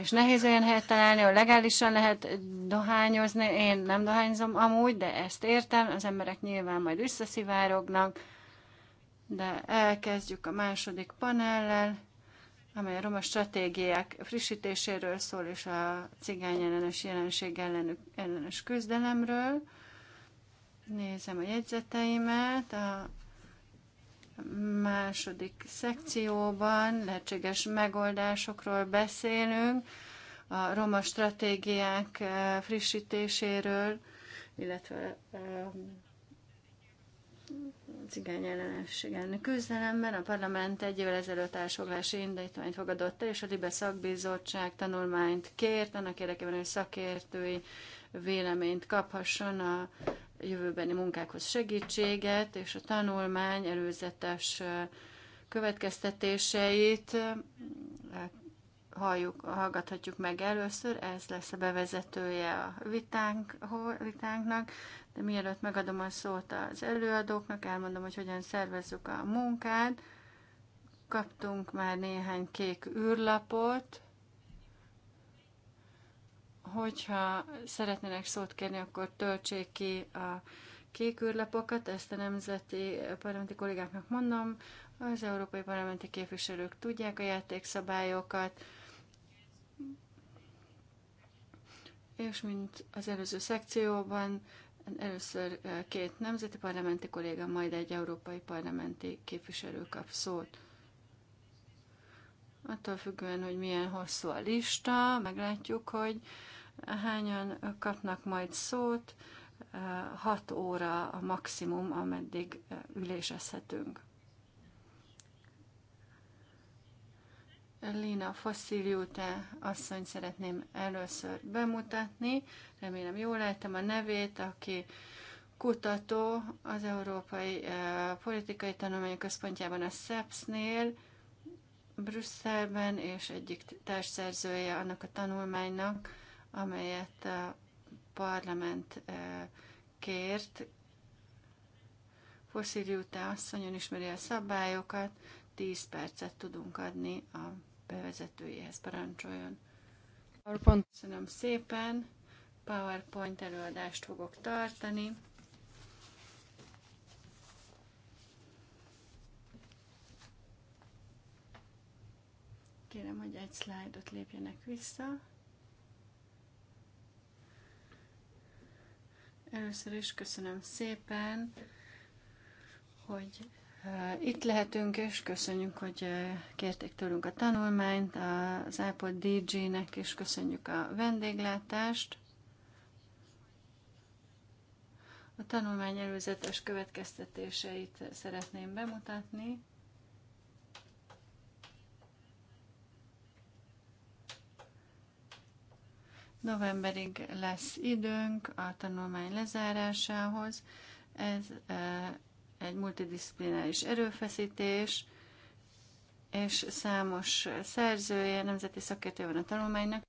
és nehéz olyan helyet találni, hogy legálisan lehet dohányozni, én nem dohányzom amúgy, de ezt értem, az emberek nyilván majd visszaszivárognak, de elkezdjük a második panellel amely a roma stratégiák frissítéséről szól, és a cigány ellenes jelenség ellenük, ellenes küzdelemről. Nézem a jegyzeteimet. A második szekcióban lehetséges megoldásokról beszélünk, a roma stratégiák eh, frissítéséről, illetve eh, cigány ellenesség elleni küzdelemben. A parlament egy évvel ezelőtt elsoglási indítványt fogadott el, és a Libe szakbizottság tanulmányt kért, annak érdekében, hogy szakértői véleményt kaphasson a jövőbeni munkákhoz segítséget, és a tanulmány előzetes következtetéseit halljuk, hallgathatjuk meg először, ez lesz a bevezetője a vitánk, vitánknak de mielőtt megadom a szót az előadóknak, elmondom, hogy hogyan szervezzük a munkát. Kaptunk már néhány kék űrlapot, hogyha szeretnének szót kérni, akkor töltsék ki a kék űrlapokat, ezt a nemzeti parlamenti kollégáknak mondom, az európai parlamenti képviselők tudják a játékszabályokat, és mint az előző szekcióban, Először két nemzeti parlamenti kolléga, majd egy európai parlamenti képviselő kap szót. Attól függően, hogy milyen hosszú a lista, meglátjuk, hogy hányan kapnak majd szót. 6 óra a maximum, ameddig ülésezhetünk. Lina Fossiliute asszony szeretném először bemutatni. Remélem jól lehetem a nevét, aki kutató az Európai eh, Politikai Tanulmányok Központjában a SEPS-nél, Brüsszelben, és egyik társszerzője annak a tanulmánynak, amelyet a parlament eh, kért. Fossiliute asszonyon ismeri a szabályokat, 10 percet tudunk adni a bevezetőjéhez parancsoljon. PowerPoint. Köszönöm szépen. PowerPoint előadást fogok tartani. Kérem, hogy egy szlájdot lépjenek vissza. Először is köszönöm szépen, hogy itt lehetünk, és köszönjük, hogy kérték tőlünk a tanulmányt. Az Apple dj nek is köszönjük a vendéglátást. A tanulmány előzetes következtetéseit szeretném bemutatni. Novemberig lesz időnk a tanulmány lezárásához. Ez egy multidisziplináris erőfeszítés, és számos szerzője, nemzeti szakértő van a tanulmánynak.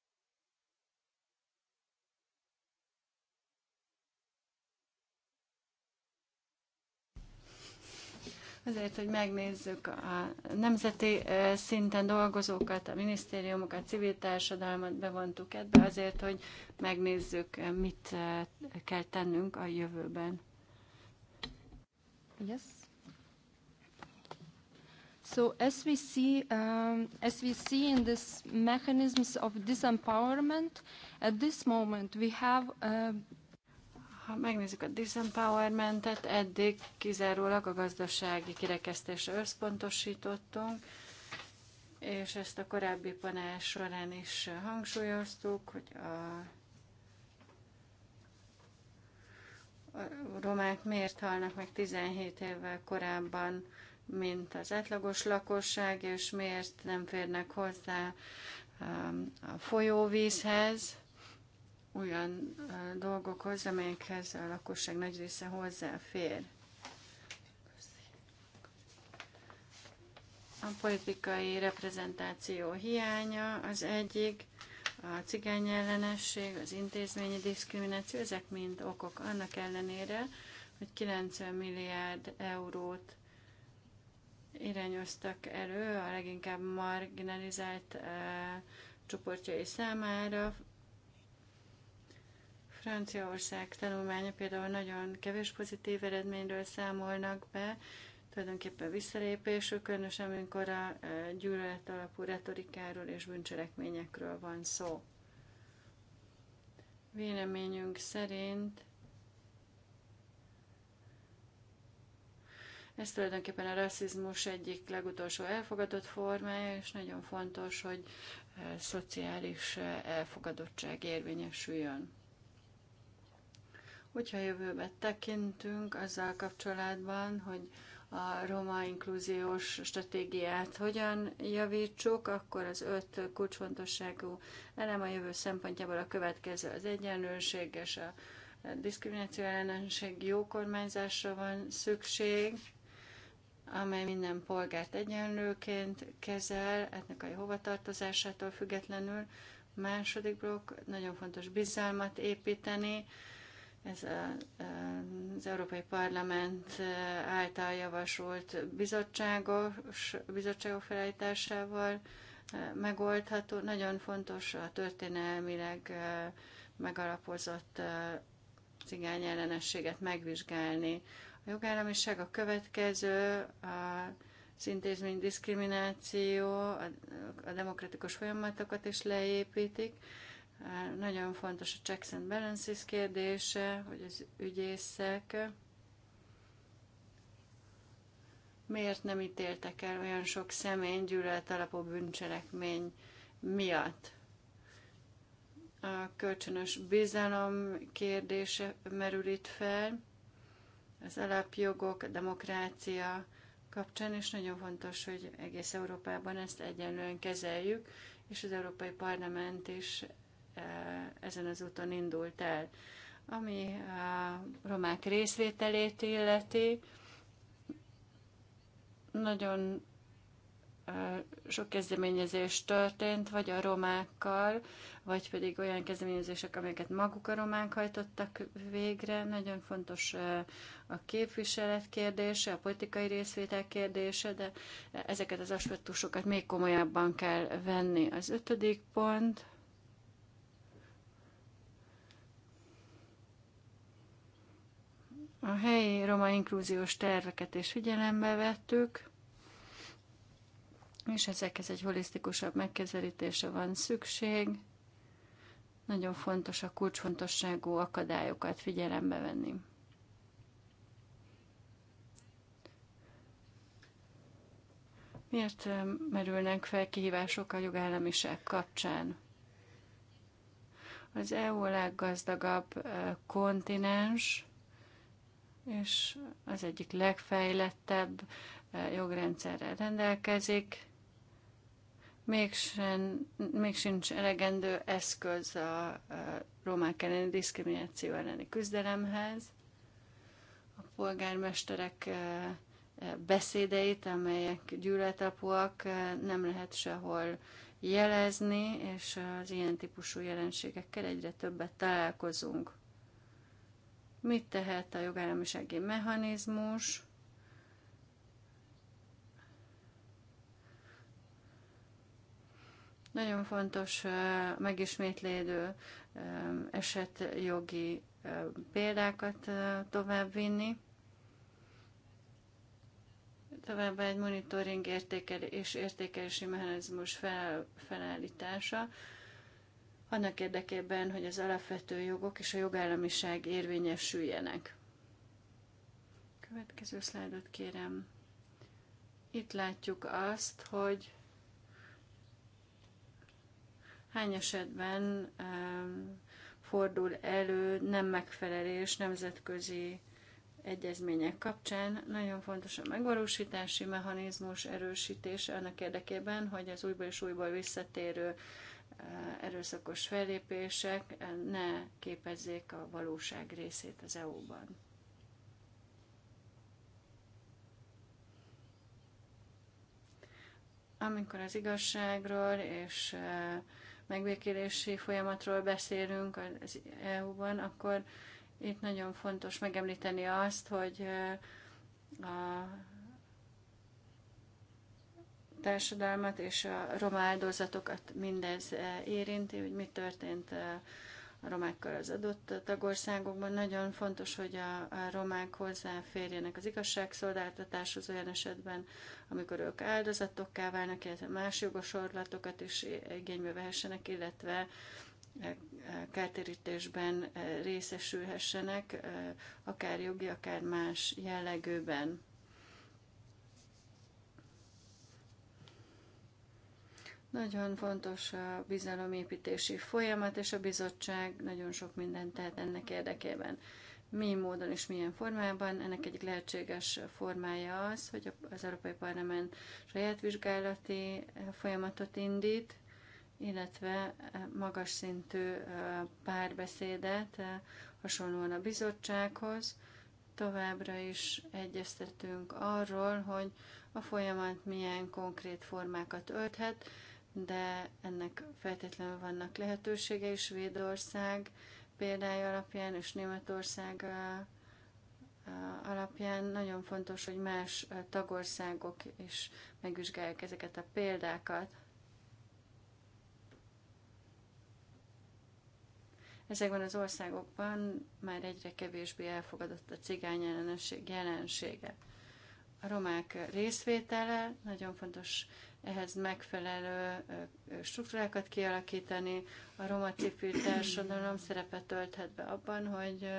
Azért, hogy megnézzük a nemzeti eh, szinten dolgozókat, a minisztériumokat, a civil társadalmat bevontuk ebbe, azért, hogy megnézzük, eh, mit eh, kell tennünk a jövőben. Yes. So as we see, um, as we see in this mechanisms of disempowerment, at this moment we have. Um, ha megnézzük a disempowerment-et, eddig kizárólag a gazdasági kirekesztésre összpontosítottunk, és ezt a korábbi panel során is hangsúlyoztuk, hogy a romák miért halnak meg 17 évvel korábban, mint az átlagos lakosság, és miért nem férnek hozzá um, a folyóvízhez, olyan uh, dolgokhoz, amelyekhez a lakosság nagy része hozzáfér. A politikai reprezentáció hiánya az egyik, a cigány ellenesség, az intézményi diszkrimináció, ezek mind okok annak ellenére, hogy 90 milliárd eurót irányoztak elő a leginkább marginalizált e, csoportjai számára. Franciaország tanulmánya például nagyon kevés pozitív eredményről számolnak be, tulajdonképpen visszalépés, különösen amikor a e, gyűlölet alapú retorikáról és bűncselekményekről van szó. Véleményünk szerint Ez tulajdonképpen a rasszizmus egyik legutolsó elfogadott formája, és nagyon fontos, hogy e, szociális e, elfogadottság érvényesüljön. Hogyha jövőbe tekintünk azzal kapcsolatban, hogy a roma inkluziós stratégiát hogyan javítsuk, akkor az öt kulcsfontosságú elem a jövő szempontjából a következő az egyenlőség és a diszkrimináció ellenesség jó kormányzásra van szükség, amely minden polgárt egyenlőként kezel, etnikai hovatartozásától függetlenül. Második blokk, nagyon fontos bizalmat építeni, ez a, az Európai Parlament által javasolt bizottságos, bizottságok felállításával megoldható. Nagyon fontos a történelmileg megalapozott cigány ellenességet megvizsgálni. A jogállamiság a következő, a szintézmény diszkrimináció, a demokratikus folyamatokat is leépítik, nagyon fontos a checks and balances kérdése, hogy az ügyészek miért nem ítéltek el olyan sok személy gyűlölet alapú bűncselekmény miatt. A kölcsönös bizalom kérdése merül itt fel, az alapjogok, a demokrácia kapcsán, és nagyon fontos, hogy egész Európában ezt egyenlően kezeljük, és az Európai Parlament is ezen az úton indult el. Ami a romák részvételét illeti, nagyon sok kezdeményezés történt, vagy a romákkal, vagy pedig olyan kezdeményezések, amelyeket maguk a romák hajtottak végre. Nagyon fontos a képviselet kérdése, a politikai részvétel kérdése, de ezeket az aspektusokat még komolyabban kell venni. Az ötödik pont – A helyi roma inkluziós terveket is figyelembe vettük, és ezekhez egy holisztikusabb megkezelítése van szükség. Nagyon fontos a kulcsfontosságú akadályokat figyelembe venni. Miért eh, merülnek fel kihívások a jogállamiság kapcsán? Az EU a leggazdagabb eh, kontinens, és az egyik legfejlettebb eh, jogrendszerrel rendelkezik. Mégsen, még sincs elegendő eszköz a romák elleni diszkrimináció elleni küzdelemhez. A polgármesterek eh, eh, beszédeit, amelyek gyűlöletapúak, nem lehet sehol jelezni, és az ilyen típusú jelenségekkel egyre többet találkozunk. Mit tehet a jogállamisági mechanizmus? Nagyon fontos megismétlődő esetjogi példákat továbbvinni. Továbbá egy monitoring értékel és értékelési mechanizmus fel, felállítása, annak érdekében, hogy az alapvető jogok és a jogállamiság érvényesüljenek. Következő szlájdot kérem. Itt látjuk azt, hogy hány esetben um, fordul elő nem megfelelés nemzetközi egyezmények kapcsán. Nagyon fontos a megvalósítási mechanizmus erősítése annak érdekében, hogy az újból és újból visszatérő Eh, erőszakos fellépések ne képezzék a valóság részét az EU-ban. Amikor az igazságról és eh, megbékélési folyamatról beszélünk az EU-ban, akkor itt nagyon fontos megemlíteni azt, hogy eh, a társadalmat és a roma áldozatokat mindez eh, érinti, hogy mi történt eh, a romákkal az adott tagországokban. Nagyon fontos, hogy a, romák hozzáférjenek az igazságszolgáltatáshoz olyan esetben, amikor ők áldozatokká válnak, illetve más jogosorlatokat is igénybe vehessenek, illetve eh, kártérítésben részesülhessenek, akár jogi, akár más jellegűben. Nagyon fontos a bizalomépítési folyamat, és a bizottság nagyon sok mindent tehet ennek érdekében. Mi módon és milyen formában. Ennek egyik lehetséges formája az, hogy az Európai Parlament saját vizsgálati eh, folyamatot indít, illetve eh, magas szintű eh, párbeszédet hasonlóan a bizottsághoz. Továbbra is egyeztetünk arról, hogy a folyamat milyen konkrét formákat ölthet, de ennek feltétlenül vannak lehetőségei. Védország példája alapján és Németország alapján nagyon fontos, hogy más tagországok is megvizsgálják ezeket a példákat. Ezekben az országokban már egyre kevésbé elfogadott a cigány jelensége. A romák részvétele nagyon fontos ehhez megfelelő struktúrákat kialakítani. A roma civil társadalom szerepet tölthet be abban, hogy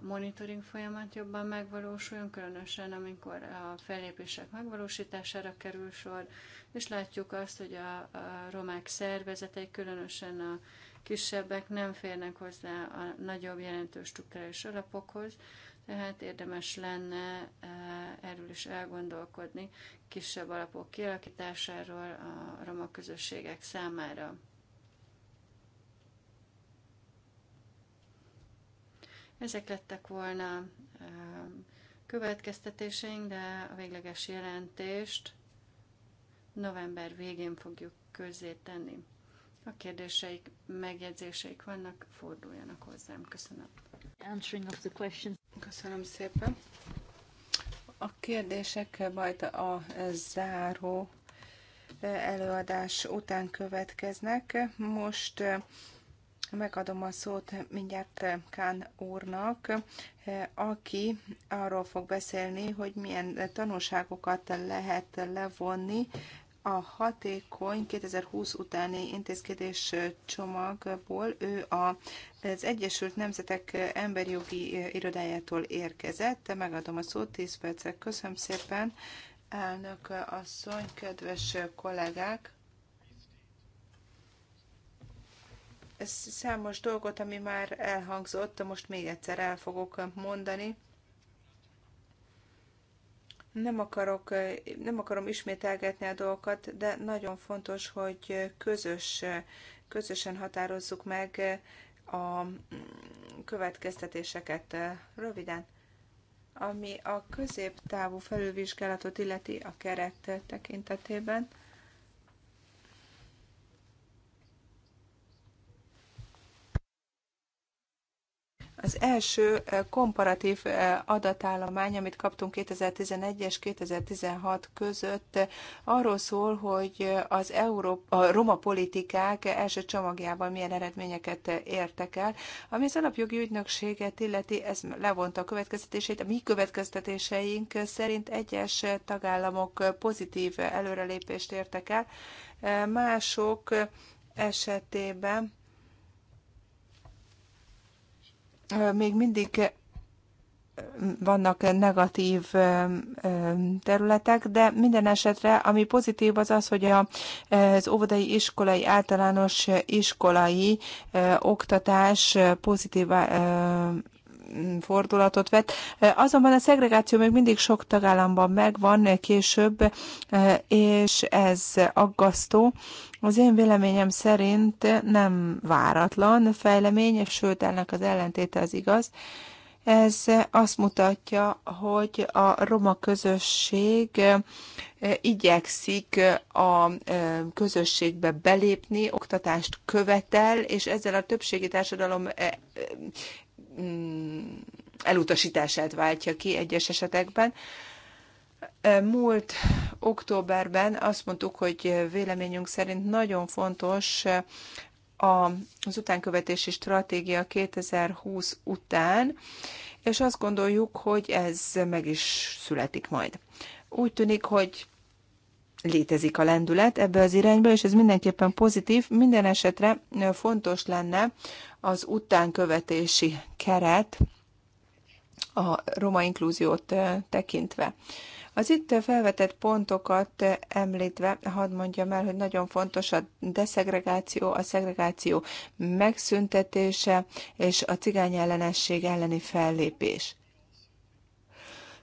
a monitoring folyamat jobban megvalósuljon, különösen amikor a fellépések megvalósítására kerül sor, és látjuk azt, hogy a, a romák szervezetei, különösen a kisebbek nem férnek hozzá a nagyobb jelentős struktúrális alapokhoz, tehát érdemes lenne e, erről is elgondolkodni kisebb alapok kialakításáról a roma közösségek számára. Ezek lettek volna e, következtetéseink, de a végleges jelentést november végén fogjuk tenni. Ha kérdéseik, megjegyzéseik vannak, forduljanak hozzám. Köszönöm. Answering of the questions. Köszönöm szépen. A kérdések majd a záró eh, előadás után következnek. Most eh, megadom a szót mindjárt eh, Kán úrnak, aki arról fog beszélni, hogy milyen tanulságokat lehet levonni a hatékony 2020 utáni intézkedés csomagból ő a, az Egyesült Nemzetek emberi jogi irodájától érkezett. Megadom a szót 10 percre. Köszönöm szépen, elnök asszony, kedves kollégák! Ez számos dolgot, ami már elhangzott, most még egyszer el fogok mondani nem, akarok, nem akarom ismételgetni a dolgokat, de nagyon fontos, hogy közös, közösen határozzuk meg a mm, következtetéseket röviden. Ami a középtávú felülvizsgálatot illeti a keret tekintetében, Az első eh, komparatív eh, adatállomány, amit kaptunk 2011 és 2016 között, eh, arról szól, hogy az Európa, a roma politikák első csomagjában milyen eredményeket értek el. Ami az alapjogi ügynökséget illeti, ez levonta a következtetését. A mi következtetéseink szerint egyes tagállamok pozitív előrelépést értek el, mások esetében még mindig vannak negatív területek, de minden esetre, ami pozitív az az, hogy az óvodai iskolai, általános iskolai oktatás pozitív fordulatot vett. Azonban a szegregáció még mindig sok tagállamban megvan később, és ez aggasztó. Az én véleményem szerint nem váratlan fejlemény, sőt, ennek az ellentéte az igaz. Ez azt mutatja, hogy a roma közösség eh, igyekszik eh, a eh, közösségbe belépni, oktatást követel, és ezzel a többségi társadalom mm, elutasítását váltja ki egyes esetekben. Múlt októberben azt mondtuk, hogy véleményünk szerint nagyon fontos az utánkövetési stratégia 2020 után, és azt gondoljuk, hogy ez meg is születik majd. Úgy tűnik, hogy létezik a lendület ebbe az irányba, és ez mindenképpen pozitív. Minden esetre fontos lenne az utánkövetési keret a roma inkluziót tekintve. Az itt felvetett pontokat említve, hadd mondjam el, hogy nagyon fontos a deszegregáció, a szegregáció megszüntetése és a cigány ellenesség elleni fellépés.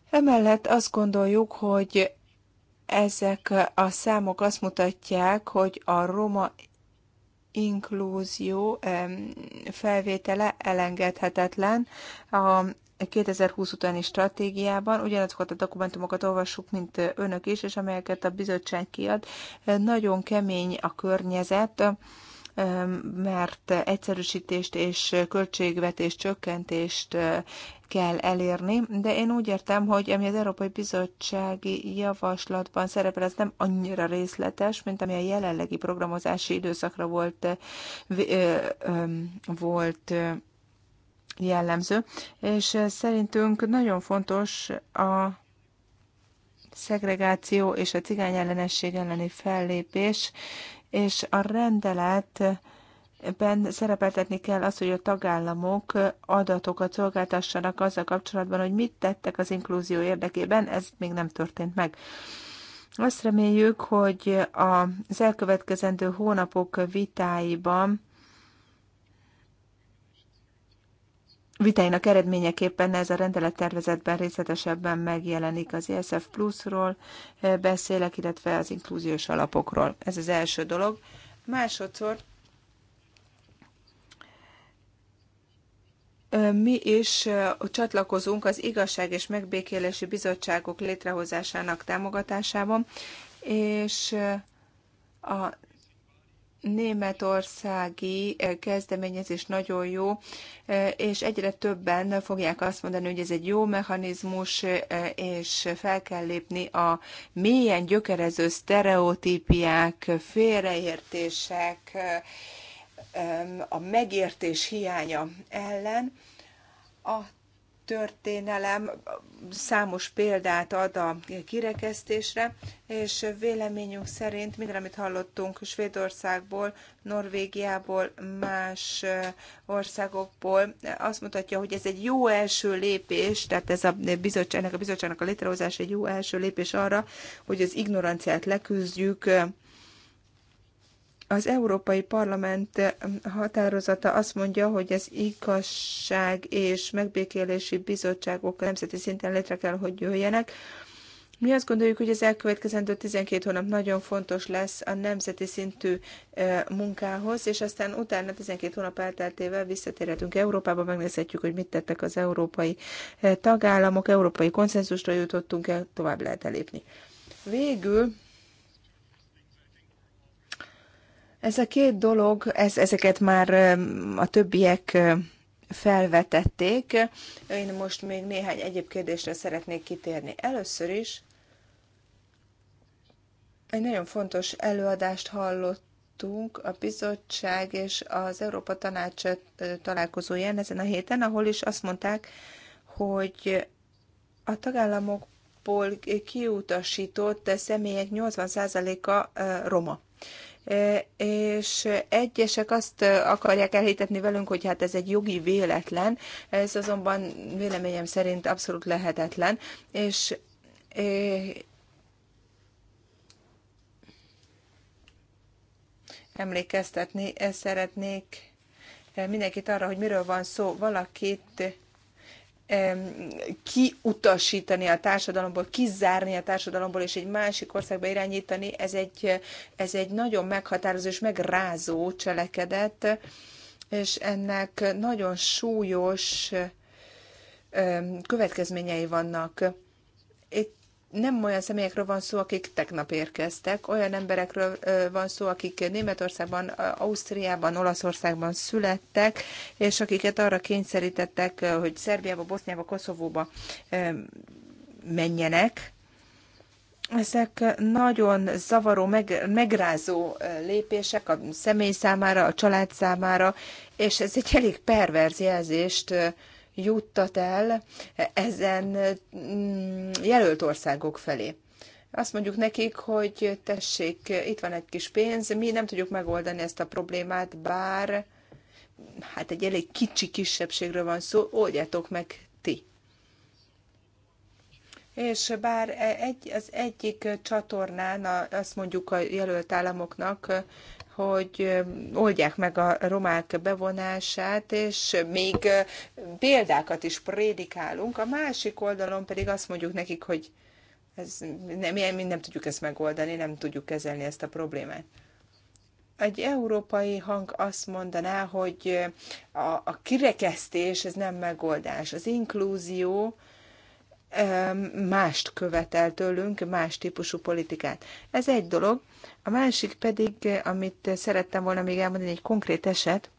Emellett azt gondoljuk, hogy ezek a számok azt mutatják, hogy a roma inklúzió felvétele elengedhetetlen a 2020 utáni stratégiában ugyanazokat a dokumentumokat olvassuk, mint önök is, és amelyeket a bizottság kiad. Nagyon kemény a környezet, mert egyszerűsítést és költségvetés csökkentést kell elérni, de én úgy értem, hogy ami az Európai Bizottsági Javaslatban szerepel, ez nem annyira részletes, mint ami a jelenlegi programozási időszakra volt, volt jellemző, és eh, szerintünk nagyon fontos a szegregáció és a cigány ellenesség elleni fellépés, és a rendelet Ben szerepeltetni kell az, hogy a tagállamok adatokat szolgáltassanak azzal kapcsolatban, hogy mit tettek az inkluzió érdekében, ez még nem történt meg. Azt reméljük, hogy az elkövetkezendő hónapok vitáiban vitáinak eredményeképpen ez a rendelettervezetben részletesebben megjelenik az ESF Plus-ról eh, beszélek, illetve az inkluziós alapokról. Ez az első dolog. Másodszor eh, mi is eh, csatlakozunk az Igazság és Megbékélési Bizottságok létrehozásának támogatásában, és a németországi eh, kezdeményezés nagyon jó, eh, és egyre többen fogják azt mondani, hogy ez egy jó mechanizmus, eh, és fel kell lépni a mélyen gyökerező sztereotípiák, félreértések, a megértés hiánya ellen. A történelem számos példát ad a kirekesztésre, és véleményünk szerint minden, amit hallottunk Svédországból, Norvégiából, más eh, országokból, eh, azt mutatja, hogy ez egy jó első lépés, tehát ez a bizottság, ennek a bizottságnak a létrehozása egy jó első lépés arra, hogy az ignoranciát leküzdjük, eh, az Európai Parlament határozata azt mondja, hogy az igazság és megbékélési bizottságok nemzeti szinten létre kell, hogy jöjjenek. Mi azt gondoljuk, hogy az elkövetkezendő 12 hónap nagyon fontos lesz a nemzeti szintű e, munkához, és aztán utána 12 hónap elteltével visszatérhetünk Európába, megnézhetjük, hogy mit tettek az európai e, tagállamok, európai konszenzusra jutottunk el, tovább lehet elépni. Végül Ez a két dolog, ez, ezeket már a többiek felvetették. Én most még néhány egyéb kérdésre szeretnék kitérni. Először is egy nagyon fontos előadást hallottunk a bizottság és az Európa Tanács találkozóján ezen a héten, ahol is azt mondták, hogy a tagállamokból kiutasított személyek 80%-a roma. E, és egyesek azt akarják elhitetni velünk, hogy hát ez egy jogi véletlen, ez azonban véleményem szerint abszolút lehetetlen, és e, emlékeztetni szeretnék e, mindenkit arra, hogy miről van szó. Valakit kiutasítani a társadalomból, kizárni a társadalomból, és egy másik országba irányítani, ez egy, ez egy nagyon meghatározó és megrázó cselekedet, és ennek nagyon súlyos következményei vannak. Itt nem olyan személyekről van szó, akik tegnap érkeztek, olyan emberekről van szó, akik Németországban, Ausztriában, Olaszországban születtek, és akiket arra kényszerítettek, hogy Szerbiába, Boszniába, Koszovóba menjenek. Ezek nagyon zavaró, meg, megrázó lépések a személy számára, a család számára, és ez egy elég perverz jelzést juttat el ezen mm, jelölt országok felé. Azt mondjuk nekik, hogy tessék, itt van egy kis pénz, mi nem tudjuk megoldani ezt a problémát, bár hát egy elég kicsi kisebbségről van szó, oldjátok meg ti. És bár e- egy, az egyik csatornán azt mondjuk a jelölt államoknak, hogy oldják meg a romák bevonását, és még példákat is prédikálunk, a másik oldalon pedig azt mondjuk nekik, hogy ez, nem, mi nem tudjuk ezt megoldani, nem tudjuk kezelni ezt a problémát egy európai hang azt mondaná, hogy a, a kirekesztés ez nem megoldás. Az inklúzió mást követel tőlünk, más típusú politikát. Ez egy dolog. A másik pedig, amit szerettem volna még elmondani, egy konkrét eset.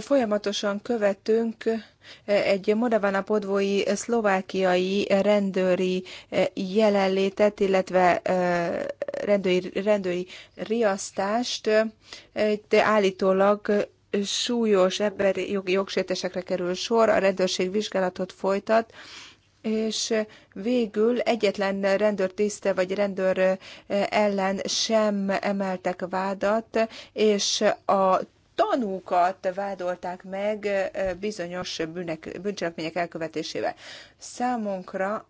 Folyamatosan követünk eh, egy Modavana podvói szlovákiai rendőri eh, jelenlétet, illetve eh, rendőri, rendőri riasztást. Itt állítólag súlyos emberi jogi jogsértésekre kerül sor, a rendőrség vizsgálatot folytat, és végül egyetlen rendőrtiszte vagy rendőr eh, ellen sem emeltek vádat, és a tanúkat vádolták meg eh, bizonyos bűnek, bűncselekmények elkövetésével. Számunkra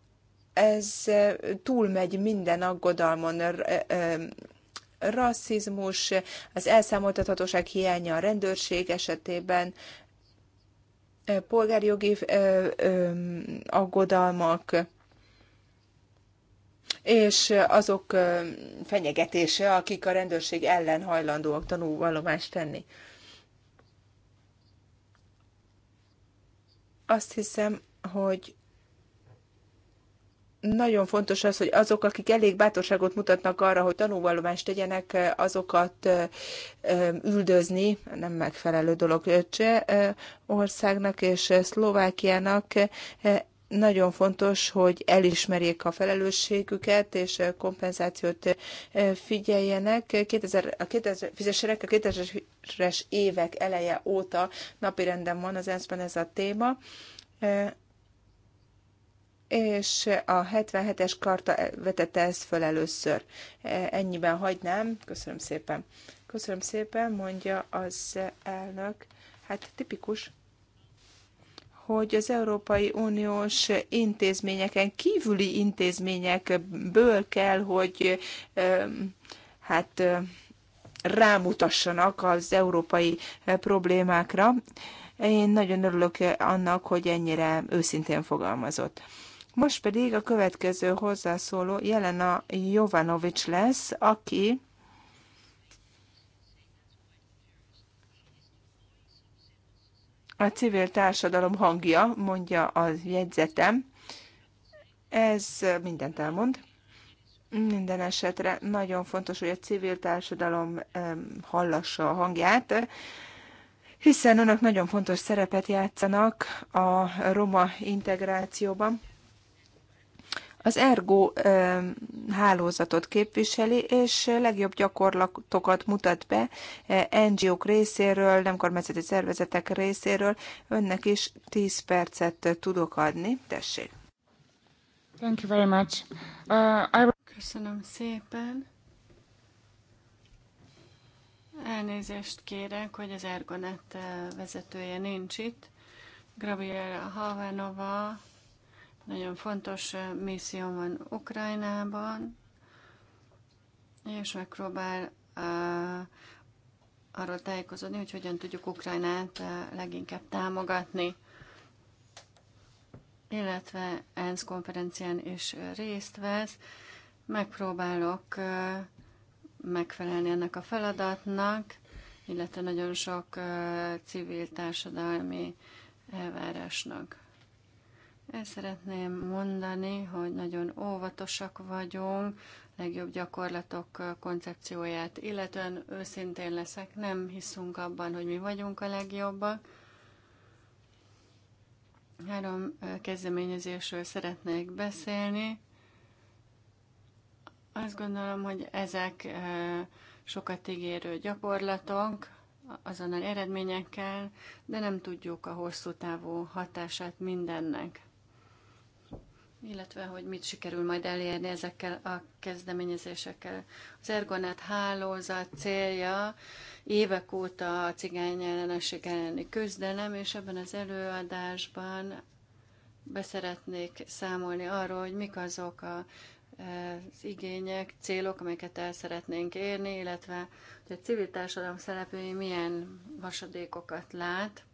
ez eh, túlmegy minden aggodalmon, rasszizmus, az elszámoltathatóság hiánya a rendőrség esetében, polgárjogi aggodalmak, és azok fenyegetése, akik a rendőrség ellen hajlandóak tanúvallomást tenni. Azt hiszem, hogy nagyon fontos az, hogy azok, akik elég bátorságot mutatnak arra, hogy tanulvallomást tegyenek, azokat üldözni nem megfelelő dolog. Cseh országnak és Szlovákiának nagyon fontos, hogy elismerjék a felelősségüket, és kompenzációt figyeljenek. 2000, a 2000, fizessenek 2000-es évek eleje óta napirenden van az ensz ez a téma és a 77-es karta vetette ezt föl először. E, ennyiben hagynám. Köszönöm szépen. Köszönöm szépen, mondja az elnök. Hát tipikus hogy az Európai Uniós intézményeken kívüli intézményekből kell, hogy e, hát e, rámutassanak az európai problémákra. Én nagyon örülök annak, hogy ennyire őszintén fogalmazott. Most pedig a következő hozzászóló Jelena Jovanovics lesz, aki a civil társadalom hangja, mondja a jegyzetem. Ez mindent elmond. Minden esetre nagyon fontos, hogy a civil társadalom hallassa a hangját, hiszen önök nagyon fontos szerepet játszanak a roma integrációban az Ergo hálózatot képviseli, és legjobb gyakorlatokat mutat be NGO-k részéről, nem kormányzati szervezetek részéről. Önnek is 10 percet tudok adni. Tessék! Thank you very much. Uh, I... Köszönöm szépen. Elnézést kérek, hogy az Ergonet vezetője nincs itt. Gabriela Havanova nagyon fontos misszió van Ukrajnában, és megpróbál arról tájékozódni, hogy hogyan tudjuk Ukrajnát leginkább támogatni, illetve ENSZ konferencián is részt vesz. Megpróbálok megfelelni ennek a feladatnak, illetve nagyon sok civil társadalmi elvárásnak. El szeretném mondani, hogy nagyon óvatosak vagyunk, legjobb gyakorlatok koncepcióját, illetően őszintén leszek, nem hiszünk abban, hogy mi vagyunk a legjobbak. Három kezdeményezésről szeretnék beszélni. Azt gondolom, hogy ezek sokat ígérő gyakorlatok, azonnal eredményekkel, de nem tudjuk a hosszú távú hatását mindennek illetve hogy mit sikerül majd elérni ezekkel a kezdeményezésekkel. Az Ergonet hálózat célja évek óta a cigány ellenesség elleni küzdelem, és ebben az előadásban beszeretnék számolni arról, hogy mik azok a eh, az igények, célok, amelyeket el szeretnénk érni, illetve hogy a civil társadalom szereplői milyen vasadékokat lát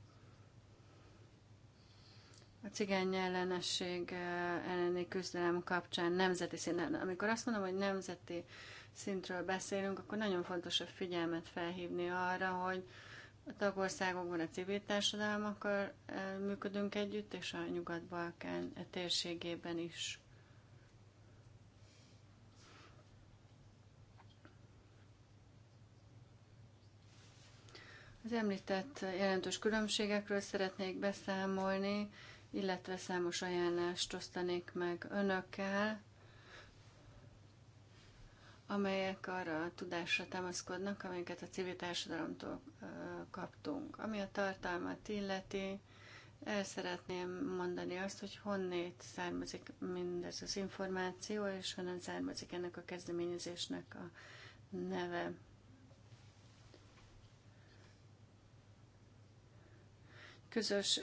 a cigány ellenesség eh, elleni küzdelem kapcsán nemzeti szinten. Amikor azt mondom, hogy nemzeti szintről beszélünk, akkor nagyon fontos a figyelmet felhívni arra, hogy a tagországokban a civil társadalmakkal eh, működünk együtt, és a Nyugat-Balkán térségében is. Az említett jelentős különbségekről szeretnék beszámolni illetve számos ajánlást osztanék meg önökkel, amelyek arra a tudásra támaszkodnak, amelyeket a civil társadalomtól kaptunk. Ami a tartalmat illeti, el szeretném mondani azt, hogy honnét származik mindez az információ, és honnan származik ennek a kezdeményezésnek a neve. közös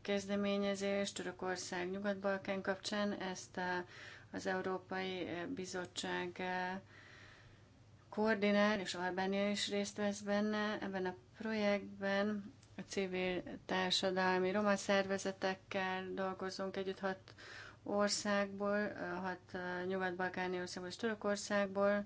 kezdeményezés Törökország Nyugat-Balkán kapcsán. Ezt az Európai Bizottság koordinál, és Albánia is részt vesz benne. Ebben a projektben a civil társadalmi roma szervezetekkel dolgozunk együtt hat országból, hat nyugat-balkáni országból és Törökországból.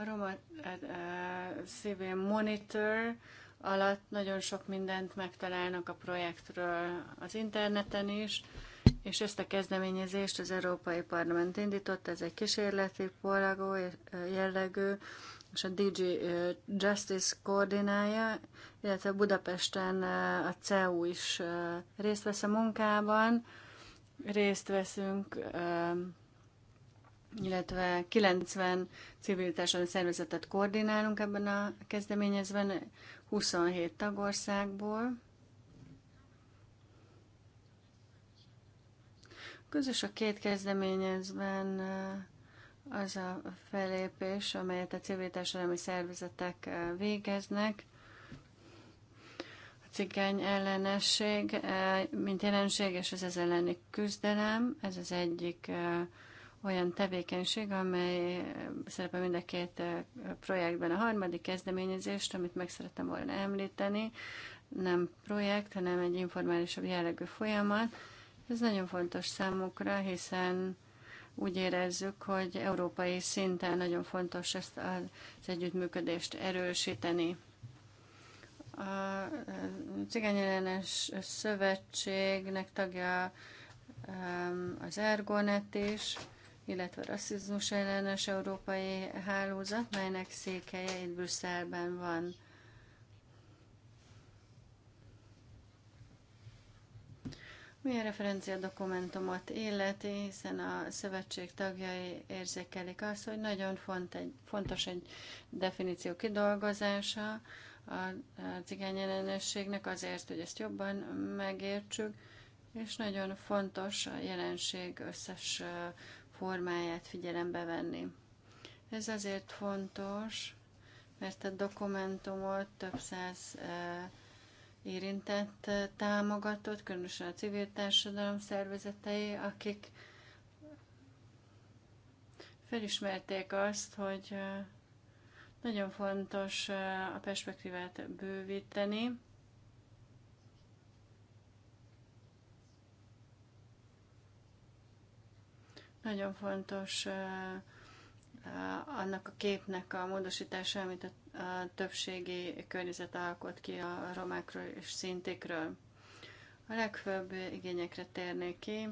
A Roma eh, eh, CV monitor alatt nagyon sok mindent megtalálnak a projektről az interneten is, és ezt a kezdeményezést az Európai Parlament indított, ez egy kísérleti polagó eh, jellegű, és a DG Justice koordinálja, illetve Budapesten a CEU is részt vesz a munkában, részt veszünk illetve 90 civil társadalmi szervezetet koordinálunk ebben a kezdeményezben, 27 tagországból. Közös a két kezdeményezben eh, az a felépés, amelyet a civil társadalmi szervezetek eh, végeznek. A cigány ellenesség, eh, mint jelenség, és az ez elleni küzdelem, ez az egyik olyan tevékenység, amely szerepel mind a két projektben. A harmadik kezdeményezést, amit meg szerettem volna említeni, nem projekt, hanem egy informálisabb jellegű folyamat. Ez nagyon fontos számukra, hiszen úgy érezzük, hogy európai szinten nagyon fontos ezt az együttműködést erősíteni. A Cigányellenes Szövetségnek tagja az Ergonet is, illetve a rasszizmus ellenes európai hálózat, melynek székhelye itt Brüsszelben van. Milyen referencia dokumentumot illeti, hiszen a szövetség tagjai érzékelik azt, hogy nagyon font egy, fontos egy definíció kidolgozása a cigány ellenességnek azért, hogy ezt jobban megértsük, és nagyon fontos a jelenség összes formáját figyelembe venni. Ez azért fontos, mert a dokumentumot több száz e, érintett e, támogatott, különösen a civil társadalom szervezetei, akik felismerték azt, hogy e, nagyon fontos a perspektívát bővíteni, Nagyon fontos annak a képnek a módosítása, amit a többségi környezet alkot ki a romákról és szintikről. A legfőbb igényekre térnék ki.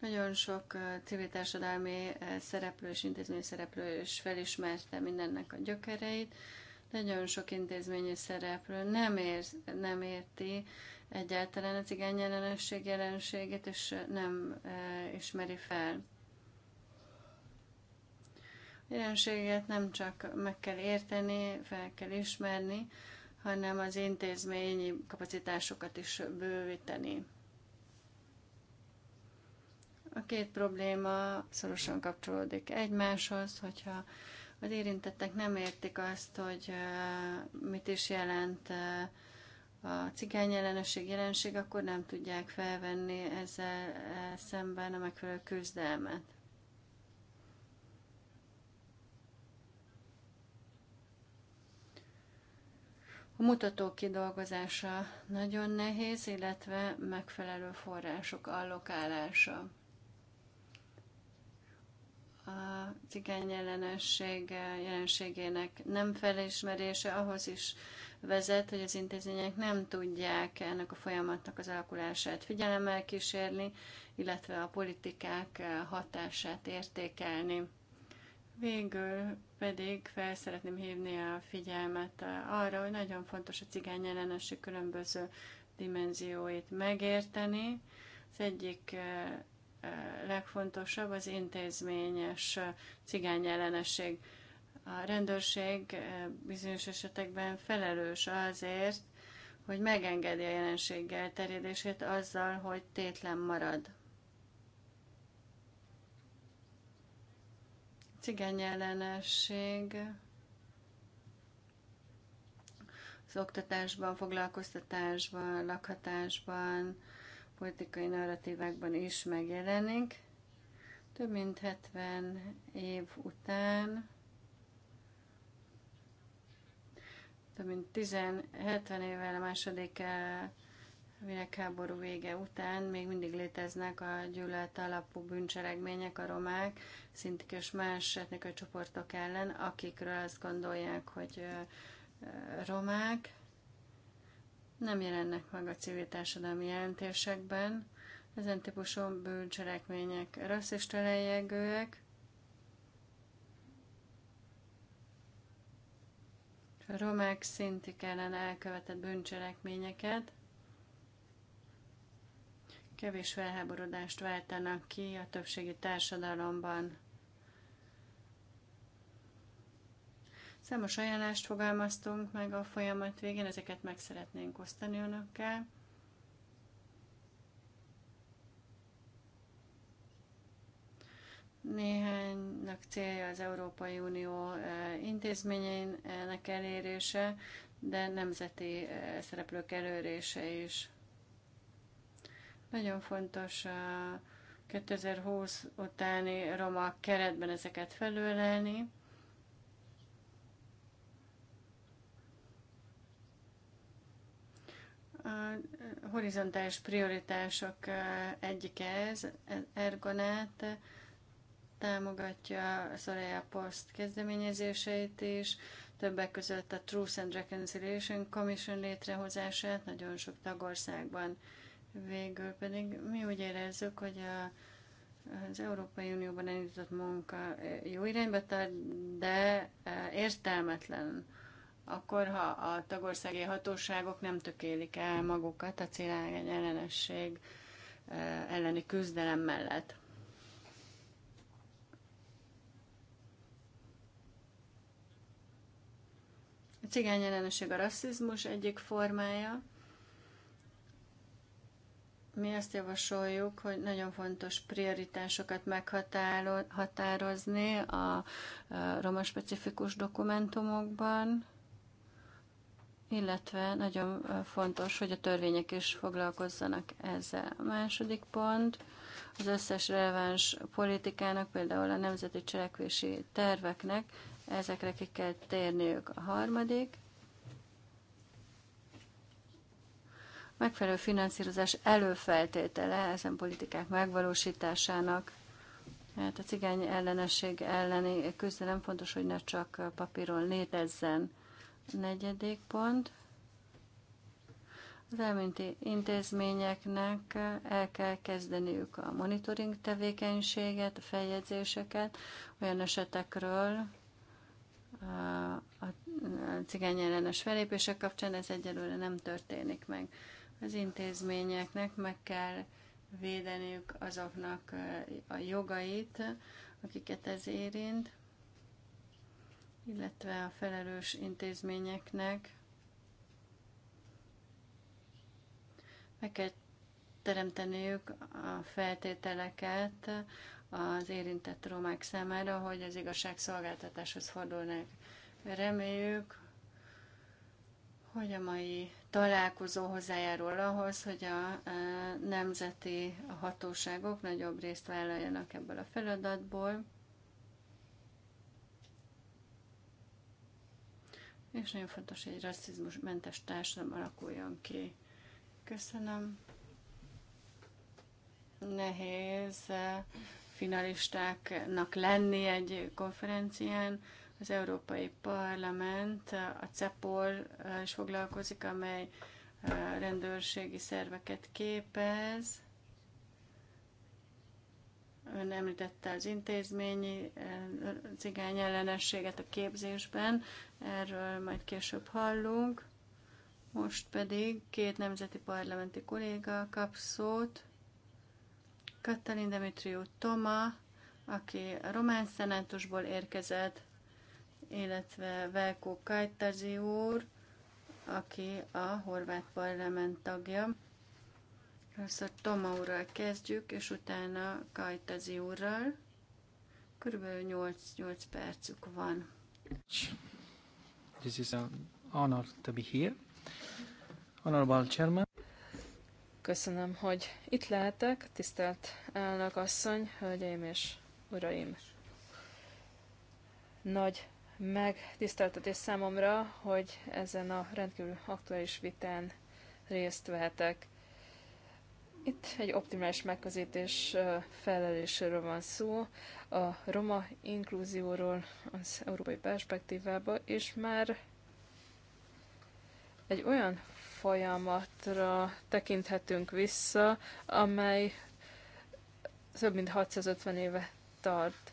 Nagyon sok civil társadalmi szereplő és intézmény szereplő is felismerte mindennek a gyökereit, nagyon sok intézményi szereplő nem, ér, nem érti egyáltalán az cigány jelenesség jelenségét, és nem e, ismeri fel. A jelenséget nem csak meg kell érteni, fel kell ismerni, hanem az intézményi kapacitásokat is bővíteni. A két probléma szorosan kapcsolódik egymáshoz, hogyha az érintettek nem értik azt, hogy mit is jelent a cigány ellenesség jelenség, akkor nem tudják felvenni ezzel e, szemben a megfelelő küzdelmet. A mutató kidolgozása nagyon nehéz, illetve megfelelő források allokálása a cigány ellenesség jelenségének nem felismerése ahhoz is vezet, hogy az intézmények nem tudják ennek a folyamatnak az alakulását figyelemmel kísérni, illetve a politikák hatását értékelni. Végül pedig fel szeretném hívni a figyelmet arra, hogy nagyon fontos a cigány ellenesség különböző dimenzióit megérteni. Az egyik legfontosabb az intézményes cigány ellenesség. A rendőrség bizonyos esetekben felelős azért, hogy megengedi a jelenséggel terjedését azzal, hogy tétlen marad. Cigány ellenesség az oktatásban, foglalkoztatásban, lakhatásban, politikai narratívákban is megjelenik. Több mint 70 év után, több mint 10, 70 évvel a második eh, világháború vége után még mindig léteznek a gyűlölet alapú bűncselekmények a romák, szintik és más etnikai csoportok ellen, akikről azt gondolják, hogy eh, eh, romák nem jelennek meg a civil társadalmi jelentésekben. Ezen típusú bűncselekmények rasszista lejegőek, a romák szintik ellen elkövetett bűncselekményeket, kevés felháborodást váltanak ki a többségi társadalomban. Számos ajánlást fogalmaztunk meg a folyamat végén, ezeket meg szeretnénk osztani önökkel. Néhánynak célja az Európai Unió eh, intézményeinek elérése, de nemzeti eh, szereplők elérése is. Nagyon fontos a 2020 utáni roma keretben ezeket felőlelni. A horizontális prioritások egyike ez, Ergonát támogatja a Soraya Post kezdeményezéseit is, többek között a Truth and Reconciliation Commission létrehozását nagyon sok tagországban. Végül pedig mi úgy érezzük, hogy a, az Európai Unióban elindított munka jó irányba tart, de értelmetlen akkor ha a tagországi hatóságok nem tökélik el magukat a célágány ellenesség elleni küzdelem mellett. A cigány ellenesség a rasszizmus egyik formája. Mi azt javasoljuk, hogy nagyon fontos prioritásokat meghatározni a roma specifikus dokumentumokban, illetve nagyon fontos, hogy a törvények is foglalkozzanak ezzel. A második pont, az összes releváns politikának, például a nemzeti cselekvési terveknek, ezekre ki kell térniük. A harmadik, megfelelő finanszírozás előfeltétele ezen politikák megvalósításának. Hát a cigány ellenesség elleni küzdelem fontos, hogy ne csak papíron létezzen. Negyedik pont. Az elminti intézményeknek el kell kezdeniük a monitoring tevékenységet, a feljegyzéseket olyan esetekről, a cigány ellenes felépések kapcsán ez egyelőre nem történik meg. Az intézményeknek meg kell védeniük azoknak a jogait, akiket ez érint, illetve a felelős intézményeknek meg kell teremteniük a feltételeket az érintett romák számára, hogy az igazságszolgáltatáshoz fordulnak. Reméljük, hogy a mai találkozó hozzájárul ahhoz, hogy a nemzeti hatóságok nagyobb részt vállaljanak ebből a feladatból. és nagyon fontos, hogy egy rasszizmusmentes társadalom alakuljon ki. Köszönöm. Nehéz eh, finalistáknak lenni egy konferencián. Az Európai Parlament eh, a CEPOL eh, is foglalkozik, amely rendőrségi szerveket képez. Ön említette az intézményi cigány ellenességet a képzésben. Erről majd később hallunk. Most pedig két nemzeti parlamenti kolléga kap szót. Katalin Demetriu, Toma, aki a román szenátusból érkezett, illetve Velko Kajtazi úr, aki a horvát parlament tagja. Először Toma úrral kezdjük, és utána Kajtazi úrral. Körülbelül 8-8 percük van. This is an honor to be here. Honorable Chairman. Köszönöm, hogy itt lehetek, tisztelt elnök asszony, hölgyeim és uraim. Nagy megtiszteltetés számomra, hogy ezen a rendkívül aktuális vitán részt vehetek. Itt egy optimális megközelítés feleléséről van szó, a roma inkluzióról az európai perspektívába, és már egy olyan folyamatra tekinthetünk vissza, amely több mint 650 éve tart.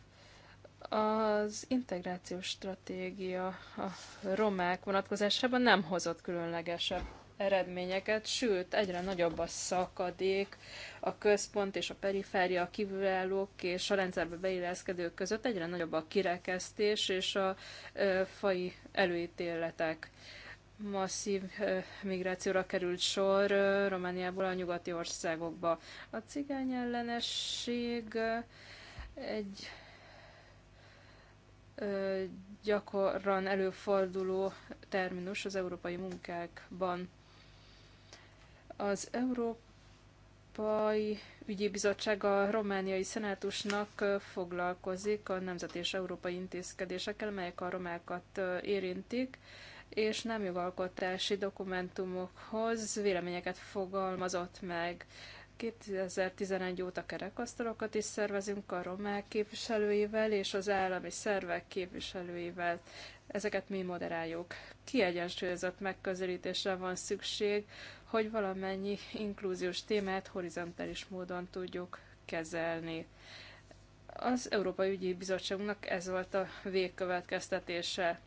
Az integrációs stratégia a romák vonatkozásában nem hozott különlegesebb eredményeket, sőt, egyre nagyobb a szakadék a központ és a periféria, a kívülállók és a rendszerbe beilleszkedők között, egyre nagyobb a kirekesztés és a ö, fai előítéletek. Masszív migrációra került sor ö, Romániából a nyugati országokba. A cigány ellenesség egy gyakran előforduló terminus az európai munkákban. Az Európai Ügyi Bizottság a romániai szenátusnak foglalkozik a nemzet és európai intézkedésekkel, melyek a romákat érintik, és nem jogalkotási dokumentumokhoz véleményeket fogalmazott meg. 2011 óta kerekasztalokat is szervezünk a romák képviselőivel és az állami szervek képviselőivel. Ezeket mi moderáljuk. Kiegyensúlyozott megközelítésre van szükség, hogy valamennyi inkluziós témát horizontális módon tudjuk kezelni. Az Európai Ügyi Bizottságunknak ez volt a végkövetkeztetése.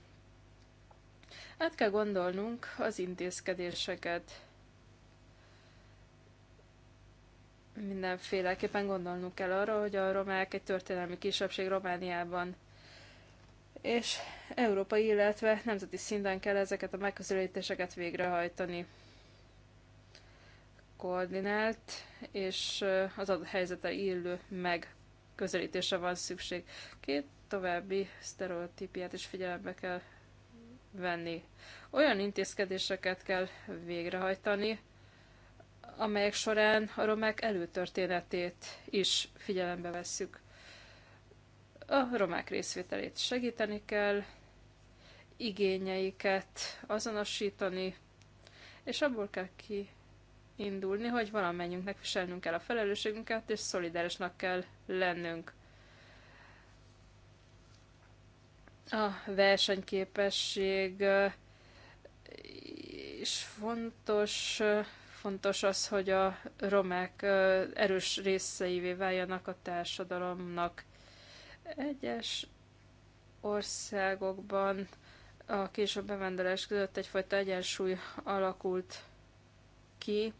Át kell gondolnunk az intézkedéseket. Mindenféleképpen gondolnunk kell arra, hogy a romák egy történelmi kisebbség Romániában és európai, illetve nemzeti szinten kell ezeket a megközelítéseket végrehajtani koordinált és az adott helyzete illő megközelítése van szükség. Két további sztereotípiát is figyelembe kell venni. Olyan intézkedéseket kell végrehajtani, amelyek során a romák előtörténetét is figyelembe vesszük. A romák részvételét segíteni kell, igényeiket azonosítani, és abból kell ki indulni, hogy valamennyünknek viselnünk kell a felelősségünket, és szolidárisnak kell lennünk. A versenyképesség is fontos, fontos az, hogy a romák erős részeivé váljanak a társadalomnak. Egyes országokban a később bevándorlás között egyfajta egyensúly alakult ki,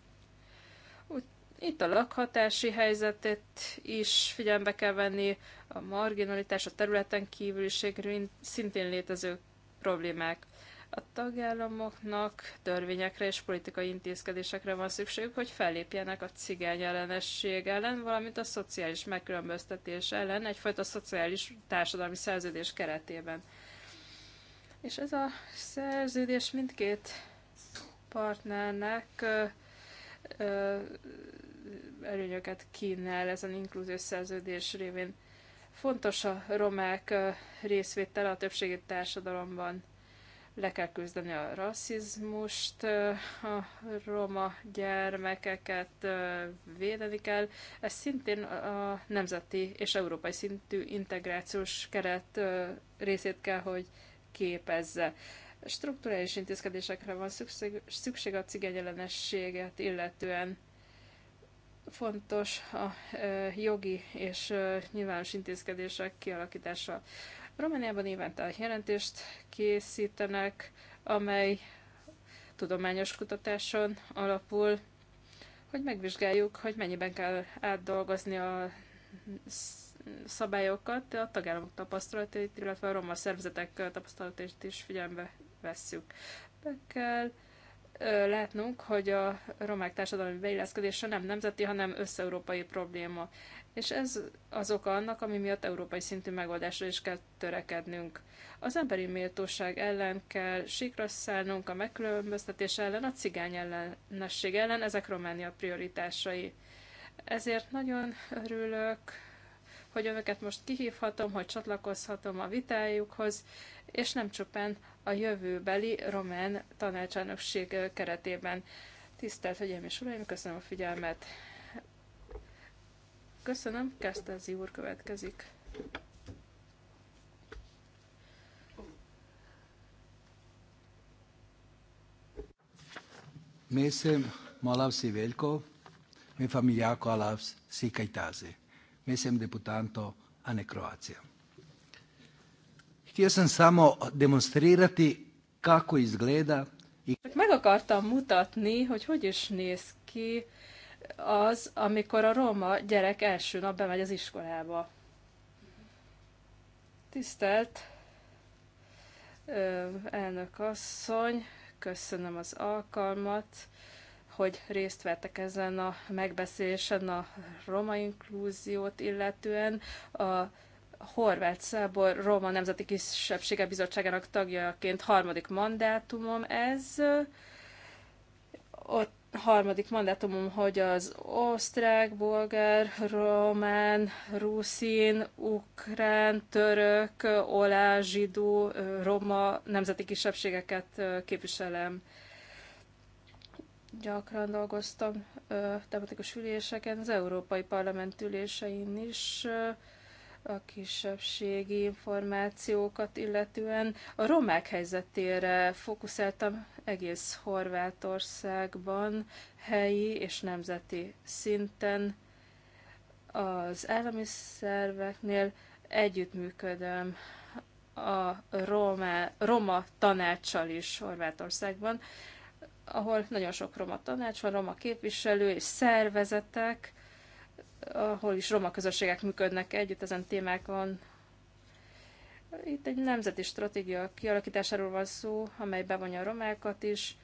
itt a lakhatási helyzetet is figyelembe kell venni, a marginalitás, a területen kívüliség szintén létező problémák. A tagállamoknak törvényekre és politikai intézkedésekre van szükségük, hogy fellépjenek a cigány ellenesség ellen, valamint a szociális megkülönböztetés ellen, egyfajta szociális társadalmi szerződés keretében. És ez a szerződés mindkét partnernek ö, ö, előnyöket kínál ezen inkluzív szerződés révén. Fontos a romák részvétele a többségi társadalomban. Le kell küzdeni a rasszizmust, a roma gyermekeket védeni kell. Ez szintén a nemzeti és európai szintű integrációs keret részét kell, hogy képezze strukturális intézkedésekre van szükség, szükség a cigányellenességet illetően. Fontos a jogi és nyilvános intézkedések kialakítása. Romániában évente jelentést készítenek, amely tudományos kutatáson alapul, hogy megvizsgáljuk, hogy mennyiben kell átdolgozni a szabályokat, a tagállamok tapasztalatait, illetve a roma szervezetek tapasztalatait is figyelembe vesszük. Be kell látnunk, hogy a romák társadalmi beilleszkedése nem nemzeti, hanem összeurópai probléma. És ez az oka annak, ami miatt európai szintű megoldásra is kell törekednünk. Az emberi méltóság ellen kell sikra szállnunk, a megkülönböztetés ellen, a cigány ellenesség ellen, ezek Románia prioritásai. Ezért nagyon örülök hogy önöket most kihívhatom, hogy csatlakozhatom a vitájukhoz, és nem csupán a jövőbeli román tanácselnökség keretében. Tisztelt Hölgyeim és Uraim, köszönöm a figyelmet! Köszönöm, Kesztázi úr következik. Mészem Malavszi Vélkov, mi familiáko Alavsz Szikajtázi mesem deputanto Ane Kroacija. Htio sam samo demonstrirati kako izgleda meg akartam mutatni, hogy hogy is néz ki az, amikor a roma gyerek első nap bemegy az iskolába. Tisztelt elnök asszony, köszönöm az alkalmat hogy részt vettek ezen a megbeszélésen a roma inklúziót illetően. A Horváth Szábor Roma Nemzeti Kisebbsége Bizottságának tagjaként harmadik mandátumom ez. Ott harmadik mandátumom, hogy az osztrák, bolgár, román, ruszin, ukrán, török, olá, zsidó, roma nemzeti kisebbségeket képviselem gyakran dolgoztam ö, tematikus üléseken, az Európai Parlament ülésein is ö, a kisebbségi információkat illetően. A romák helyzetére fókuszáltam egész Horvátországban, helyi és nemzeti szinten. Az állami szerveknél együttműködöm a Roma, Roma tanácssal is Horvátországban, ahol nagyon sok roma tanács van, roma képviselő és szervezetek, ahol is roma közösségek működnek együtt ezen témákon. Itt egy nemzeti stratégia kialakításáról van szó, amely bevonja a romákat is,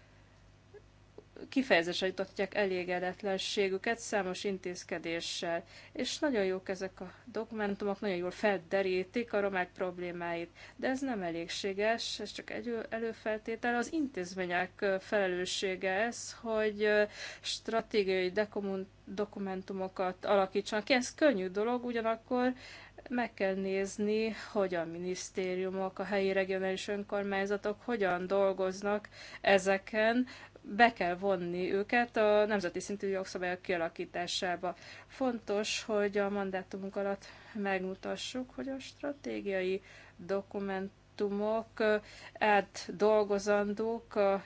kifejezésre jutatják elégedetlenségüket számos intézkedéssel. És nagyon jók ezek a dokumentumok, nagyon jól felderítik a romák problémáit. De ez nem elégséges, ez csak egy előfeltétel. Az intézmények felelőssége ez, hogy stratégiai dokumentumokat alakítsanak ki. Ez könnyű dolog, ugyanakkor meg kell nézni, hogy a minisztériumok, a helyi regionális önkormányzatok hogyan dolgoznak ezeken, be kell vonni őket a nemzeti szintű jogszabályok kialakításába. Fontos, hogy a mandátumunk alatt megmutassuk, hogy a stratégiai dokumentum dokumentumok átdolgozandók a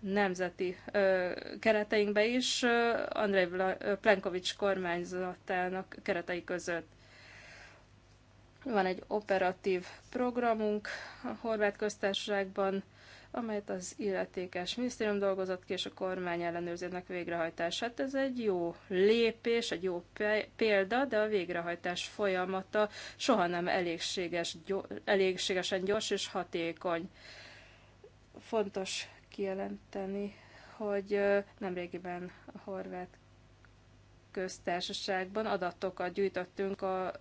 nemzeti kereteinkbe is, Andrei Plenkovics kormányzatának keretei között. Van egy operatív programunk a Horvát köztársaságban, amelyet az illetékes minisztérium dolgozott ki, és a kormány ellenőrzének végrehajtását. Ez egy jó lépés, egy jó példa, de a végrehajtás folyamata soha nem elégséges, gyors, elégségesen gyors és hatékony. Fontos kijelenteni, hogy nemrégiben a horvát köztársaságban adatokat gyűjtöttünk a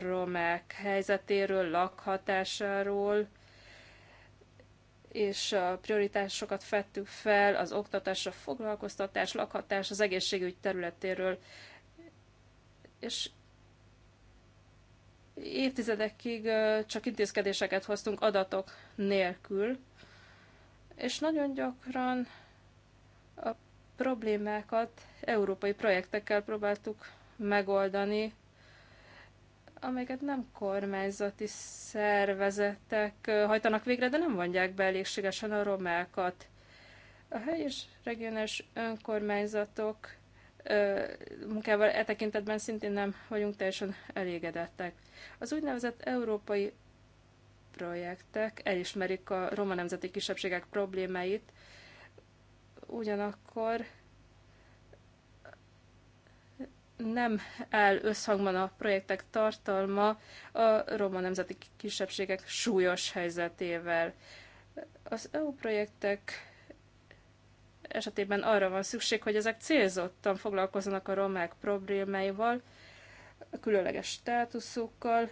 romák helyzetéről, lakhatásáról, és a prioritásokat fettük fel az oktatás, a foglalkoztatás, lakhatás, az egészségügy területéről. És évtizedekig csak intézkedéseket hoztunk adatok nélkül, és nagyon gyakran a problémákat európai projektekkel próbáltuk megoldani, amelyeket nem kormányzati szervezetek hajtanak végre, de nem mondják be elégségesen a romákat. A helyi és regionális önkormányzatok munkával e tekintetben szintén nem vagyunk teljesen elégedettek. Az úgynevezett európai projektek elismerik a roma nemzeti kisebbségek problémáit, ugyanakkor nem áll összhangban a projektek tartalma a roma nemzeti kisebbségek súlyos helyzetével. Az EU projektek esetében arra van szükség, hogy ezek célzottan foglalkozzanak a romák problémáival, a különleges státuszukkal,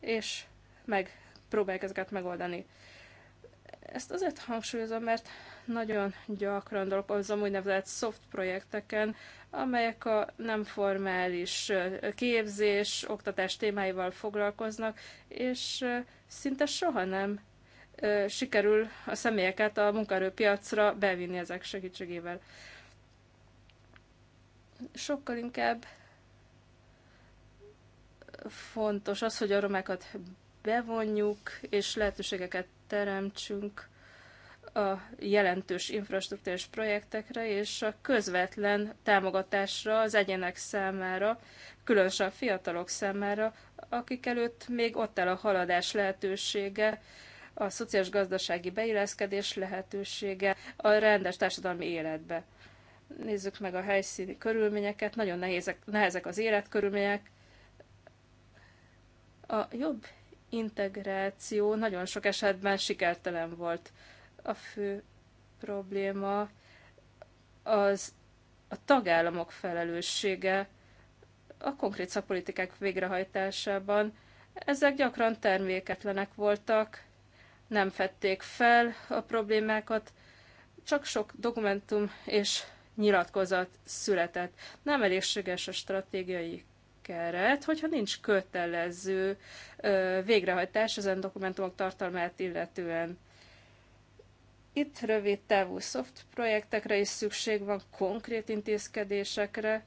és megpróbálják ezeket megoldani. Ezt azért hangsúlyozom, mert nagyon gyakran dolgozom úgynevezett soft projekteken, amelyek a nem formális képzés, oktatás témáival foglalkoznak, és szinte soha nem sikerül a személyeket a munkaerőpiacra bevinni ezek segítségével. Sokkal inkább fontos az, hogy a romákat bevonjuk, és lehetőségeket teremtsünk a jelentős infrastruktúrás projektekre és a közvetlen támogatásra az egyenek számára, különösen a fiatalok számára, akik előtt még ott áll a haladás lehetősége, a szociális gazdasági beilleszkedés lehetősége a rendes társadalmi életbe. Nézzük meg a helyszíni körülményeket, nagyon nehézek, nehezek az életkörülmények. A jobb integráció nagyon sok esetben sikertelen volt. A fő probléma az a tagállamok felelőssége a konkrét szakpolitikák végrehajtásában. Ezek gyakran terméketlenek voltak, nem fették fel a problémákat, csak sok dokumentum és nyilatkozat született. Nem elégséges a stratégiai keret, hogyha nincs kötelező végrehajtás ezen dokumentumok tartalmát illetően. Itt rövid távú soft projektekre is szükség van, konkrét intézkedésekre,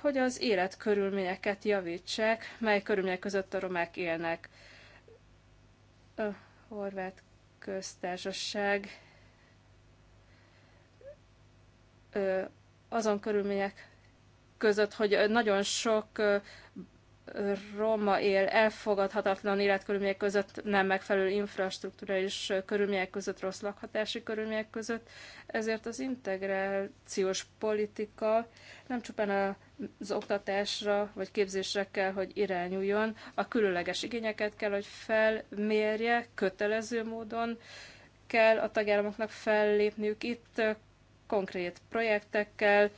hogy az életkörülményeket javítsák, mely körülmények között a romák élnek. A horvát köztársaság azon körülmények között, hogy nagyon sok roma él elfogadhatatlan életkörülmények között, nem megfelelő infrastruktúra és körülmények között, rossz lakhatási körülmények között. Ezért az integrációs politika nem csupán az oktatásra vagy képzésre kell, hogy irányuljon, a különleges igényeket kell, hogy felmérje kötelező módon, kell a tagállamoknak fellépniük itt konkrét projektekkel,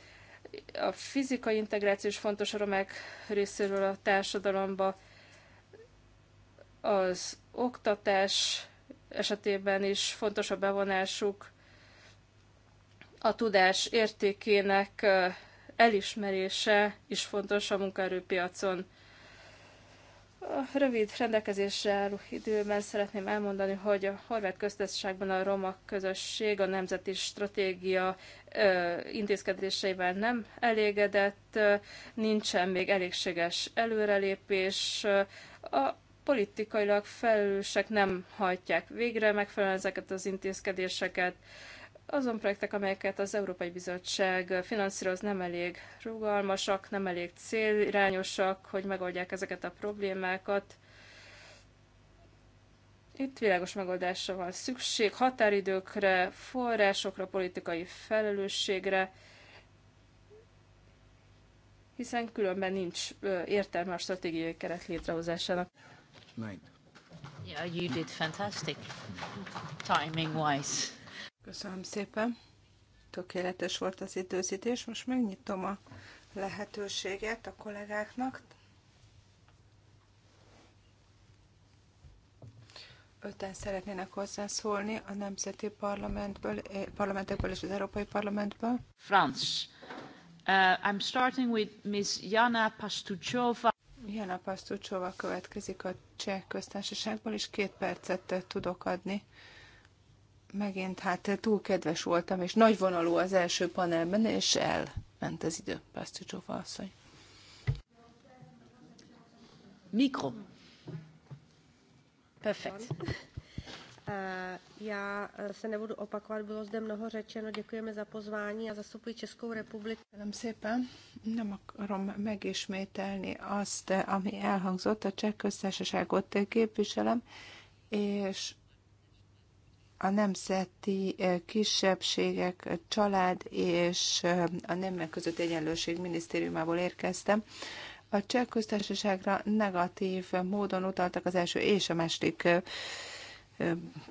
a fizikai integráció is fontos a romák részéről a társadalomba, az oktatás esetében is fontos a bevonásuk, a tudás értékének elismerése is fontos a munkaerőpiacon. A rövid rendelkezésre álló időben szeretném elmondani, hogy a horvát köztársaságban a roma közösség a nemzeti stratégia intézkedéseivel nem elégedett, nincsen még elégséges előrelépés, a politikailag felelősek nem hajtják végre megfelelően ezeket az intézkedéseket, azon projektek, amelyeket az Európai Bizottság finanszíroz, nem elég rugalmasak, nem elég célirányosak, hogy megoldják ezeket a problémákat. Itt világos megoldásra van szükség, határidőkre, forrásokra, politikai felelősségre, hiszen különben nincs értelme a stratégiai keret létrehozásának. Yeah, you did fantastic, timing-wise. Köszönöm szépen. Tökéletes volt az időzítés. Most megnyitom a lehetőséget a kollégáknak. Öten szeretnének hozzászólni a nemzeti parlamentből, eh, parlamentekből és az Európai Parlamentből. Franz. Uh, I'm starting with Ms. Jana Pastuchova. Jana Pastuchova következik a Cseh köztársaságból, és két percet tudok adni megint hát túl kedves voltam, és nagyvonalú az első panelben, és elment az idő, Pásztor Paszticsófa asszony. Mikro. Perfekt. Eh, já eh, se nebudu opakovat, bylo zde mnoho řečeno. Děkujeme za pozvání a zastupuji Českou republiku. Köszönöm szépen. Nem akarom megismételni azt, ami elhangzott. A cseh köztársaságot képviselem, és a nemzeti kisebbségek, család és a nemek között egyenlőség minisztériumából érkeztem. A cseh köztársaságra negatív módon utaltak az első és a második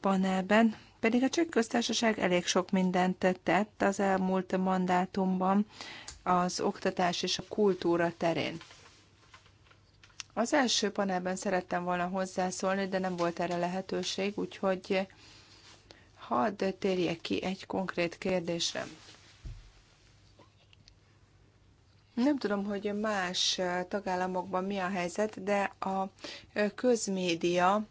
panelben, pedig a cseh köztársaság elég sok mindent tett az elmúlt mandátumban az oktatás és a kultúra terén. Az első panelben szerettem volna hozzászólni, de nem volt erre lehetőség, úgyhogy hadd térje ki egy konkrét kérdésre. Nem tudom, hogy más tagállamokban mi a helyzet, de a közmédia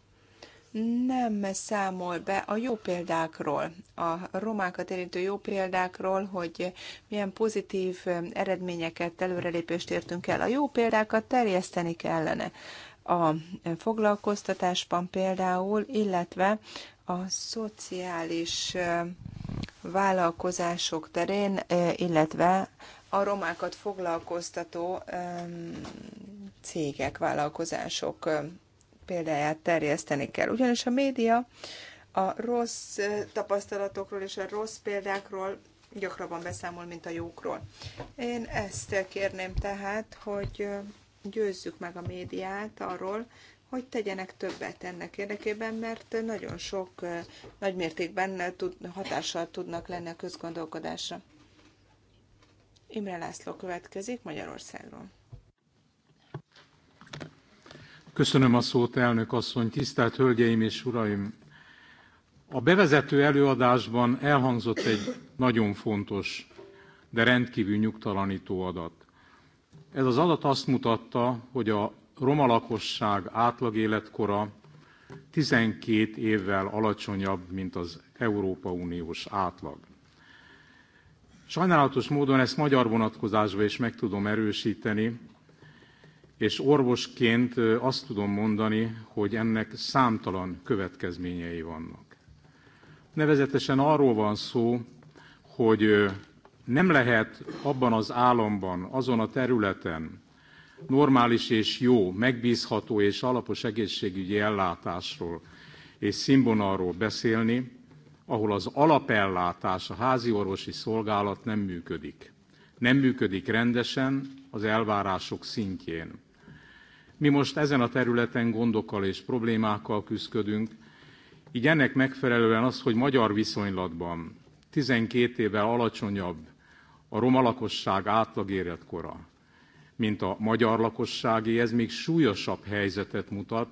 nem számol be a jó példákról, a romákat érintő jó példákról, hogy milyen pozitív eredményeket, előrelépést értünk el. A jó példákat terjeszteni kellene a foglalkoztatásban például, illetve a szociális vállalkozások terén, illetve a romákat foglalkoztató cégek, vállalkozások példáját terjeszteni kell. Ugyanis a média a rossz tapasztalatokról és a rossz példákról gyakrabban beszámol, mint a jókról. Én ezt kérném tehát, hogy győzzük meg a médiát arról, hogy tegyenek többet ennek érdekében, mert nagyon sok nagy mértékben tud, hatással tudnak lenni a közgondolkodásra. Imre László következik Magyarországról. Köszönöm a szót, elnök asszony, tisztelt hölgyeim és uraim! A bevezető előadásban elhangzott egy nagyon fontos, de rendkívül nyugtalanító adat. Ez az adat azt mutatta, hogy a roma lakosság átlag életkora 12 évvel alacsonyabb, mint az Európa Uniós átlag. Sajnálatos módon ezt magyar vonatkozásban is meg tudom erősíteni, és orvosként azt tudom mondani, hogy ennek számtalan következményei vannak. Nevezetesen arról van szó, hogy nem lehet abban az államban, azon a területen, normális és jó, megbízható és alapos egészségügyi ellátásról és színvonalról beszélni, ahol az alapellátás, a házi orvosi szolgálat nem működik. Nem működik rendesen az elvárások szintjén. Mi most ezen a területen gondokkal és problémákkal küzdködünk, így ennek megfelelően az, hogy magyar viszonylatban 12 évvel alacsonyabb a roma lakosság átlagéretkora, mint a magyar lakosságé, ez még súlyosabb helyzetet mutat,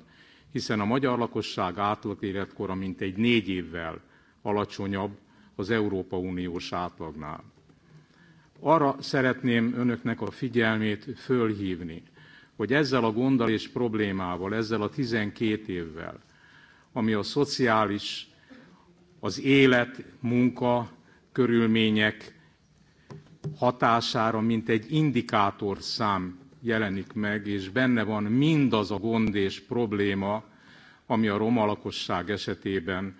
hiszen a magyar lakosság átlag életkora mintegy négy évvel alacsonyabb az Európa Uniós átlagnál. Arra szeretném önöknek a figyelmét fölhívni, hogy ezzel a gonddal és problémával, ezzel a 12 évvel, ami a szociális, az élet, munka, körülmények hatására, mint egy indikátorszám jelenik meg, és benne van mindaz a gond és probléma, ami a roma lakosság esetében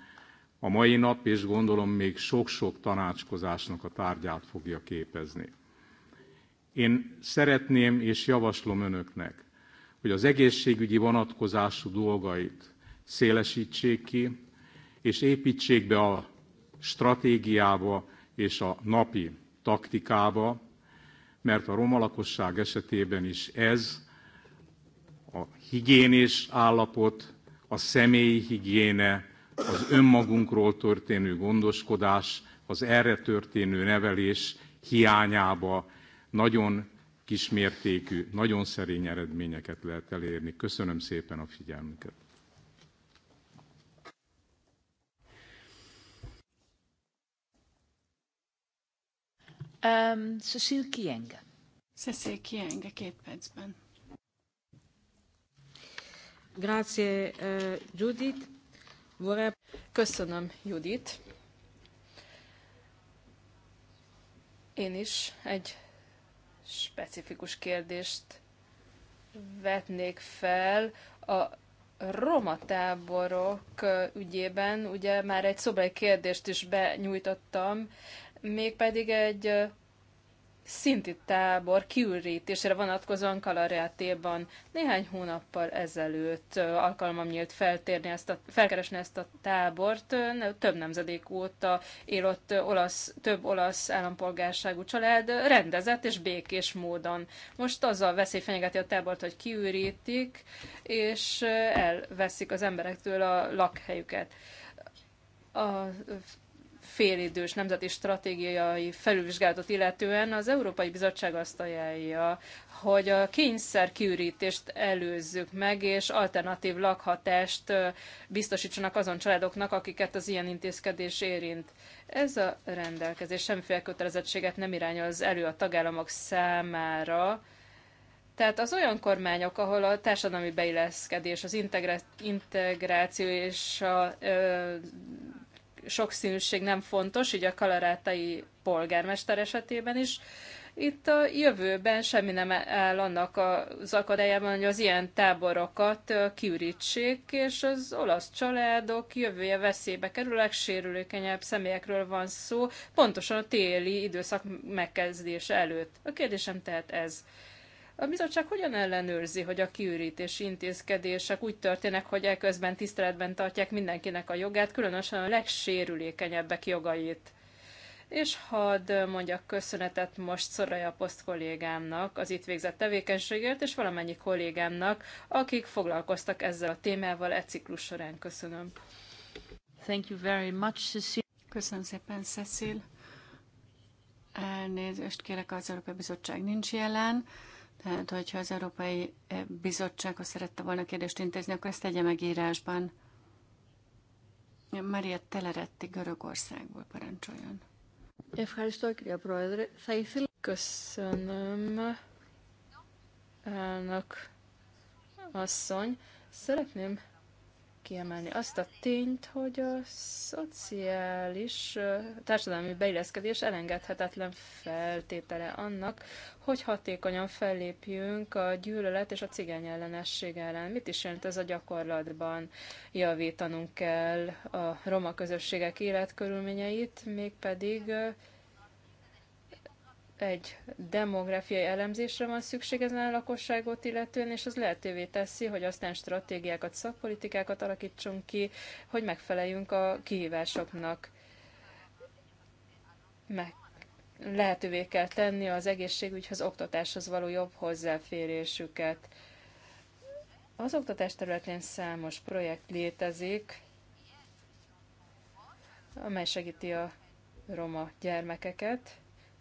a mai nap, és gondolom még sok-sok tanácskozásnak a tárgyát fogja képezni. Én szeretném és javaslom önöknek, hogy az egészségügyi vonatkozású dolgait szélesítsék ki, és építsék be a stratégiába és a napi taktikába, mert a roma lakosság esetében is ez a higiénés állapot, a személyi higiéne, az önmagunkról történő gondoskodás, az erre történő nevelés hiányába nagyon kismértékű, nagyon szerény eredményeket lehet elérni. Köszönöm szépen a figyelmüket. Um, Kieng. Kienge. Kieng, Kienge, két percben. Grazie, uh, Judith. Vorrei... Köszönöm, Judit. Én is egy specifikus kérdést vetnék fel. A roma táborok eh, ügyében ugye már egy szobai kérdést is benyújtottam mégpedig egy szinti tábor kiürítésére vonatkozóan Kalariátéban néhány hónappal ezelőtt alkalmam nyílt feltérni ezt a, felkeresni ezt a tábort. Több nemzedék óta élott olasz, több olasz állampolgárságú család rendezett és békés módon. Most az a veszély fenyegeti a tábort, hogy kiürítik, és elveszik az emberektől a lakhelyüket. A félidős nemzeti stratégiai felülvizsgálatot illetően az Európai Bizottság azt ajánlja, hogy a kényszer kiürítést előzzük meg, és alternatív lakhatást biztosítsanak azon családoknak, akiket az ilyen intézkedés érint. Ez a rendelkezés semmiféle kötelezettséget nem irányoz elő a tagállamok számára, tehát az olyan kormányok, ahol a társadalmi beilleszkedés, az integráció és a ö, sokszínűség nem fontos, így a kalarátai polgármester esetében is. Itt a jövőben semmi nem áll annak az akadályában, hogy az ilyen táborokat kiürítsék, és az olasz családok jövője veszélybe kerülnek, sérülékenyebb személyekről van szó, pontosan a téli időszak megkezdése előtt. A kérdésem tehát ez. A bizottság hogyan ellenőrzi, hogy a kiürítési intézkedések úgy történnek, hogy elközben tiszteletben tartják mindenkinek a jogát, különösen a legsérülékenyebbek jogait? És hadd mondjak köszönetet most Szoraja Poszt kollégámnak az itt végzett tevékenységért, és valamennyi kollégámnak, akik foglalkoztak ezzel a témával egy ciklus során. Köszönöm. Thank you very much, Cecil. Köszönöm szépen, Cecil. Elnézést kérek, az Európai Bizottság nincs jelen. Tehát, hogyha az Európai eh, Bizottság szerette volna kérdést intézni, akkor ezt tegye meg írásban. Maria Teleretti Görögországból parancsoljon. Köszönöm, elnök asszony. Szeretném kiemelni azt a tényt, hogy a szociális társadalmi beilleszkedés elengedhetetlen feltétele annak, hogy hatékonyan fellépjünk a gyűlölet és a cigány ellenesség ellen. Mit is jelent ez a gyakorlatban? Javítanunk kell a roma közösségek életkörülményeit, mégpedig egy demográfiai elemzésre van szükség ezen a lakosságot illetően, és az lehetővé teszi, hogy aztán stratégiákat, szakpolitikákat alakítsunk ki, hogy megfeleljünk a kihívásoknak. Meg lehetővé kell tenni az egészségügyhöz, oktatáshoz való jobb hozzáférésüket. Az oktatás területén számos projekt létezik, amely segíti a roma gyermekeket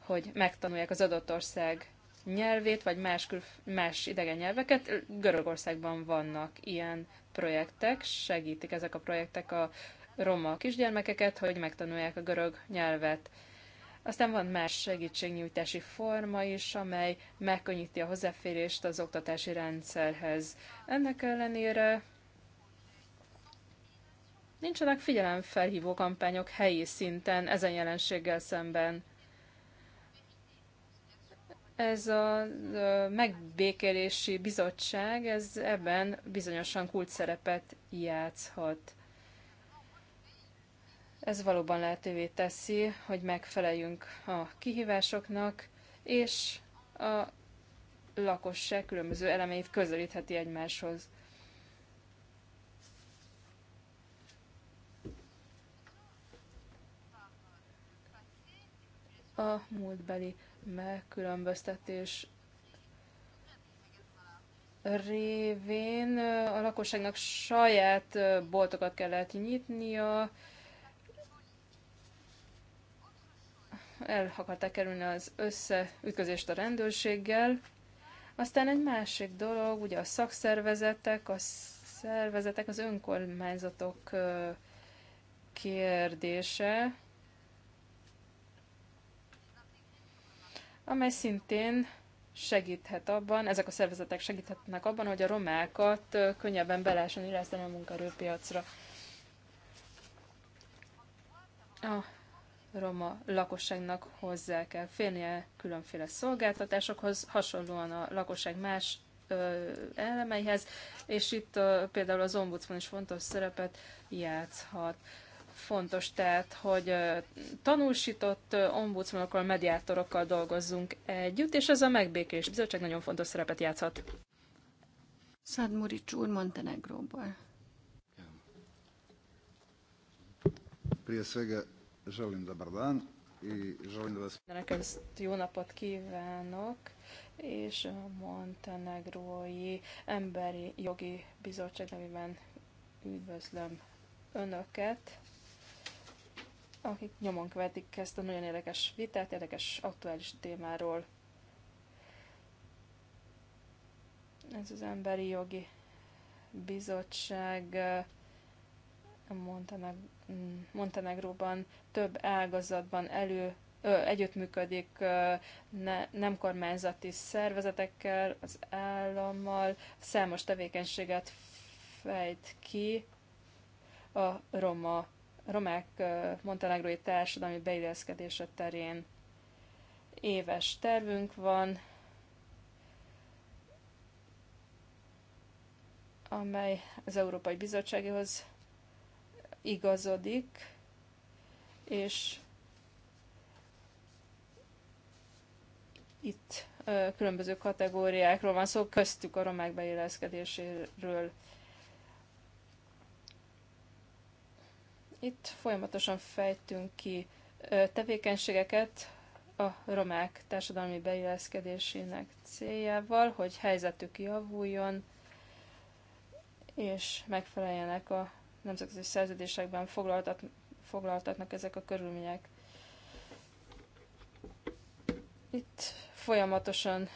hogy megtanulják az adott ország nyelvét, vagy más, külf- más idegen nyelveket. Görögországban vannak ilyen projektek, segítik ezek a projektek a roma kisgyermekeket, hogy megtanulják a görög nyelvet. Aztán van más segítségnyújtási forma is, amely megkönnyíti a hozzáférést az oktatási rendszerhez. Ennek ellenére nincsenek figyelemfelhívó kampányok helyi szinten ezen jelenséggel szemben. Ez a megbékélési bizottság, ez ebben bizonyosan kult szerepet játszhat. Ez valóban lehetővé teszi, hogy megfeleljünk a kihívásoknak, és a lakosság különböző elemeit közelítheti egymáshoz. a múltbeli megkülönböztetés révén a lakosságnak saját boltokat kellett nyitnia, el akarták kerülni az összeütközést a rendőrséggel. Aztán egy másik dolog, ugye a szakszervezetek, a szervezetek, az önkormányzatok kérdése. amely szintén segíthet abban, ezek a szervezetek segíthetnek abban, hogy a romákat könnyebben belásson lehessen a munkaerőpiacra. A roma lakosságnak hozzá kell férnie különféle szolgáltatásokhoz, hasonlóan a lakosság más ö, elemeihez, és itt ö, például az ombudsman is fontos szerepet játszhat. Fontos tehát, hogy tanúsított ombudsmanokkal, mediátorokkal dolgozzunk együtt, és ez a megbékés bizottság nagyon fontos szerepet játszhat. Szadmurics úr Montenegróból. Prije svega želim dobar dan i želim da vas... jó napot kívánok, és a Montenegrói Emberi Jogi Bizottság nevében üdvözlöm Önöket akik nyomon követik ezt a nagyon érdekes vitát, érdekes aktuális témáról. Ez az Emberi Jogi Bizottság eh, Monteneg mm, Montenegróban több ágazatban elő ö, együttműködik ö, ne, nem kormányzati szervezetekkel, az állammal, számos tevékenységet fejt ki a roma romák montenegrói társadalmi beilleszkedése terén éves tervünk van, amely az Európai Bizottsághoz igazodik, és itt ö, különböző kategóriákról van szó, köztük a romák beilleszkedéséről Itt folyamatosan fejtünk ki tevékenységeket a romák társadalmi beilleszkedésének céljával, hogy helyzetük javuljon, és megfeleljenek a nemzetközi szerződésekben foglaltat, foglaltatnak ezek a körülmények. Itt folyamatosan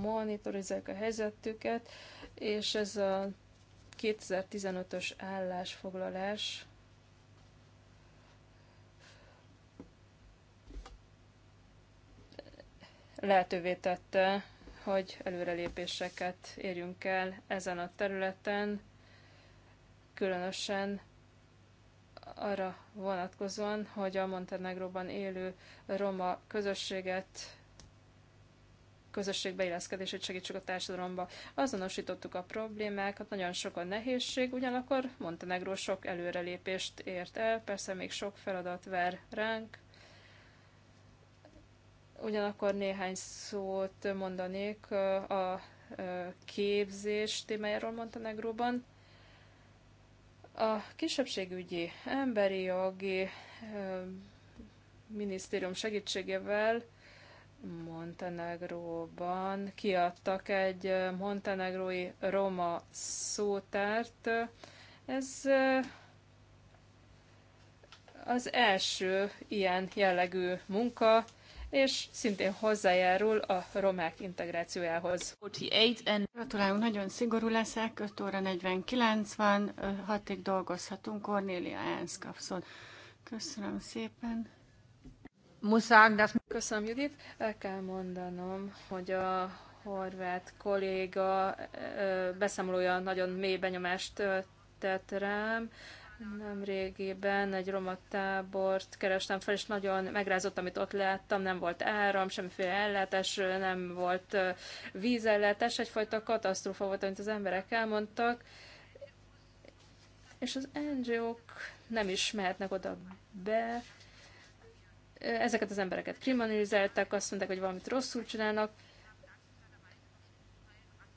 monitorizálják a helyzetüket, és ez a 2015-ös állásfoglalás lehetővé tette, hogy előrelépéseket érjünk el ezen a területen, különösen arra vonatkozóan, hogy a Montenegróban élő roma közösséget közösségbeilleszkedését segítsük a társadalomba. Azonosítottuk a problémákat, nagyon sok a nehézség, ugyanakkor Montenegró sok előrelépést ért el, persze még sok feladat vár ránk, Ugyanakkor néhány szót mondanék a képzés témájáról Montenegróban. A kisebbségügyi emberi jogi minisztérium segítségével Montenegróban kiadtak egy montenegrói roma szótárt. Ez az első ilyen jellegű munka, és szintén hozzájárul a romák integrációjához. Gratulálunk, nagyon szigorú leszek, 5 óra 49 van, 6-ig dolgozhatunk, Cornélia Ensz kapszol. Köszönöm szépen. Köszönöm, Judit. El kell mondanom, hogy a horvát kolléga beszámolója nagyon mély benyomást tett rám. Nem régiben egy roma tábort kerestem fel, és nagyon megrázott, amit ott láttam. Nem volt áram, semmiféle ellátás, nem volt vízellátás, egyfajta katasztrófa volt, amit az emberek elmondtak. És az NGO-k nem is mehetnek oda be. Ezeket az embereket kriminalizálták, azt mondták, hogy valamit rosszul csinálnak.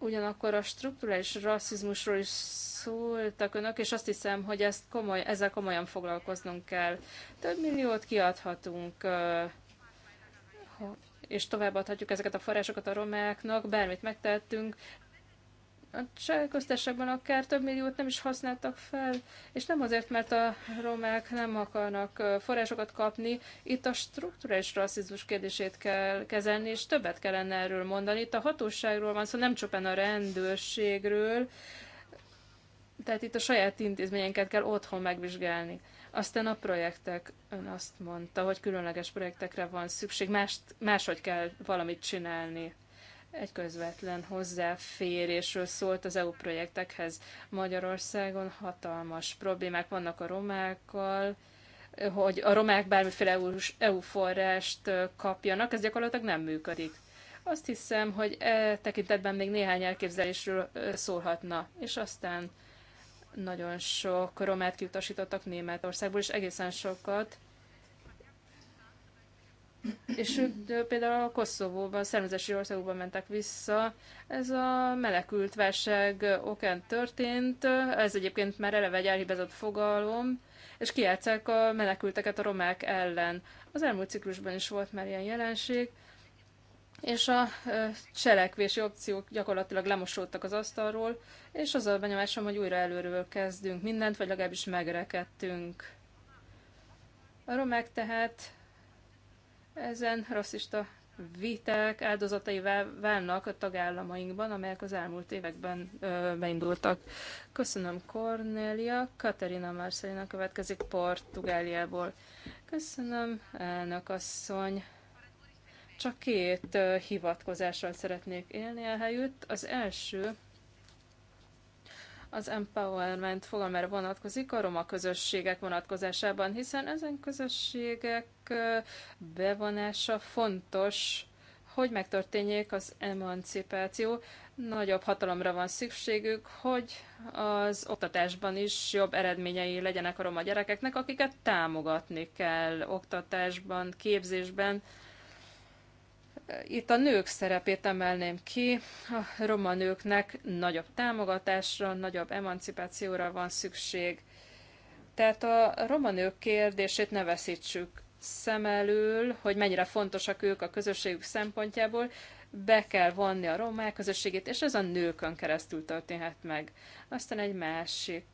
Ugyanakkor a strukturális rasszizmusról is szóltak önök, és azt hiszem, hogy ezt komoly, ezzel komolyan foglalkoznunk kell. Több milliót kiadhatunk, és továbbadhatjuk ezeket a forrásokat a romáknak, bármit megtettünk, a cseh akár több milliót nem is használtak fel, és nem azért, mert a romák nem akarnak forrásokat kapni. Itt a strukturális rasszizmus kérdését kell kezelni, és többet kellene erről mondani. Itt a hatóságról van szó, szóval nem csupán a rendőrségről, tehát itt a saját intézményeket kell otthon megvizsgálni. Aztán a projektek, ön azt mondta, hogy különleges projektekre van szükség, más, máshogy kell valamit csinálni egy közvetlen hozzáférésről szólt az EU projektekhez. Magyarországon hatalmas problémák vannak a romákkal, hogy a romák bármiféle EU, EU forrást kapjanak, ez gyakorlatilag nem működik. Azt hiszem, hogy e tekintetben még néhány elképzelésről szólhatna, és aztán nagyon sok romát kiutasítottak Németországból, és egészen sokat és ők például a Koszovóban, szervezési országokban mentek vissza. Ez a melekült válság okán történt, ez egyébként már eleve egy elhibázott fogalom, és kiátszák a menekülteket a romák ellen. Az elmúlt ciklusban is volt már ilyen jelenség, és a cselekvési opciók gyakorlatilag lemosódtak az asztalról, és az a benyomásom, hogy újra előről kezdünk mindent, vagy legalábbis megrekedtünk. A romák tehát ezen rasszista viták áldozatai válnak a tagállamainkban, amelyek az elmúlt években ö, beindultak. Köszönöm Cornelia. Katerina Marcelina következik Portugáliából. Köszönöm, elnök asszony. Csak két ö, hivatkozással szeretnék élni a helyütt. Az első, az empowerment fogalmára vonatkozik a roma közösségek vonatkozásában, hiszen ezen közösségek bevonása fontos, hogy megtörténjék az emancipáció. Nagyobb hatalomra van szükségük, hogy az oktatásban is jobb eredményei legyenek a roma gyerekeknek, akiket támogatni kell oktatásban, képzésben, itt a nők szerepét emelném ki. A roma nőknek nagyobb támogatásra, nagyobb emancipációra van szükség. Tehát a roma nők kérdését ne veszítsük szem elől, hogy mennyire fontosak ők a közösségük szempontjából, be kell vonni a romák közösségét, és ez a nőkön keresztül történhet meg. Aztán egy másik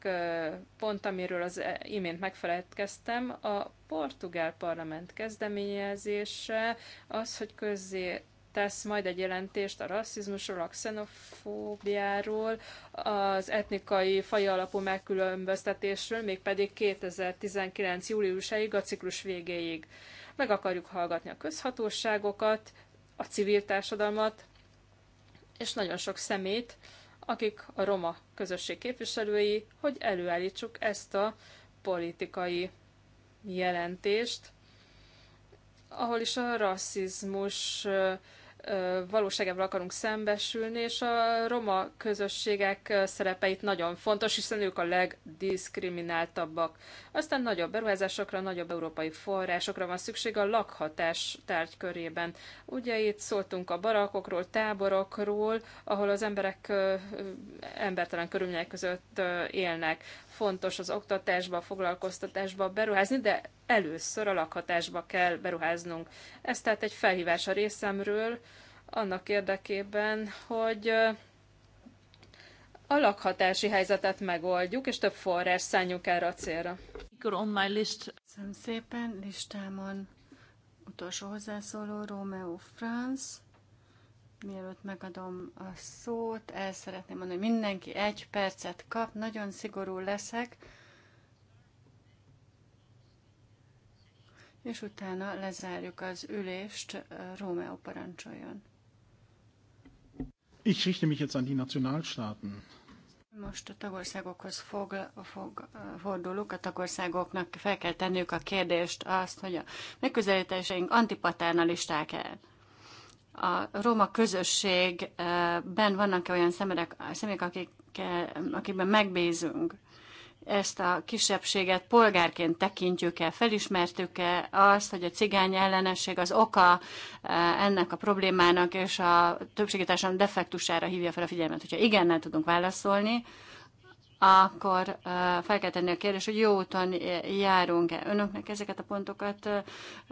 pont, amiről az e- imént megfelelkeztem, a portugál parlament kezdeményezése az, hogy közzé tesz majd egy jelentést a rasszizmusról, a xenofóbiáról, az etnikai faj alapú megkülönböztetésről, mégpedig 2019. júliusáig, a ciklus végéig. Meg akarjuk hallgatni a közhatóságokat, a civil társadalmat, és nagyon sok szemét, akik a roma közösség képviselői, hogy előállítsuk ezt a politikai jelentést, ahol is a rasszizmus valóságával akarunk szembesülni, és a roma közösségek szerepeit nagyon fontos, hiszen ők a legdiskrimináltabbak. Aztán nagyobb beruházásokra, nagyobb európai forrásokra van szükség a lakhatás tárgykörében. Ugye itt szóltunk a barakokról, táborokról, ahol az emberek embertelen körülmények között élnek fontos az oktatásba, a foglalkoztatásba beruházni, de először a lakhatásba kell beruháznunk. Ez tehát egy felhívás a részemről annak érdekében, hogy a lakhatási helyzetet megoldjuk, és több forrás szálljunk erre a célra. On my list. Köszönöm szépen, listámon utolsó hozzászóló Romeo France. Mielőtt megadom a szót, el szeretném mondani, hogy mindenki egy percet kap, nagyon szigorú leszek, és utána lezárjuk az ülést, Rómeó parancsoljon. Ich richte mich jetzt an die Nationalstaaten. Most a tagországokhoz fog, fog, fordulok, a tagországoknak fel kell tenniük a kérdést azt, hogy a megközelítéseink antipaternalisták-e a roma közösségben vannak -e olyan szemerek, személyek, akik, akikben megbízunk? Ezt a kisebbséget polgárként tekintjük-e, felismertük-e azt, hogy a cigány ellenesség az oka e, ennek a problémának, és a többségi társadalom defektusára hívja fel a figyelmet. Hogyha nem tudunk válaszolni, akkor fel kell tenni a kérdést, hogy jó úton járunk-e. Önöknek ezeket a pontokat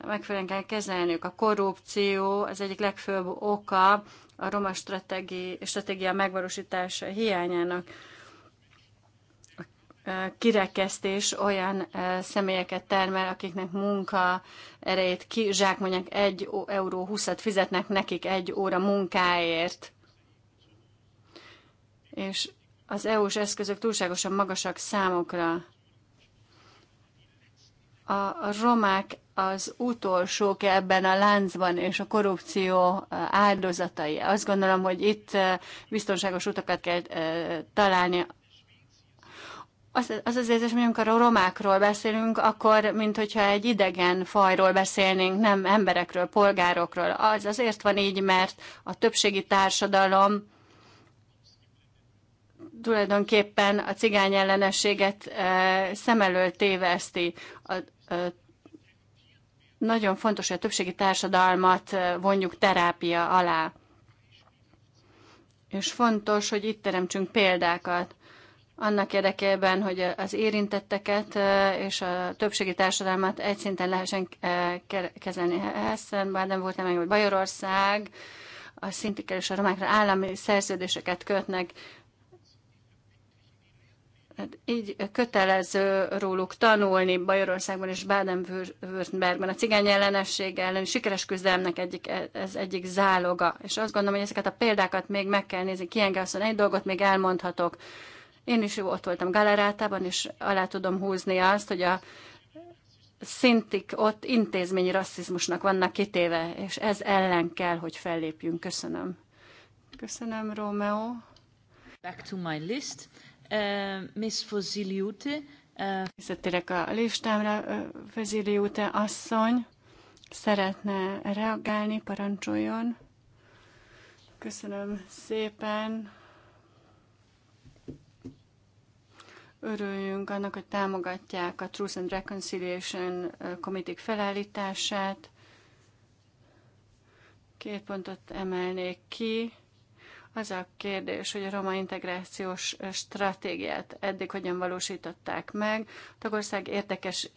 megfelelően kell kezelniük. A korrupció az egyik legfőbb oka a roma stratégi, stratégia megvalósítása hiányának. A kirekesztés olyan személyeket termel, akiknek munka erejét kizsákmondják, 1 euró 20 fizetnek nekik egy óra munkáért. És az EU-s eszközök túlságosan magasak számukra. A romák az utolsók ebben a láncban és a korrupció áldozatai. Azt gondolom, hogy itt biztonságos utakat kell találni az, az érzés, hogy amikor a romákról beszélünk, akkor mintha egy idegen fajról beszélnénk, nem emberekről, polgárokról. Az azért van így, mert a többségi társadalom tulajdonképpen a cigány ellenességet eh, szem elől téveszti. A, a, nagyon fontos, hogy a többségi társadalmat eh, vonjuk terápia alá. És fontos, hogy itt teremtsünk példákat annak érdekében, hogy az érintetteket eh, és a többségi társadalmat egy szinten lehessen kezelni. Hessen, nem volt nem hogy Bajorország, a szintikkel és a romákra állami szerződéseket kötnek, Hát így kötelező róluk tanulni Bajorországban és Baden-Württembergben. A cigány ellenesség ellen sikeres küzdelemnek egyik, ez egyik záloga. És azt gondolom, hogy ezeket a példákat még meg kell nézni. Kiengászon egy dolgot még elmondhatok. Én is ott voltam Galerátában, és alá tudom húzni azt, hogy a szintik ott intézményi rasszizmusnak vannak kitéve, és ez ellen kell, hogy fellépjünk. Köszönöm. Köszönöm, Rómeó. Back to my list. Eh, Miss Foziliute. Eh, Visszatérek a listámra, uh, eh, asszony szeretne reagálni, parancsoljon. Köszönöm szépen. Örüljünk annak, hogy támogatják a Truth and Reconciliation Committee felállítását. Két pontot emelnék ki az a kérdés, hogy a roma integrációs stratégiát eddig hogyan valósították meg. A tagország érdekes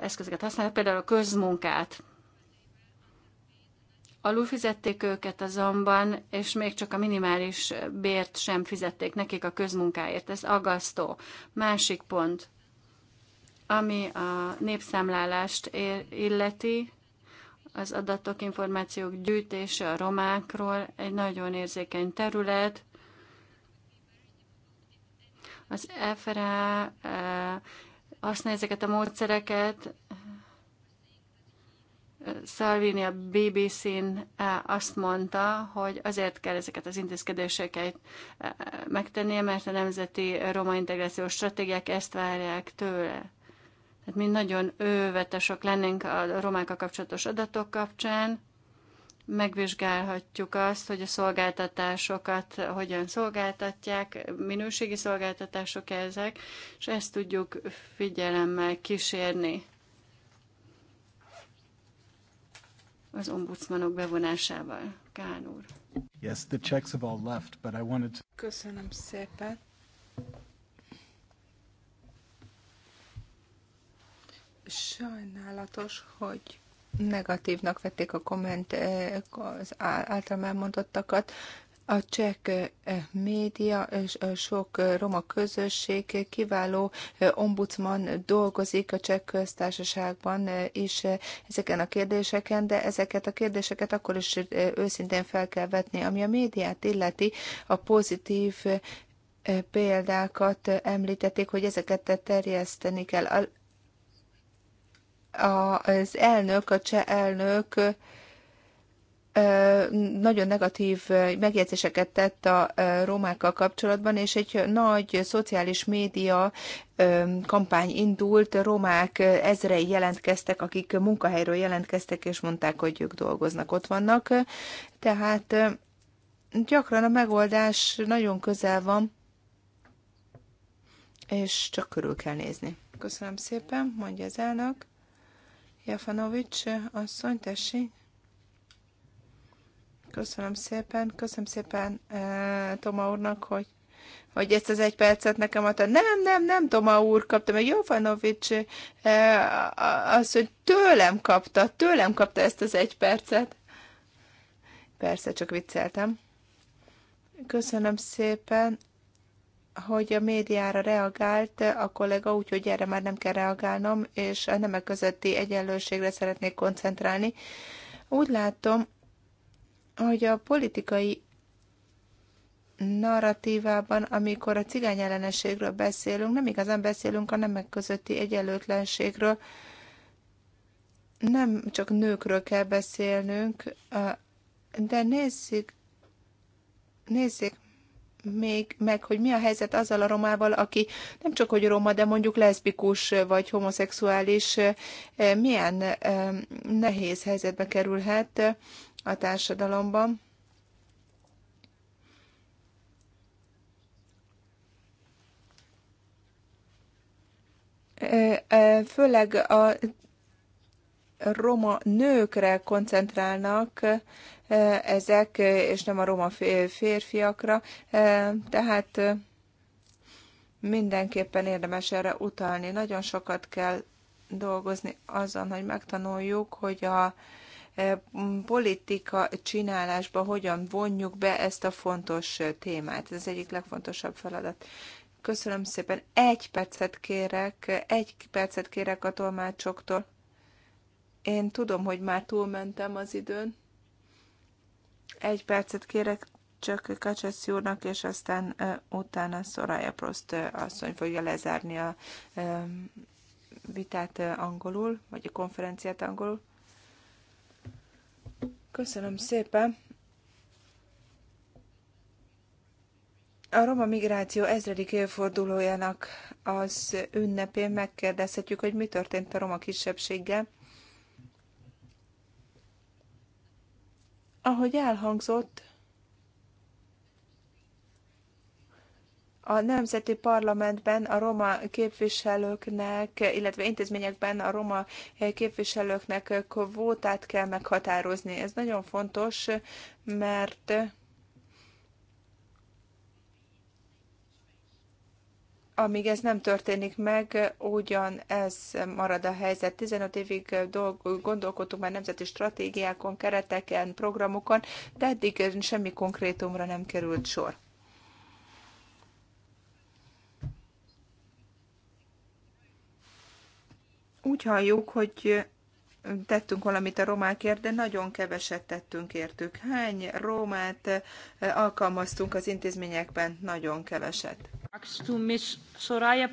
eszközöket használ, például a közmunkát. Alulfizették őket azonban, és még csak a minimális bért sem fizették nekik a közmunkáért. Ez agasztó. Másik pont, ami a népszámlálást illeti, az adatok, információk gyűjtése a romákról egy nagyon érzékeny terület. Az EFRA eh, használja ezeket a módszereket. Salvini a BBC-n eh, azt mondta, hogy azért kell ezeket az intézkedéseket eh, megtennie, mert a nemzeti roma integrációs stratégiák ezt várják tőle. Tehát mi nagyon ővetesek lennénk a romákkal kapcsolatos adatok kapcsán, megvizsgálhatjuk azt, hogy a szolgáltatásokat hogyan szolgáltatják, minőségi szolgáltatások ezek, és ezt tudjuk figyelemmel kísérni az ombudsmanok bevonásával. Kán úr. Yes, the checks have all left, but I wanted to... Köszönöm szépen. Sajnálatos, hogy negatívnak vették a komment, eh, az általam elmondottakat. A csek eh, média és sok eh, roma közösség kiváló ombudsman dolgozik a csek köztársaságban is ezeken a kérdéseken, de ezeket a kérdéseket akkor is őszintén fel kell vetni. Ami a médiát illeti, a pozitív példákat említették, hogy ezeket terjeszteni kell az elnök, a cseh elnök nagyon negatív megjegyzéseket tett a romákkal kapcsolatban, és egy nagy szociális média kampány indult, romák ezrei jelentkeztek, akik munkahelyről jelentkeztek, és mondták, hogy ők dolgoznak, ott vannak. Tehát gyakran a megoldás nagyon közel van, és csak körül kell nézni. Köszönöm szépen, mondja az elnök. Jafanovics eh, asszony, tessék. Köszönöm szépen, köszönöm szépen eh, Toma úrnak, hogy hogy ezt az egy percet nekem adta. Nem, nem, nem, Toma úr kapta, meg Jovanovics eh, az, hogy tőlem kapta, tőlem kapta ezt az egy percet. Persze, csak vicceltem. Köszönöm szépen hogy a médiára reagált a kollega, úgyhogy erre már nem kell reagálnom, és a nemek közötti egyenlőségre szeretnék koncentrálni. Úgy látom, hogy a politikai narratívában, amikor a cigány ellenességről beszélünk, nem igazán beszélünk a nemek közötti egyenlőtlenségről, nem csak nőkről kell beszélnünk, de nézzük, nézzék még meg, hogy mi a helyzet azzal a romával, aki nem csak hogy roma, de mondjuk leszbikus vagy homoszexuális, milyen nehéz helyzetbe kerülhet a társadalomban. Főleg a roma nőkre koncentrálnak e, ezek, és nem a roma férfiakra. E, tehát e, mindenképpen érdemes erre utalni. Nagyon sokat kell dolgozni azon, hogy megtanuljuk, hogy a politika csinálásba hogyan vonjuk be ezt a fontos témát. Ez az egyik legfontosabb feladat. Köszönöm szépen. Egy percet kérek, egy percet kérek a tolmácsoktól. Én tudom, hogy már túlmentem az időn. Egy percet kérek csak Kacsesz úrnak, és aztán uh, utána Szorája Prost uh, asszony fogja lezárni a uh, vitát uh, angolul, vagy a konferenciát angolul. Köszönöm szépen! A roma migráció ezredik évfordulójának az ünnepén megkérdezhetjük, hogy mi történt a roma kisebbséggel Ahogy elhangzott, a Nemzeti Parlamentben a roma képviselőknek, illetve intézményekben a roma képviselőknek kvótát kell meghatározni. Ez nagyon fontos, mert amíg ez nem történik meg, ugyan ez marad a helyzet. 15 évig gondolkodtunk már nemzeti stratégiákon, kereteken, programokon, de eddig semmi konkrétumra nem került sor. Úgy halljuk, hogy tettünk valamit a romákért, de nagyon keveset tettünk értük. Hány romát alkalmaztunk az intézményekben? Nagyon keveset. To Soraya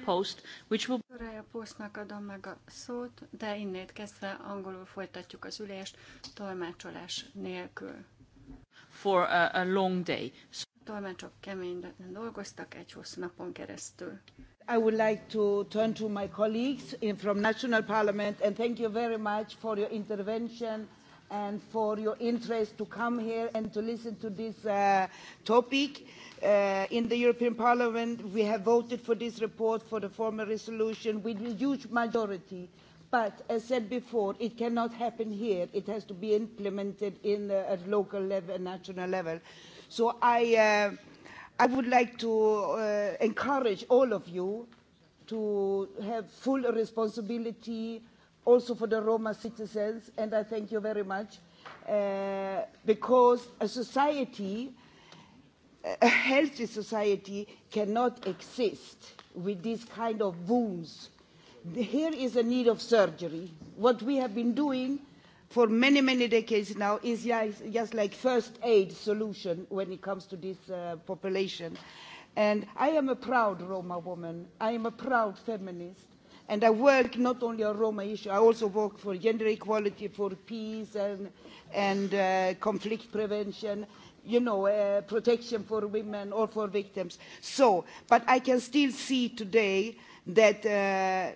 Postnak adom meg a szót, de innét kezdve angolul folytatjuk az ülést, tolmácsolás nélkül. For a, a long day. So... Tolmácsok keményen dolgoztak egy hosszú napon keresztül. I would like to turn to my colleagues in, from National Parliament and thank you very much for your intervention and for your interest to come here and to listen to this uh, topic. Uh, in the European Parliament, we have voted for this report for the former resolution with a huge majority. But as said before, it cannot happen here. It has to be implemented in, the, at local level and national level. So I, uh, I would like to uh, encourage all of you to have full responsibility also for the Roma citizens, and I thank you very much, uh, because a society, a healthy society, cannot exist with these kind of wounds. Here is a need of surgery. What we have been doing for many, many decades now is just like first aid solution when it comes to this uh, population. And I am a proud Roma woman. I am a proud feminist And I work not only on Roma issue, I also work for gender equality, for peace and, and uh, conflict prevention, you know, uh, protection for women or for victims. So, but I can still see today that uh,